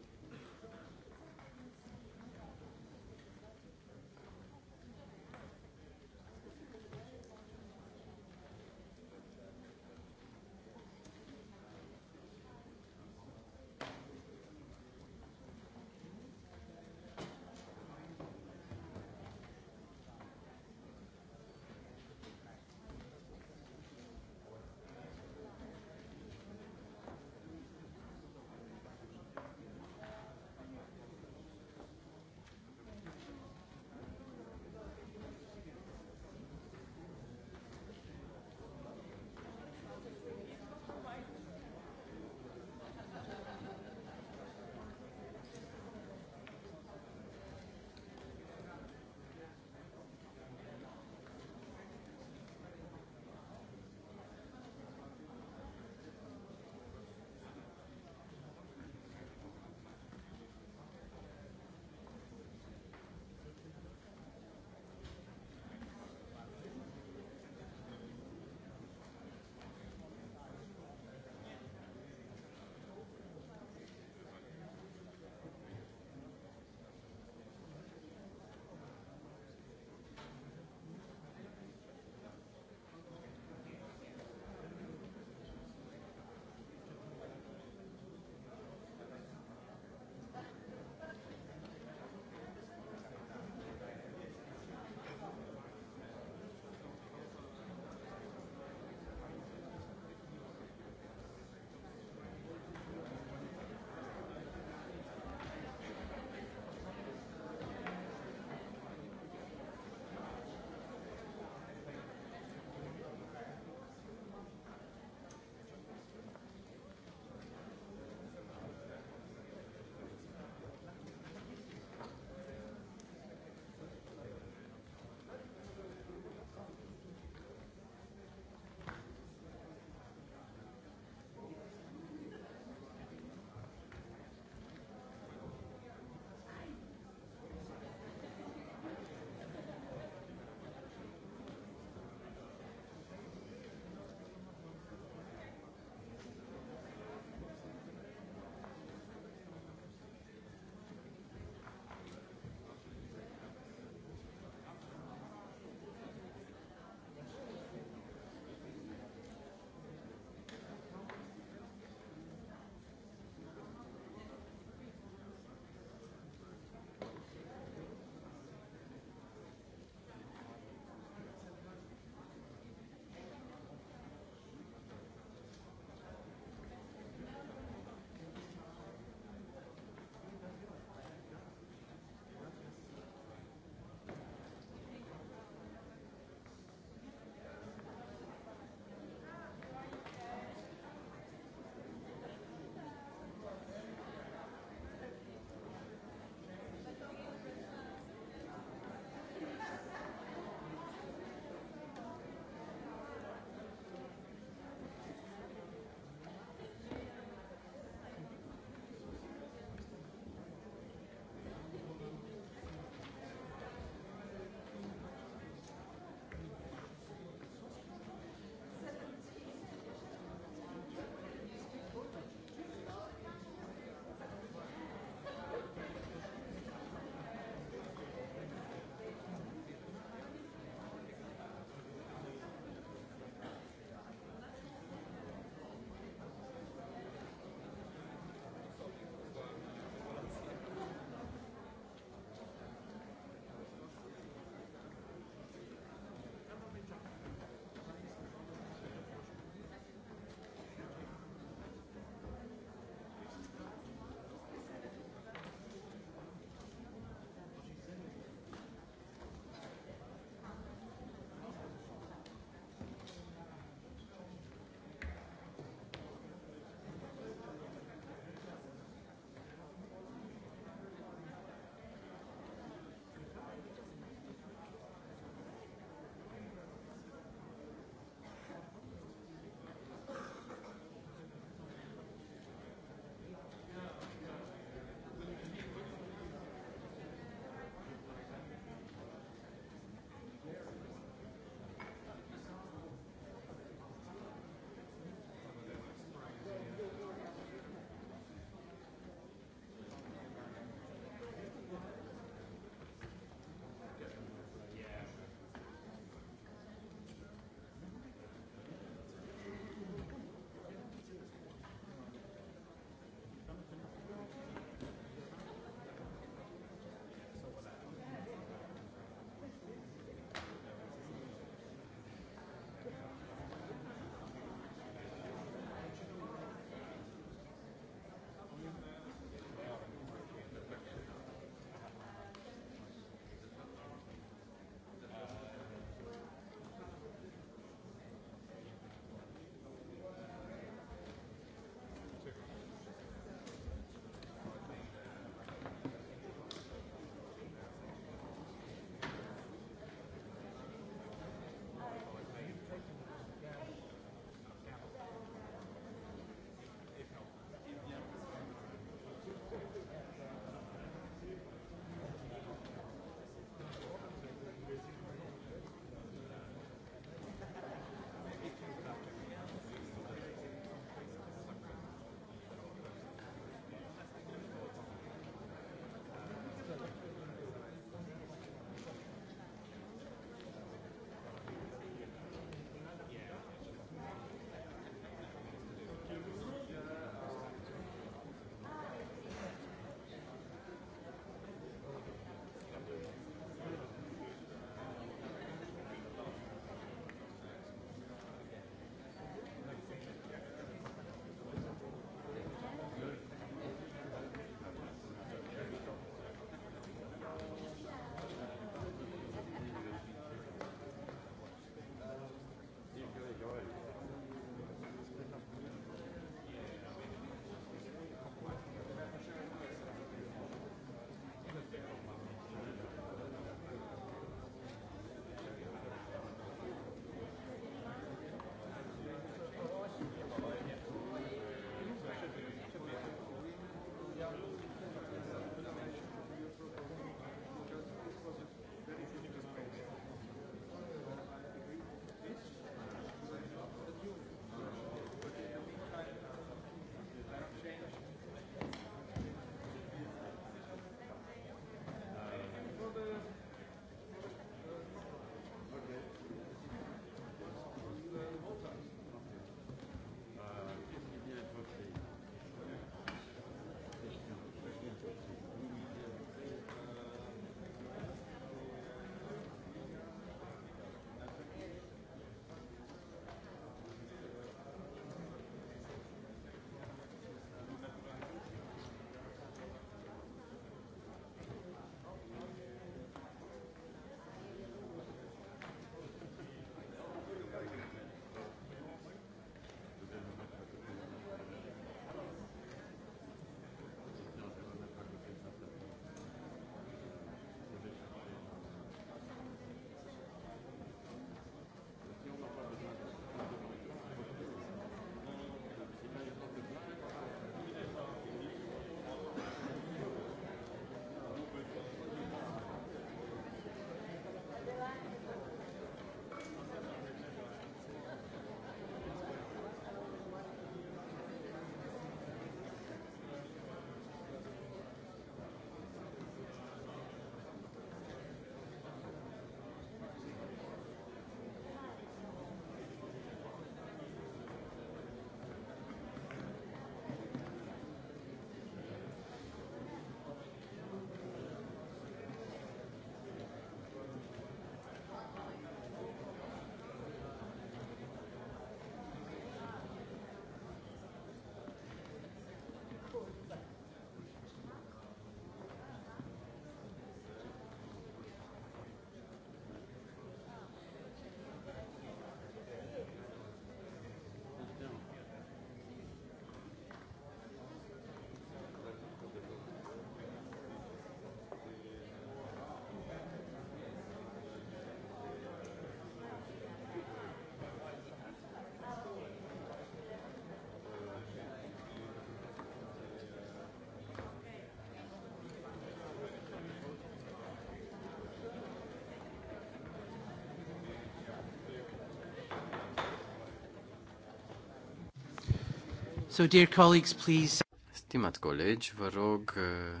So, dear colleagues, please. Stimați colegi, vă rog, uh,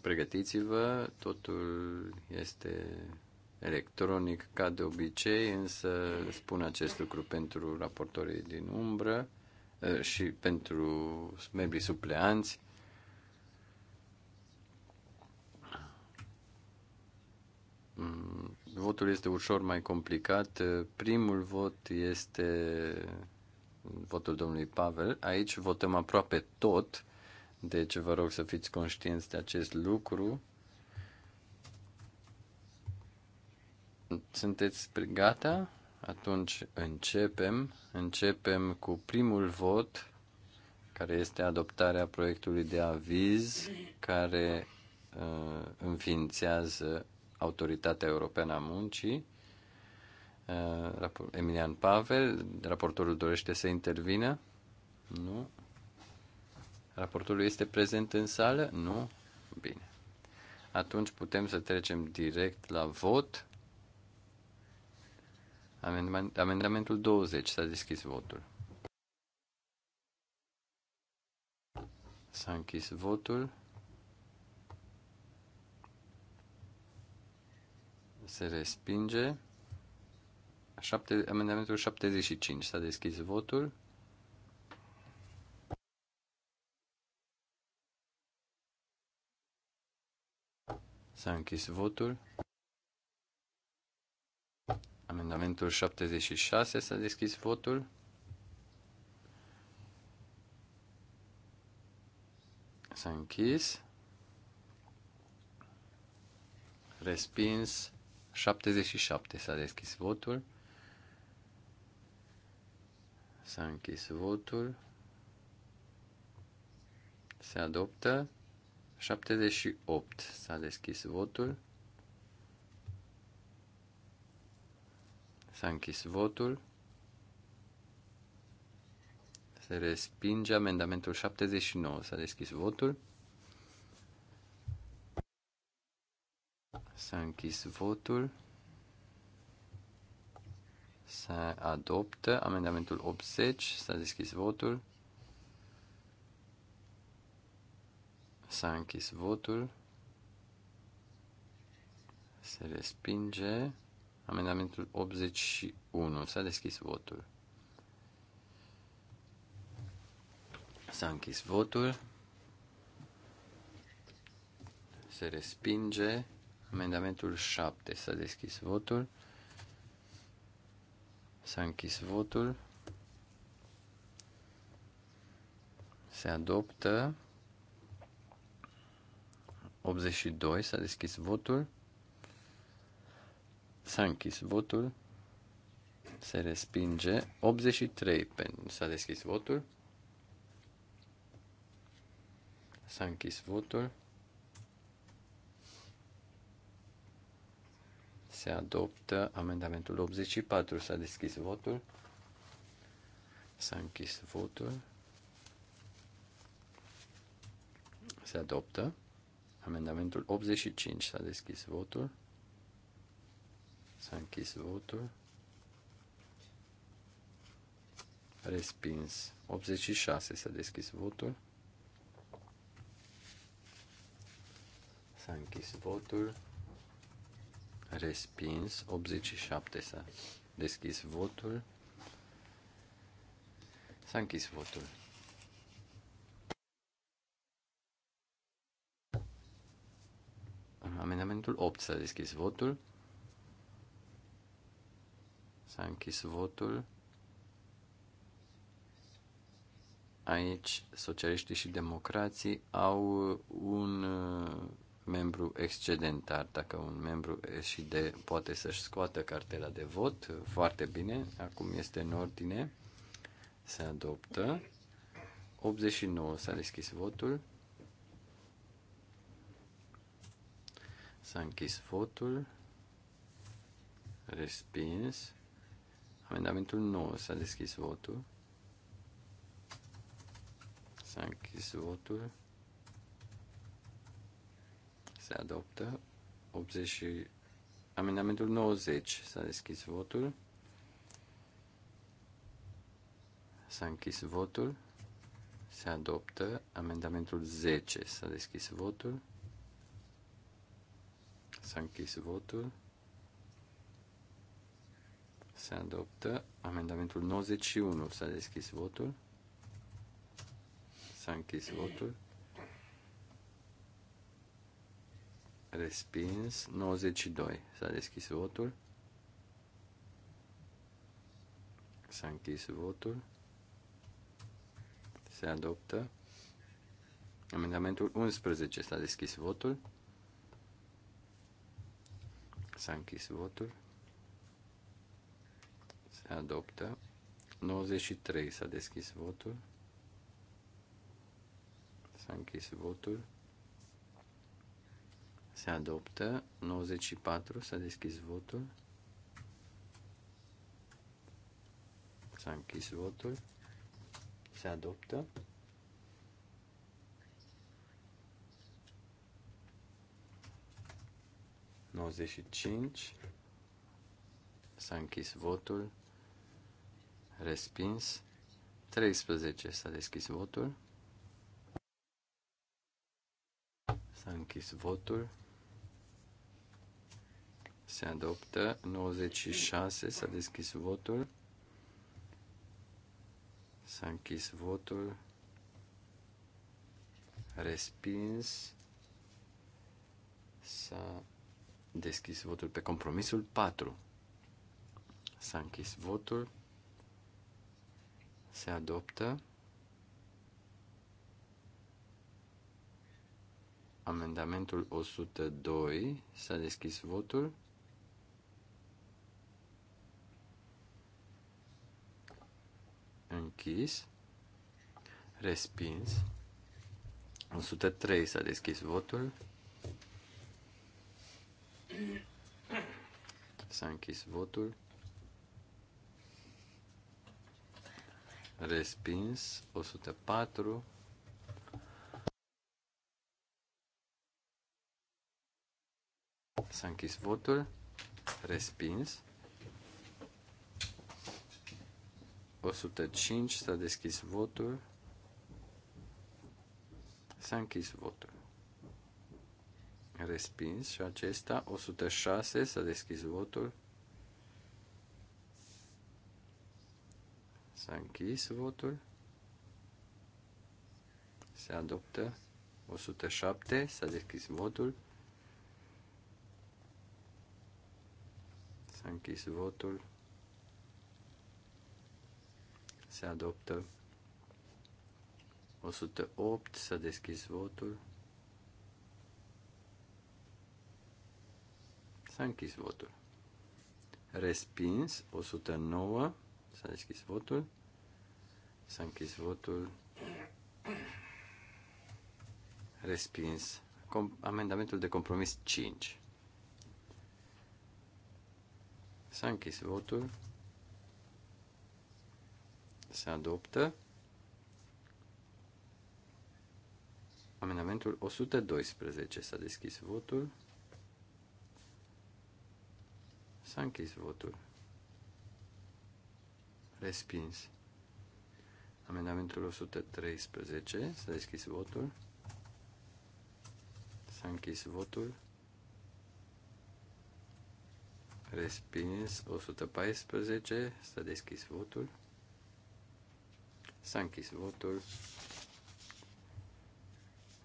pregătiți-vă, totul este electronic ca de obicei, însă spun acest lucru pentru raportorii din umbră uh, și pentru membrii supleanți. Mm, votul este ușor mai complicat. Uh, primul vot este votul domnului Pavel. Aici votăm aproape tot, deci vă rog să fiți conștienți de acest lucru. Sunteți gata? Atunci începem. Începem cu primul vot, care este adoptarea proiectului de aviz care uh, înființează Autoritatea Europeană a Muncii. Uh, Emilian Pavel, raportorul dorește să intervină? Nu. Raportorul este prezent în sală? Nu. Bine. Atunci putem să trecem direct la vot. amendamentul 20 s-a deschis votul. S-a închis votul. Se respinge. Șapte, amendamentul 75. S-a deschis votul. S-a închis votul. Amendamentul 76 s-a deschis votul. S-a închis. Respins. 77 s-a deschis votul. S-a închis votul. Se adoptă. 78. S-a deschis votul. S-a închis votul. Se respinge amendamentul 79. S-a deschis votul. S-a închis votul. Se adoptă. Amendamentul 80. S-a deschis votul. S-a închis votul. Se respinge. Amendamentul 81. S-a deschis votul. S-a închis votul. Se respinge. Amendamentul 7. S-a deschis votul. S-a închis votul. Se adoptă. 82. S-a deschis votul. S-a închis votul. Se respinge. 83. S-a deschis votul. S-a închis votul. Se adoptă amendamentul 84. S-a deschis votul. S-a închis votul. Se adoptă. Amendamentul 85. S-a deschis votul. S-a închis votul. Respins. 86. S-a deschis votul. S-a închis votul respins. 87 s-a deschis votul. S-a închis votul. Amendamentul 8 s-a deschis votul. S-a închis votul. Aici socialiștii și democrații au un membru excedentar. Dacă un membru și de poate să-și scoată cartela de vot, foarte bine, acum este în ordine, se adoptă. 89 s-a deschis votul. S-a închis votul. Respins. Amendamentul 9 s-a deschis votul. S-a închis votul se adoptă. 80 Amendamentul 90. S-a deschis votul. S-a închis votul. Se adoptă. Amendamentul 10. S-a deschis votul. S-a închis votul. Se adoptă. Amendamentul 91. S-a deschis votul. S-a închis votul. Respins. 92. S-a deschis votul. S-a închis votul. Se adoptă. Amendamentul 11. S-a deschis votul. S-a închis votul. Se adoptă. 93. S-a deschis votul. S-a închis votul se adoptă. 94 s-a deschis votul. S-a închis votul. Se adoptă. cinci S-a închis votul. Respins. 13. S-a deschis votul. S-a închis votul se adoptă. 96 s-a deschis votul. S-a închis votul. Respins. S-a deschis votul pe compromisul 4. S-a închis votul. Se adoptă. Amendamentul 102. S-a deschis votul. închis, respins. 103 s-a deschis votul. S-a închis votul. Respins 104. S-a închis votul. Respins 105 s-a deschis votul. S-a închis votul. Respins și acesta. 106 s-a deschis votul. S-a închis votul. Se adoptă. 107 s-a deschis votul. S-a închis votul se adoptă. 108, s-a deschis votul. S-a închis votul. Respins, 109, s-a deschis votul. S-a închis votul. Respins. Com- amendamentul de compromis 5. S-a închis votul se adoptă. Amendamentul 112 s-a deschis votul. S-a închis votul. Respins. Amendamentul 113 s-a deschis votul. S-a închis votul. Respins 114 s-a deschis votul. S-a închis votul.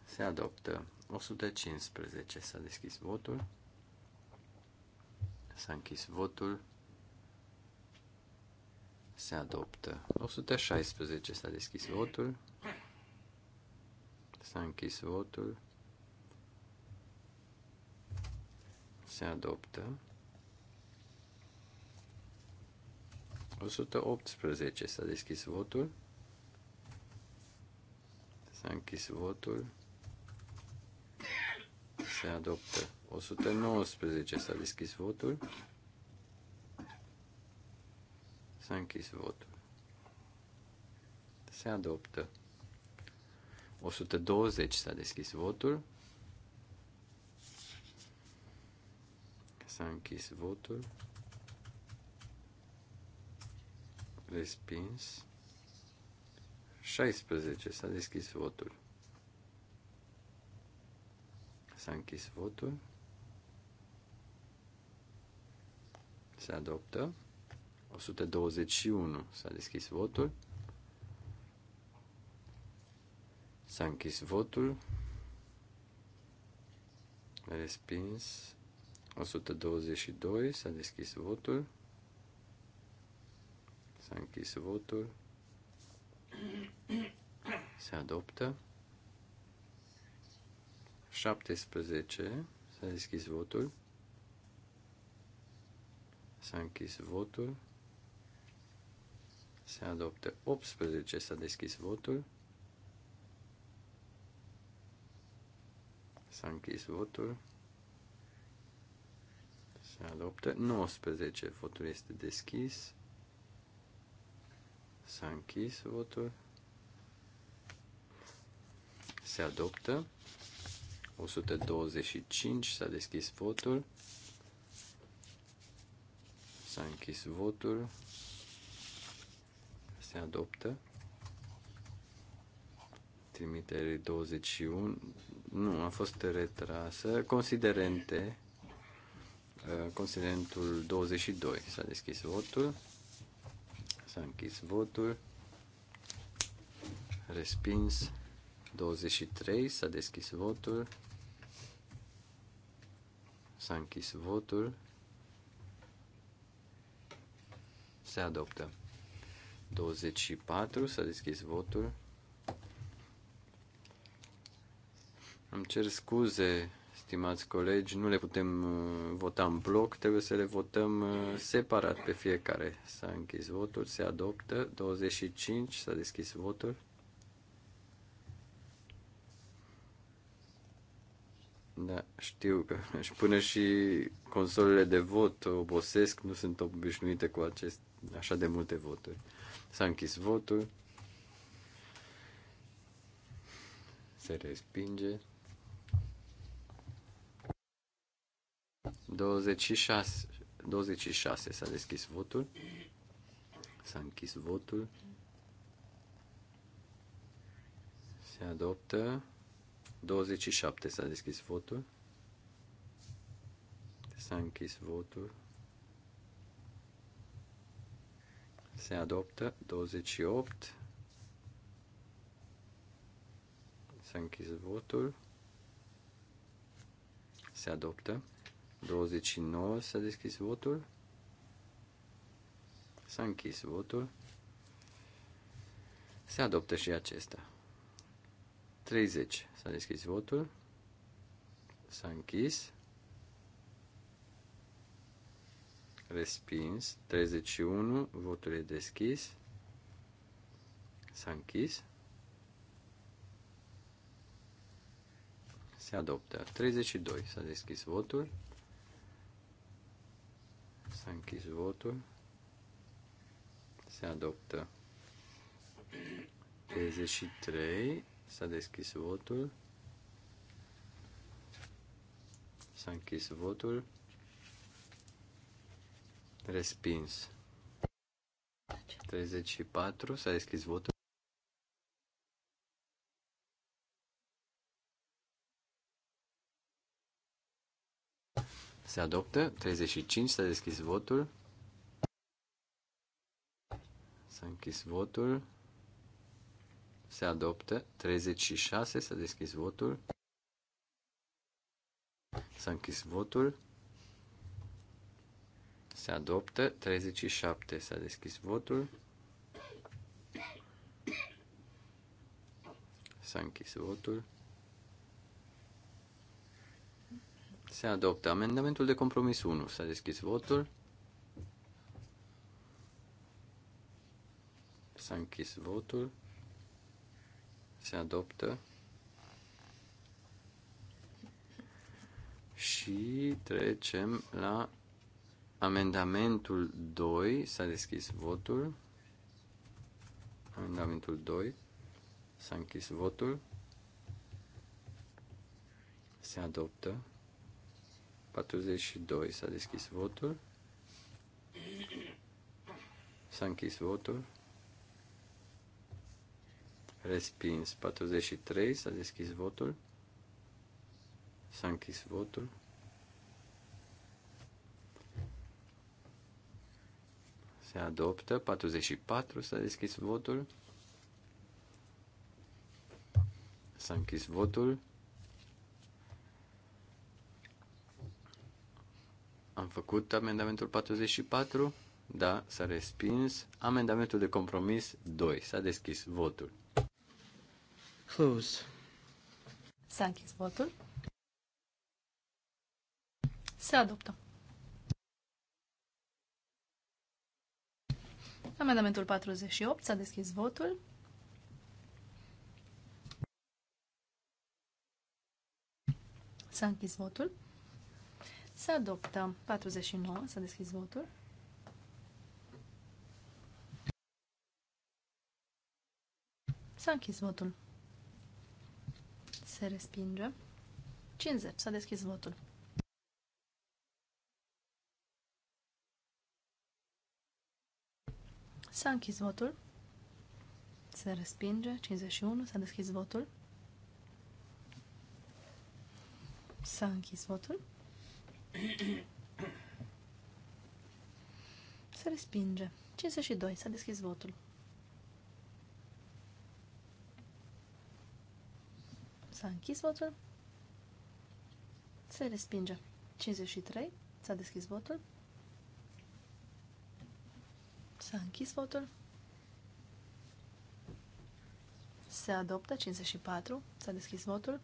Se adoptă. 115. S-a deschis votul. S-a închis votul. Se adoptă. 116. S-a deschis votul. S-a închis votul. Se adoptă. 118. S-a deschis votul. S-a închis votul. Se adoptă. 119 s-a deschis votul. S-a închis votul. Se adoptă. 120 s-a deschis votul. S-a închis votul. Respins. 16. S-a deschis votul. S-a închis votul. Se adoptă. 121. S-a deschis votul. S-a închis votul. Respins. 122. S-a deschis votul. S-a închis votul. Se adoptă. 17. S-a deschis votul. S-a închis votul. Se adoptă 18. S-a deschis votul. S-a închis votul. Se adoptă 19. Votul este deschis. S-a închis votul. Se adoptă. 125 s-a deschis votul. S-a închis votul. Se adoptă. Trimitere 21. Nu, a fost retrasă. Considerente. Considerentul 22 s-a deschis votul. S-a închis votul. Respins. 23. S-a deschis votul. S-a închis votul. Se adoptă. 24. S-a deschis votul. Îmi cer scuze stimați colegi, nu le putem uh, vota în bloc, trebuie să le votăm uh, separat pe fiecare. S-a închis votul, se adoptă, 25, s-a deschis votul. Da, știu că și până și consolele de vot obosesc, nu sunt obișnuite cu acest, așa de multe voturi. S-a închis votul. Se respinge. 26. 26 s-a deschis votul. S-a închis votul. Se adoptă. 27 s-a deschis votul. S-a închis votul. Se adoptă. 28. S-a închis votul. Se adoptă. 29 s-a deschis votul. S-a închis votul. Se adoptă și acesta. 30 s-a deschis votul. S-a închis. Respins. 31 votul e deschis. S-a închis. Se adoptă. 32 s-a deschis votul. S-a închis votul. Se adoptă. 33. S-a deschis votul. S-a închis votul. Respins. 34. S-a deschis votul. Se adoptă. 35. S-a deschis votul. S-a închis votul. Se adoptă. 36. S-a deschis votul. S-a închis votul. Se adoptă. 37. S-a deschis votul. S-a închis votul. Se adoptă. Amendamentul de compromis 1. S-a deschis votul. S-a închis votul. Se adoptă. Și trecem la amendamentul 2. S-a deschis votul. Amendamentul 2. S-a închis votul. Se adoptă. 42. S-a deschis votul. S-a închis votul. Respins. 43. S-a deschis votul. S-a închis votul. Se adoptă. 44. S-a deschis votul. S-a închis votul. Am făcut amendamentul 44? Da, s-a respins. Amendamentul de compromis 2. S-a deschis votul. Close. S-a închis votul. Se adoptă. Amendamentul 48. S-a deschis votul. S-a închis votul. Să adoptăm. 49. Să deschizi votul. S-a închis votul. Se respinge. 50. S-a deschis votul. S-a închis votul. Se respinge. 51. S-a deschis votul. S-a închis votul. Se respinge. 52. S-a deschis votul. S-a închis votul. Se respinge. 53. S-a deschis votul. S-a închis votul. Se adoptă. 54. S-a deschis votul.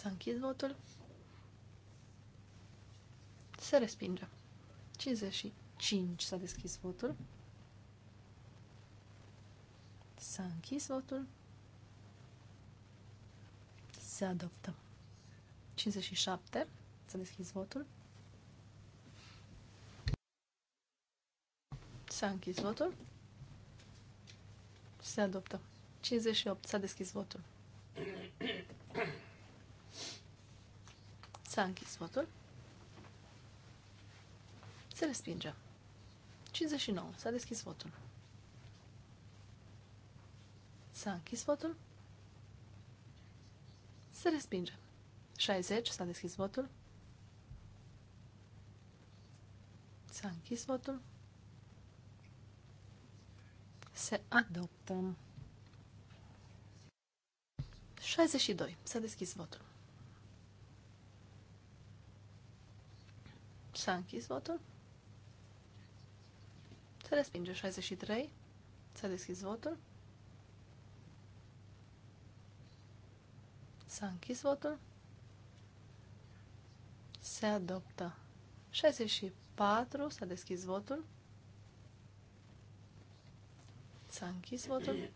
să închid votul. Se respinge. 55 s-a deschis votul. S-a închis votul. Se adoptă. 57 s-a deschis votul. S-a închis votul. Se adoptă. 58 s-a deschis votul. S-a închis votul. Se respinge. 59. S-a deschis votul. S-a închis votul. Se respinge. 60. S-a deschis votul. S-a închis votul. Se adoptă. 62. S-a deschis votul. S-a închis votul. Se respinge 63. S-a deschis votul. S-a închis votul. Se adoptă. 64. S-a deschis votul. S-a închis votul.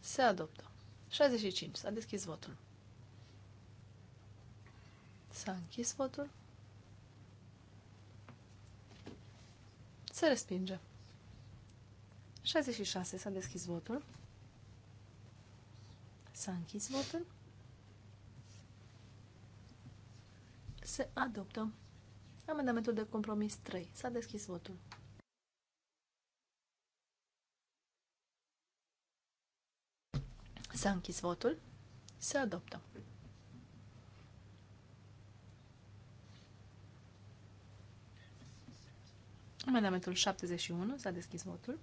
Se adoptă. 65. S-a deschis votul. S-a închis votul. Se respinge. 66. S-a deschis votul. S-a închis votul. Se adoptă. Amendamentul de compromis 3. S-a deschis votul. S-a închis votul. Se adoptă. Amendamentul 71. S-a deschis votul.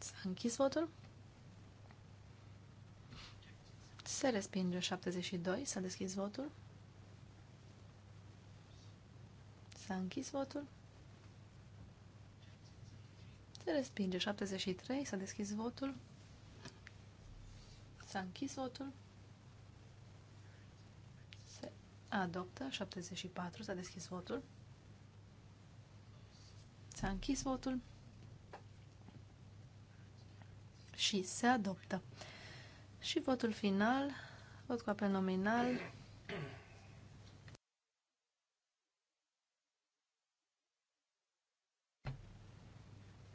S-a închis votul. Se respinge 72. S-a deschis votul. S-a închis votul. Se respinge 73. S-a deschis votul. S-a închis votul. Se adoptă 74. S-a deschis votul. S-a închis votul și se adoptă. Și votul final, vot cu apel nominal.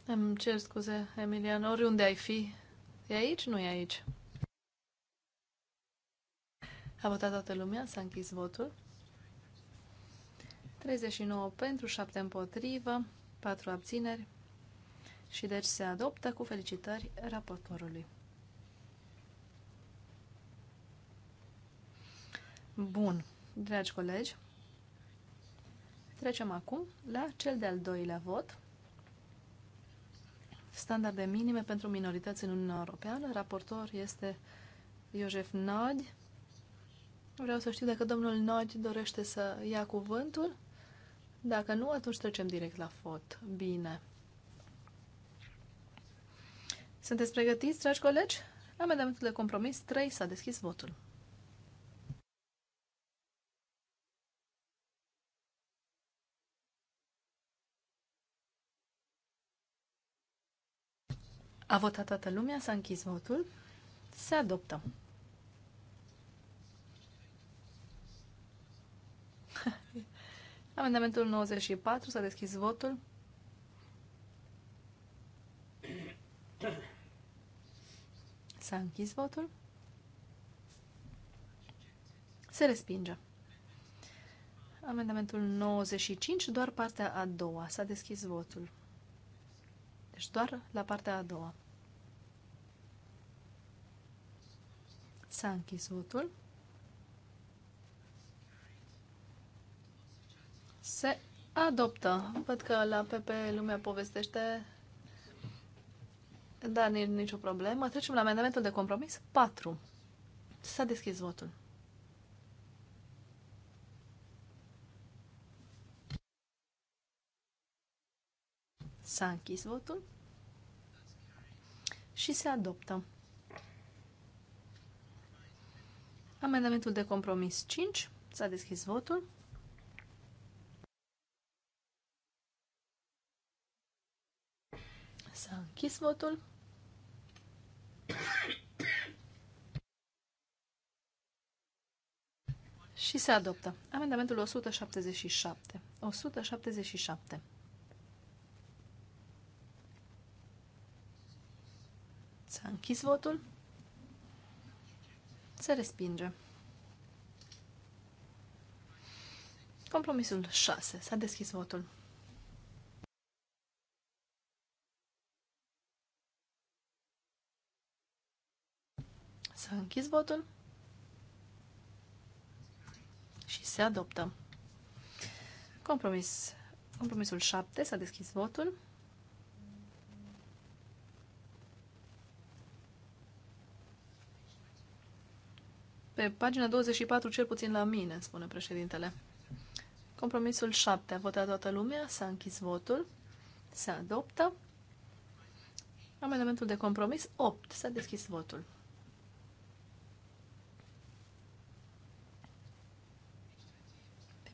Îmi cer scuze, Emilian, oriunde ai fi. E aici? Nu e aici. A votat toată lumea, s-a închis votul. 39 pentru, 7 împotrivă. Patru abțineri și deci se adoptă cu felicitări raportorului. Bun, dragi colegi, trecem acum la cel de-al doilea vot. Standarde minime pentru minorități în Uniunea Europeană. Raportor este Iosef Nod. Vreau să știu dacă domnul Nod dorește să ia cuvântul. Dacă nu, atunci trecem direct la vot. Bine. Sunteți pregătiți, dragi colegi? Amendamentul de compromis 3 s-a deschis votul. A votat toată lumea, s-a închis votul, se adoptă. Amendamentul 94, s-a deschis votul. S-a închis votul. Se respinge. Amendamentul 95, doar partea a doua. S-a deschis votul. Deci doar la partea a doua. S-a închis votul. Se adoptă. Văd că la PP lumea povestește. Da, nu e nicio problemă. Trecem la amendamentul de compromis 4. S-a deschis votul. S-a închis votul și se adoptă. Amendamentul de compromis 5. S-a deschis votul. S-a închis votul. Și se adoptă. Amendamentul 177. 177. S-a închis votul. Se respinge. Compromisul 6. S-a deschis votul. Să închizi votul și se adoptă. Compromis. Compromisul 7 s-a deschis votul. Pe pagina 24, cel puțin la mine, spune președintele. Compromisul 7 a votat toată lumea, s-a închis votul, se adoptă. Amendamentul de compromis 8 s-a deschis votul.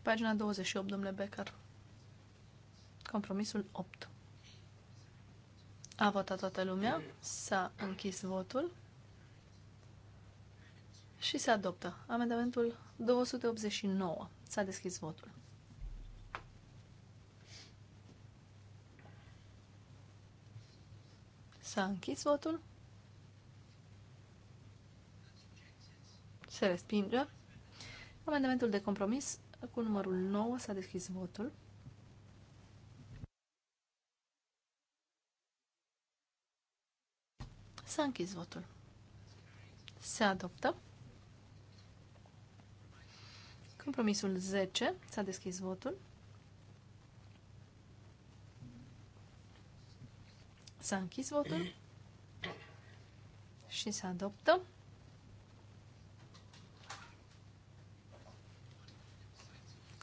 Pagina 28, domnule Becker. Compromisul 8. A votat toată lumea, s-a închis votul și se adoptă. Amendamentul 289. S-a deschis votul. S-a închis votul. Se respinge. Amendamentul de compromis cu numărul 9 s-a deschis votul. S-a închis votul. Se adoptă. Compromisul 10 s-a deschis votul. S-a închis votul și se adoptă.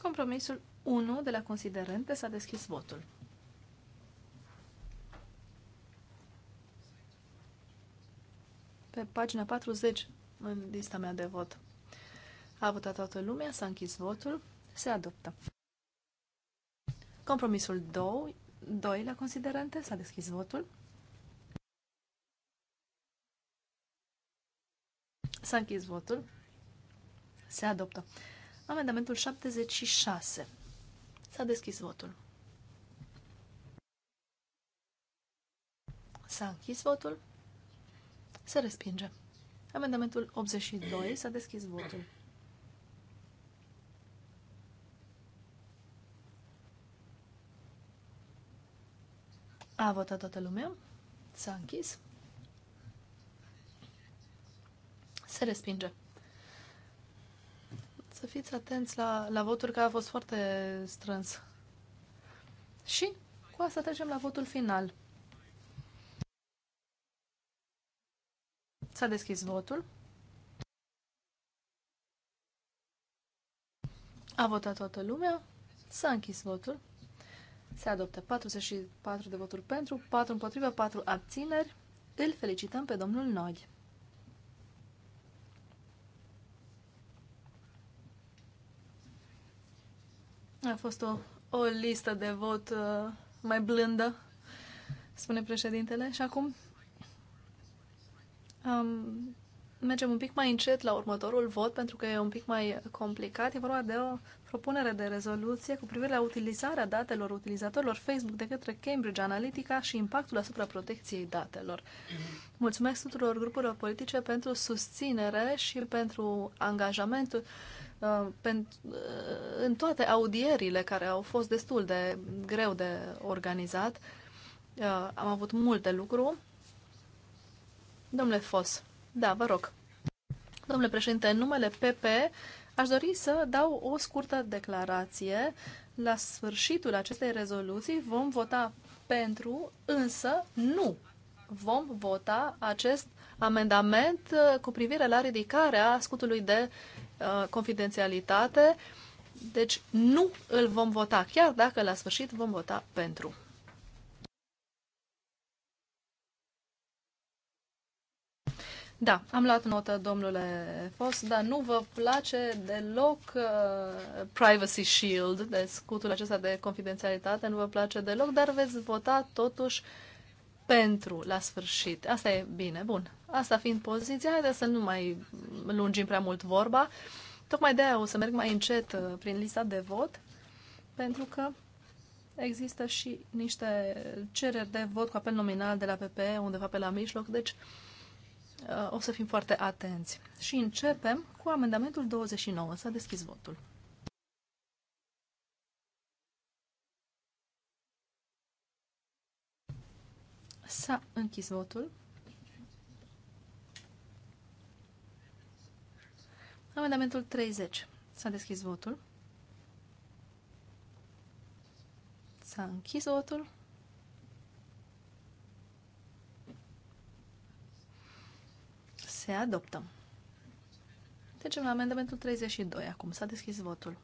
Compromisul 1 de la considerente s-a deschis votul. Pe pagina 40, în lista mea de vot, a votat toată lumea, s-a închis votul, se adoptă. Compromisul 2, 2 la considerente s-a deschis votul. S-a închis votul. Se adoptă. Amendamentul 76. S-a deschis votul. S-a închis votul. Se respinge. Amendamentul 82. S-a deschis votul. A votat toată lumea. S-a închis. Se respinge să fiți atenți la, la votul care a fost foarte strâns. Și cu asta trecem la votul final. S-a deschis votul. A votat toată lumea. S-a închis votul. Se adoptă 44 de voturi pentru, 4 împotriva, 4 abțineri. Îl felicităm pe domnul Noi. A fost o, o listă de vot uh, mai blândă, spune președintele. Și acum um, mergem un pic mai încet la următorul vot, pentru că e un pic mai complicat. E vorba de o propunere de rezoluție cu privire la utilizarea datelor utilizatorilor Facebook de către Cambridge Analytica și impactul asupra protecției datelor. Mulțumesc tuturor grupurilor politice pentru susținere și pentru angajamentul Uh, uh, în toate audierile care au fost destul de greu de organizat. Uh, am avut multe lucru. Domnule Fos, da, vă rog. Domnule președinte, în numele PP aș dori să dau o scurtă declarație. La sfârșitul acestei rezoluții vom vota pentru, însă nu vom vota acest amendament cu privire la ridicarea scutului de uh, Uh, confidențialitate, deci nu îl vom vota, chiar dacă la sfârșit vom vota pentru. Da, am luat notă, domnule Fos, dar nu vă place deloc uh, Privacy Shield, de deci scutul acesta de confidențialitate, nu vă place deloc, dar veți vota totuși uh, pentru la sfârșit. Asta e bine, bun. Asta fiind poziția, haideți să nu mai lungim prea mult vorba. Tocmai de-aia o să merg mai încet uh, prin lista de vot, pentru că există și niște cereri de vot cu apel nominal de la PP, undeva pe la mijloc, deci uh, o să fim foarte atenți. Și începem cu amendamentul 29. S-a deschis votul. S-a închis votul. Amendamentul 30. S-a deschis votul. S-a închis votul. Se adoptă. Trecem la amendamentul 32 acum. S-a deschis votul.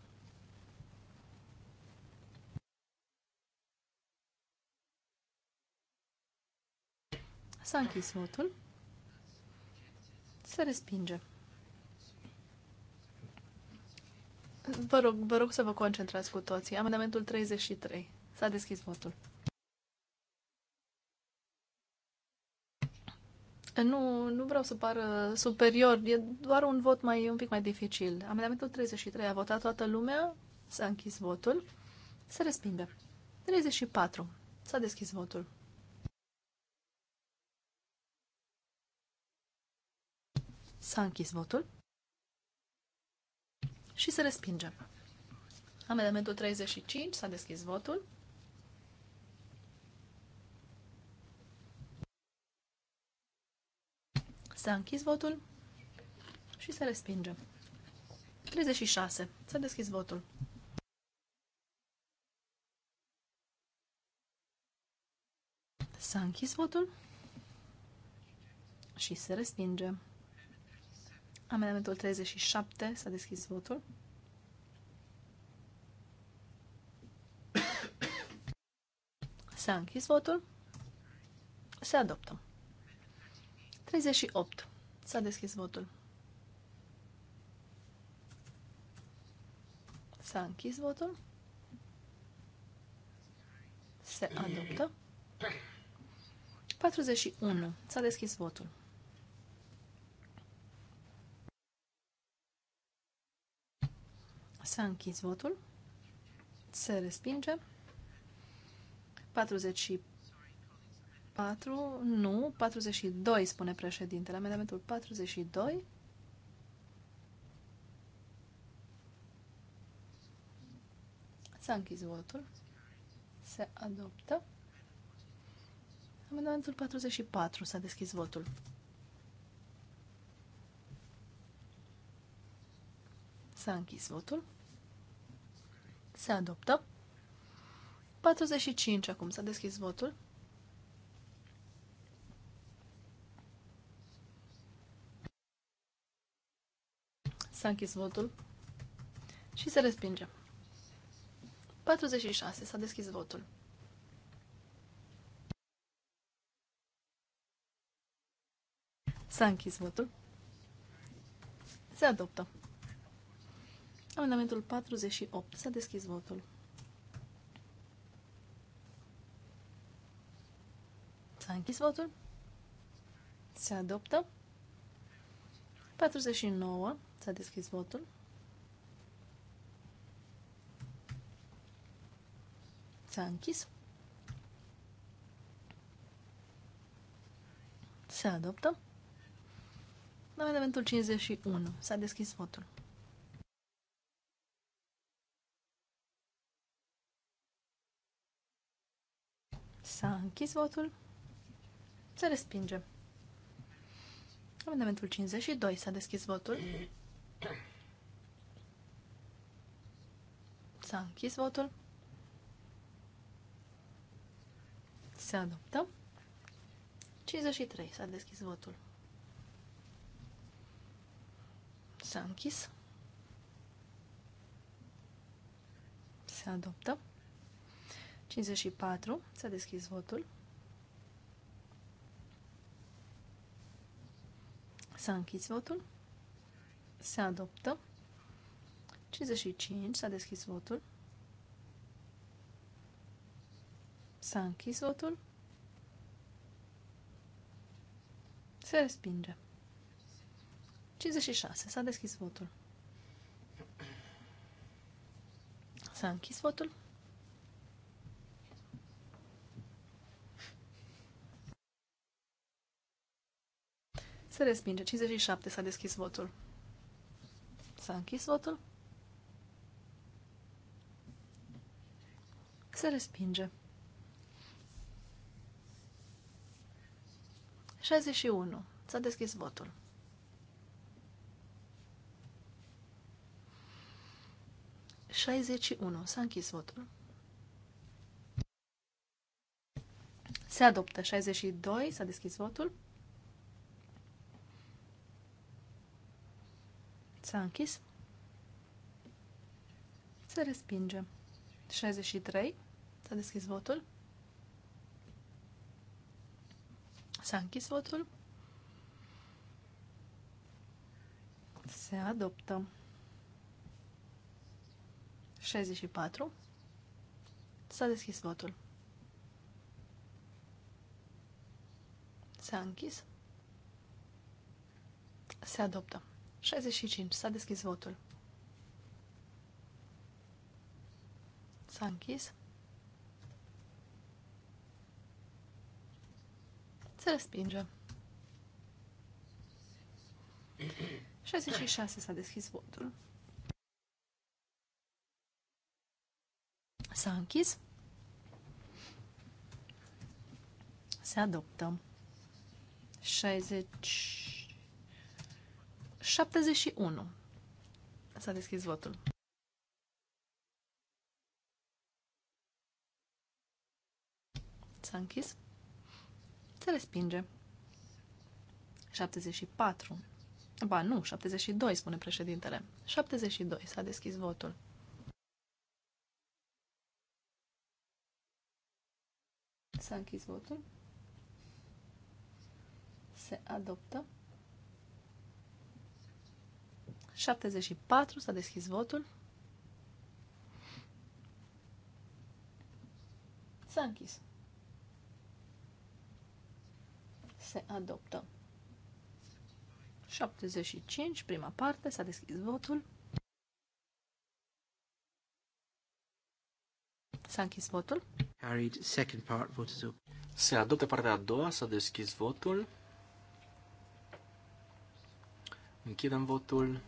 S-a închis votul. Se respinge. Vă rog, vă rog să vă concentrați cu toții. Amendamentul 33. S-a deschis votul. Nu, nu vreau să par superior, e doar un vot mai, un pic mai dificil. Amendamentul 33 a votat toată lumea, s-a închis votul, se respinge. 34. S-a deschis votul. S-a închis votul și se respingem Amendamentul 35 s-a deschis votul. S-a închis votul și se respinge. 36. S-a deschis votul. S-a închis votul și se respinge. Amendamentul 37. S-a deschis votul. S-a închis votul. Se adoptă. 38. S-a deschis votul. S-a închis votul. Se adoptă. 41. S-a deschis votul. Să închizi votul. Se respinge. 44, nu, 42, spune președintele. Amendamentul 42. S-a închis votul. Se adoptă. Amendamentul 44. S-a deschis votul. S-a închis votul. Se adoptă. 45 acum. S-a deschis votul. S-a închis votul. Și se respinge. 46. S-a deschis votul. S-a închis votul. Se adoptă. Amendamentul 48. S-a deschis votul. S-a închis votul. Se adoptă. 49. S-a deschis votul. S-a închis. Se adoptă. Amendamentul 51. S-a deschis votul. S-a închis votul. Se respinge. Amendamentul 52. S-a deschis votul. S-a închis votul. Se adoptă. 53. S-a deschis votul. S-a închis. Se adoptă. 54. S-a deschis votul. S-a închis votul. Se adoptă. 55. S-a deschis votul. S-a închis votul. Se respinge. 56. S-a deschis votul. S-a închis votul. Se respinge. 57. S-a deschis votul. S-a închis votul. Se respinge. 61. S-a deschis votul. Șaizeci unu. S-a închis votul. Se adoptă. 62. S-a deschis votul. S-a închis. Se respinge. 63. S-a deschis votul. S-a închis votul. Se adoptă. 64. S-a deschis votul. S-a închis. Se adoptă. 65. S-a deschis votul. S-a închis. Se respinge. 66. S-a deschis votul. S-a închis. Se adoptă. 60 71. S-a deschis votul. S-a închis. Se respinge. 74. Ba nu, 72, spune președintele. 72. S-a deschis votul. S-a închis votul. Se adoptă. 74. S-a deschis votul. S-a închis. Se adoptă. 75, prima parte, s-a deschis votul. S-a închis votul. Carried, second part, vote is open. Se adoptă partea a doua, s-a deschis votul. Închidem votul.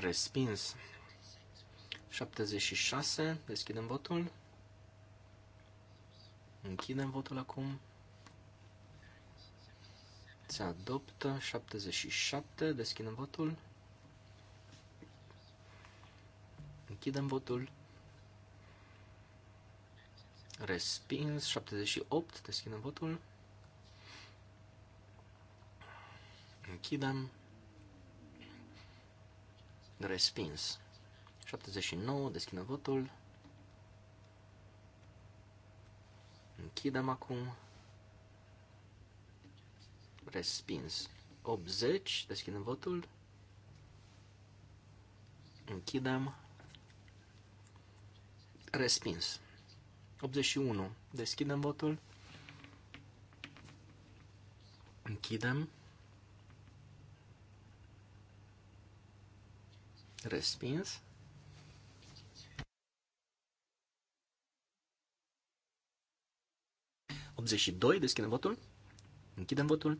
Respins. 76. Deschidem votul. Închidem votul acum. Se adoptă. 77. Deschidem votul. Închidem votul. Respins. 78. Deschidem votul. Închidem. Respins. 79, deschidem votul. Închidem acum. Respins. 80, deschidem votul. Închidem. Respins. 81, deschidem votul. Închidem. Respins. doi deschidem votul. Închidem votul.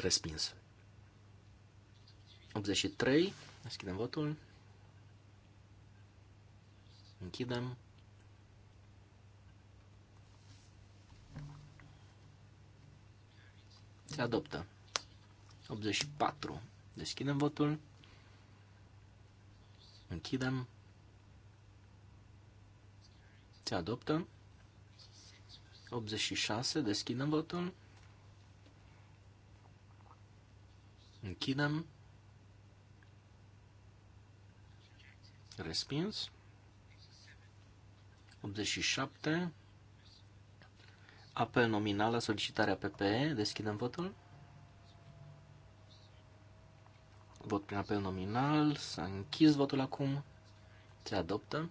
Respins. 83, deschidem votul. Închidem. Se adoptă. 84. Deschidem votul. Închidem. Se adoptă. 86. Deschidem votul. Închidem. Respins. 87. Apel nominal la solicitarea PPE. Deschidem votul. Vot prin apel nominal. S-a închis votul acum. Se adoptă.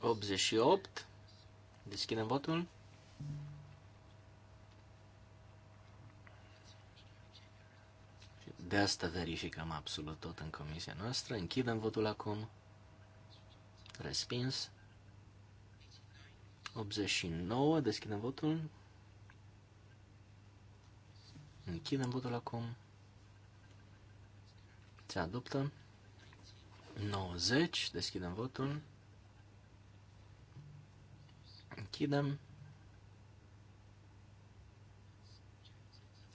Optzeci și opt. Deschidem votul. De asta verificăm absolut tot în comisia noastră. Închidem votul acum. Respins. 89, deschidem votul. Închidem votul acum. Se adoptă. 90, deschidem votul. Închidem.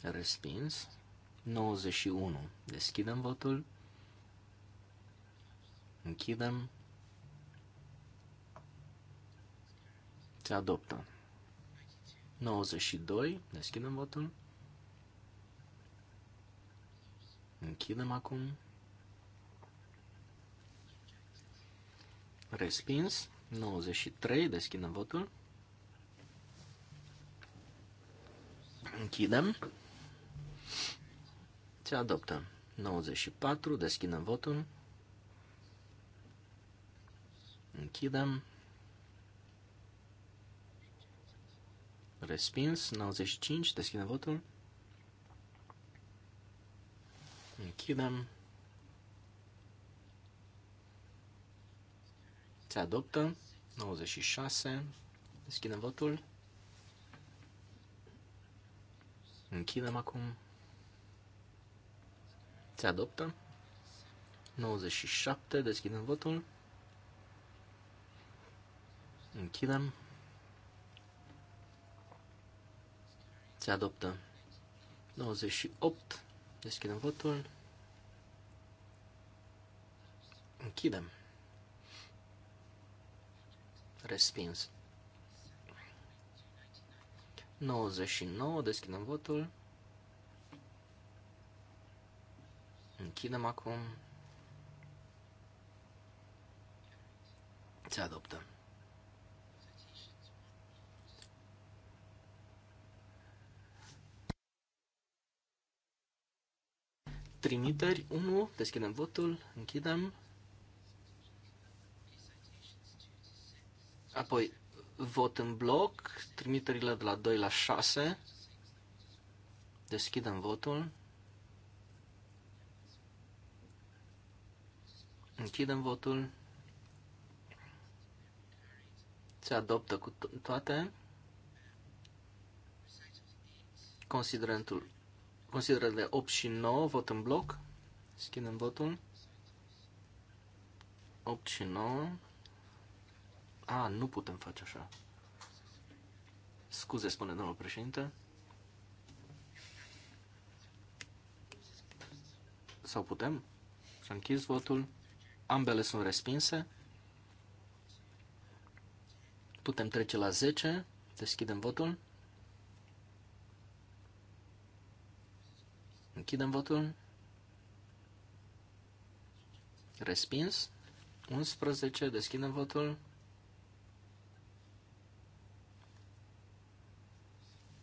Respins. 91. Deschidem votul. Închidem. Se adoptă. 92. Deschidem votul. Închidem acum. Respins. 93. Deschidem votul. Închidem. Se adoptă. 94. Deschidem votul. Închidem. Respins. 95. Deschidem votul. Închidem. Se adoptă. 96. Deschidem votul. Închidem acum. Se adoptă. 97. Deschidem votul. Închidem. Se adoptă. 98. Deschidem votul. Închidem. Respins. 99. Deschidem votul. Închidem acum. Se adoptă. trimiteri. 1. Deschidem votul. Închidem. Apoi vot în bloc. Trimiterile de la 2 la 6. Deschidem votul. Închidem votul. Se adoptă cu toate. Considerentul Considerările 8 și 9, vot în bloc. Schimbăm votul. 8 și 9. A, nu putem face așa. Scuze, spune domnul președinte. Sau putem? S-a închis votul. Ambele sunt respinse. Putem trece la 10. Deschidem votul. Închidem votul. Respins. 11. Deschidem votul.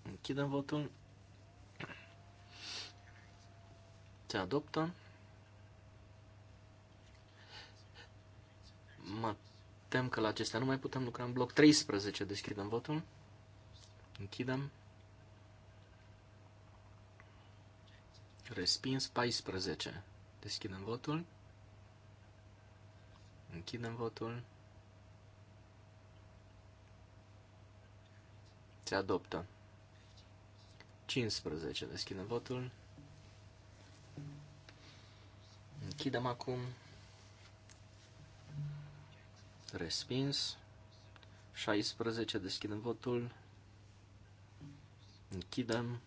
Închidem votul. Se adoptă. Mă tem că la acestea nu mai putem lucra în bloc. 13. Deschidem votul. Închidem. Respins 14. Deschidem votul. Închidem votul. Se adoptă. 15. Deschidem votul. Închidem acum. Respins. 16. Deschidem votul. Închidem.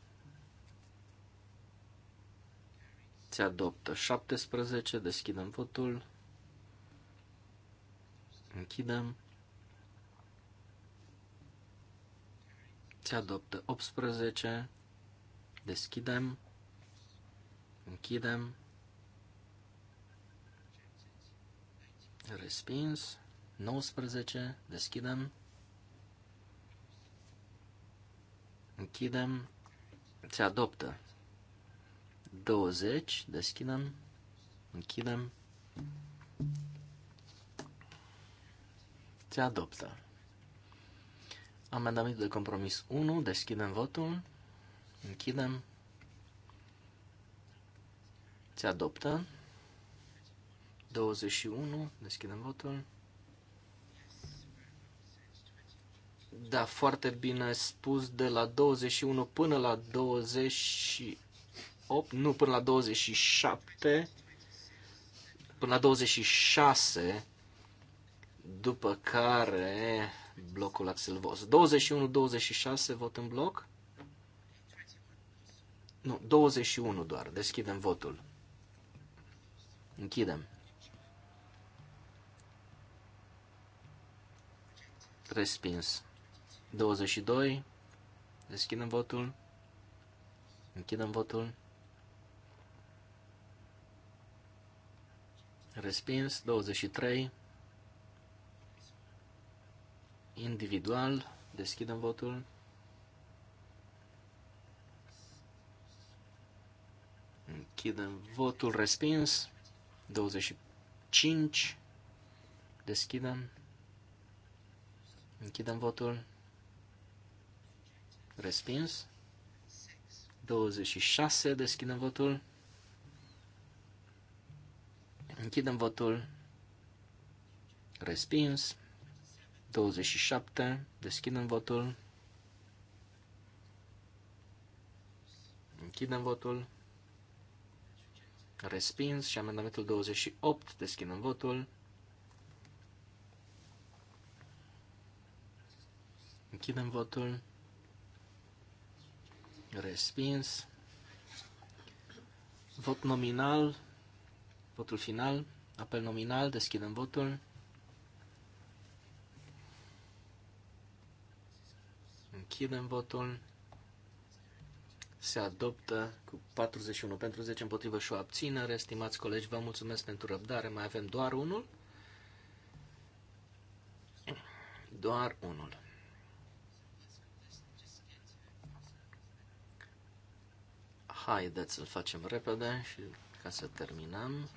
Se adoptă 17, deschidem votul. Închidem. Se adoptă 18, deschidem. Închidem. Respins. 19, deschidem. Închidem. Se adoptă 20, deschidem, închidem. Se adoptă. Amendamentul de compromis 1, deschidem votul, închidem. Se adoptă. 21, deschidem votul. Da, foarte bine spus, de la 21 până la 20 8, nu, până la 27, până la 26, după care blocul Axel Voss. 21-26 vot în bloc? Nu, 21 doar. Deschidem votul. Închidem. Respins. 22. Deschidem votul. Închidem votul. respins, 23, individual, deschidem votul. Închidem votul respins, 25, deschidem, închidem votul, respins, 26, deschidem votul. Închidem votul. Respins. 27. Deschidem votul. Închidem votul. Respins. Și amendamentul 28. Deschidem votul. Închidem votul. Respins. Vot nominal Votul final, apel nominal, deschidem votul. Închidem votul. Se adoptă cu 41 pentru 10 împotrivă și o abținere. Stimați colegi, vă mulțumesc pentru răbdare. Mai avem doar unul. Doar unul. Haideți să-l facem repede și ca să terminăm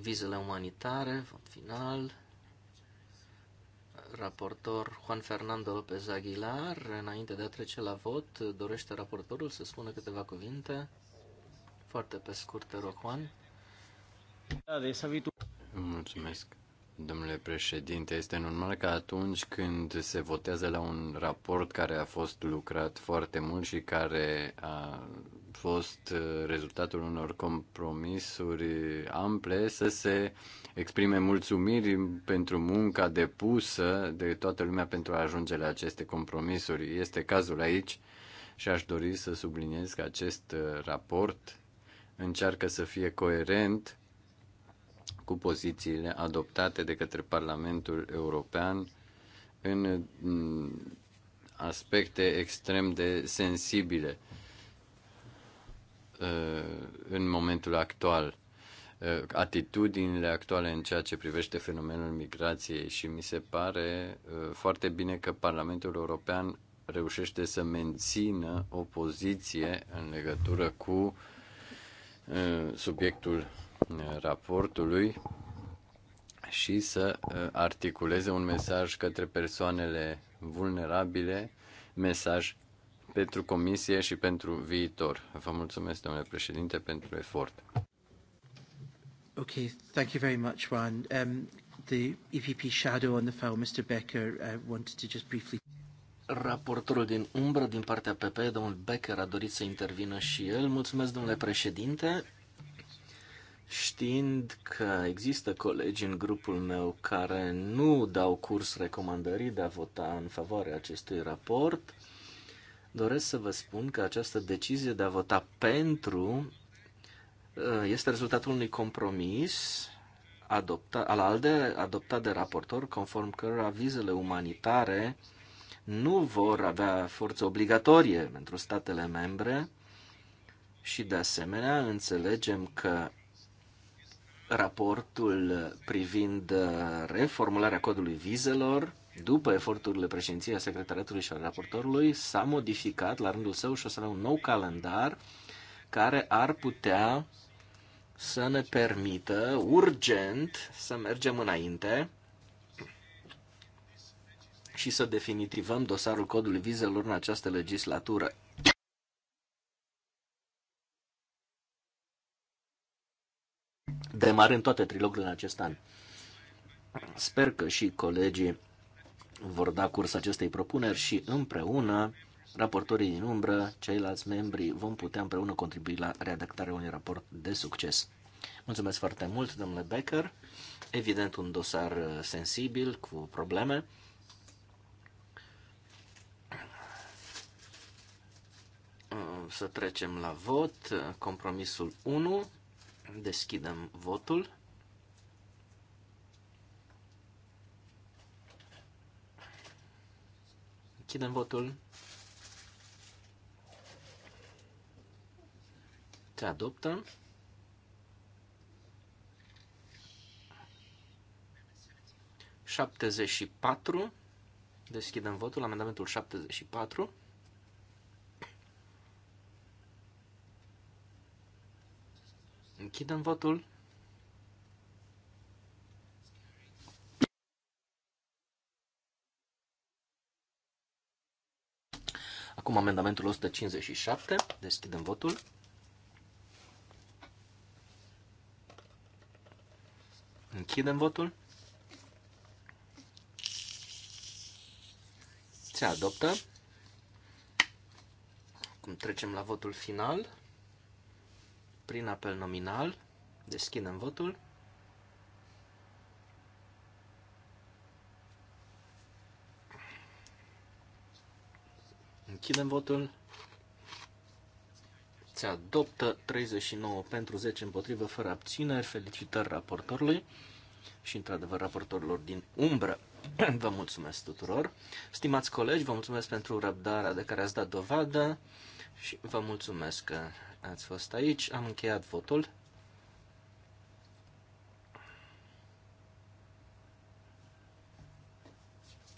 vizele umanitare, vot final. Raportor Juan Fernando López Aguilar, înainte de a trece la vot, dorește raportorul să spună câteva cuvinte. Foarte pe scurt, te rog, Juan. Mulțumesc. Domnule președinte, este normal că atunci când se votează la un raport care a fost lucrat foarte mult și care a fost uh, rezultatul unor compromisuri ample să se exprime mulțumiri pentru munca depusă de toată lumea pentru a ajunge la aceste compromisuri. Este cazul aici și aș dori să subliniez că acest uh, raport încearcă să fie coerent cu pozițiile adoptate de către Parlamentul European în mm, aspecte extrem de sensibile Uh, în momentul actual, uh, atitudinile actuale în ceea ce privește fenomenul migrației și mi se pare uh, foarte bine că Parlamentul European reușește să mențină o poziție în legătură cu subiectul raportului și să articuleze un mesaj către persoanele vulnerabile, mesaj pentru comisie și pentru viitor. Vă mulțumesc, domnule președinte, pentru efort. Ok, thank you very much, Juan. Um, the EPP shadow on the file, Mr. Becker, uh, wanted to just briefly... Raportorul din umbră din partea PP, domnul Becker, a dorit să intervină și el. Mulțumesc, domnule președinte. Știind că există colegi în grupul meu care nu dau curs recomandării de a vota în favoarea acestui raport, doresc să vă spun că această decizie de a vota pentru uh, este rezultatul unui compromis adoptat, al ALDE adoptat de raportor, conform cărora vizele umanitare nu vor avea forță obligatorie pentru statele membre și, de asemenea, înțelegem că raportul privind uh, reformularea codului vizelor după eforturile președinției a secretariatului și al raportorului, s-a modificat la rândul său și o să avem un nou calendar care ar putea să ne permită urgent să mergem înainte și să definitivăm dosarul codului vizelor în această legislatură. Demarând toate trilogurile în acest an. Sper că și colegii vor da curs acestei propuneri și împreună raportorii din umbră, ceilalți membri, vom putea împreună contribui la redactarea unui raport de succes. Mulțumesc foarte mult, domnule Becker. Evident, un dosar uh, sensibil, cu probleme. Uh, să trecem la vot. Compromisul 1. Deschidem votul. Închidem votul. Se adoptă. Șaptezeci și patru. Deschidem votul. Amendamentul 74. Închidem votul. Acum amendamentul 157. Deschidem votul. Închidem votul. Se adoptă. Acum trecem la votul final. Prin apel nominal. Deschidem votul. Închidem votul. Se adoptă 39 pentru 10 împotrivă, fără abțineri. Felicitări raportorului și, într-adevăr, raportorilor din umbră. Vă mulțumesc tuturor. Stimați colegi, vă mulțumesc pentru răbdarea de care ați dat dovadă și vă mulțumesc că ați fost aici. Am încheiat votul.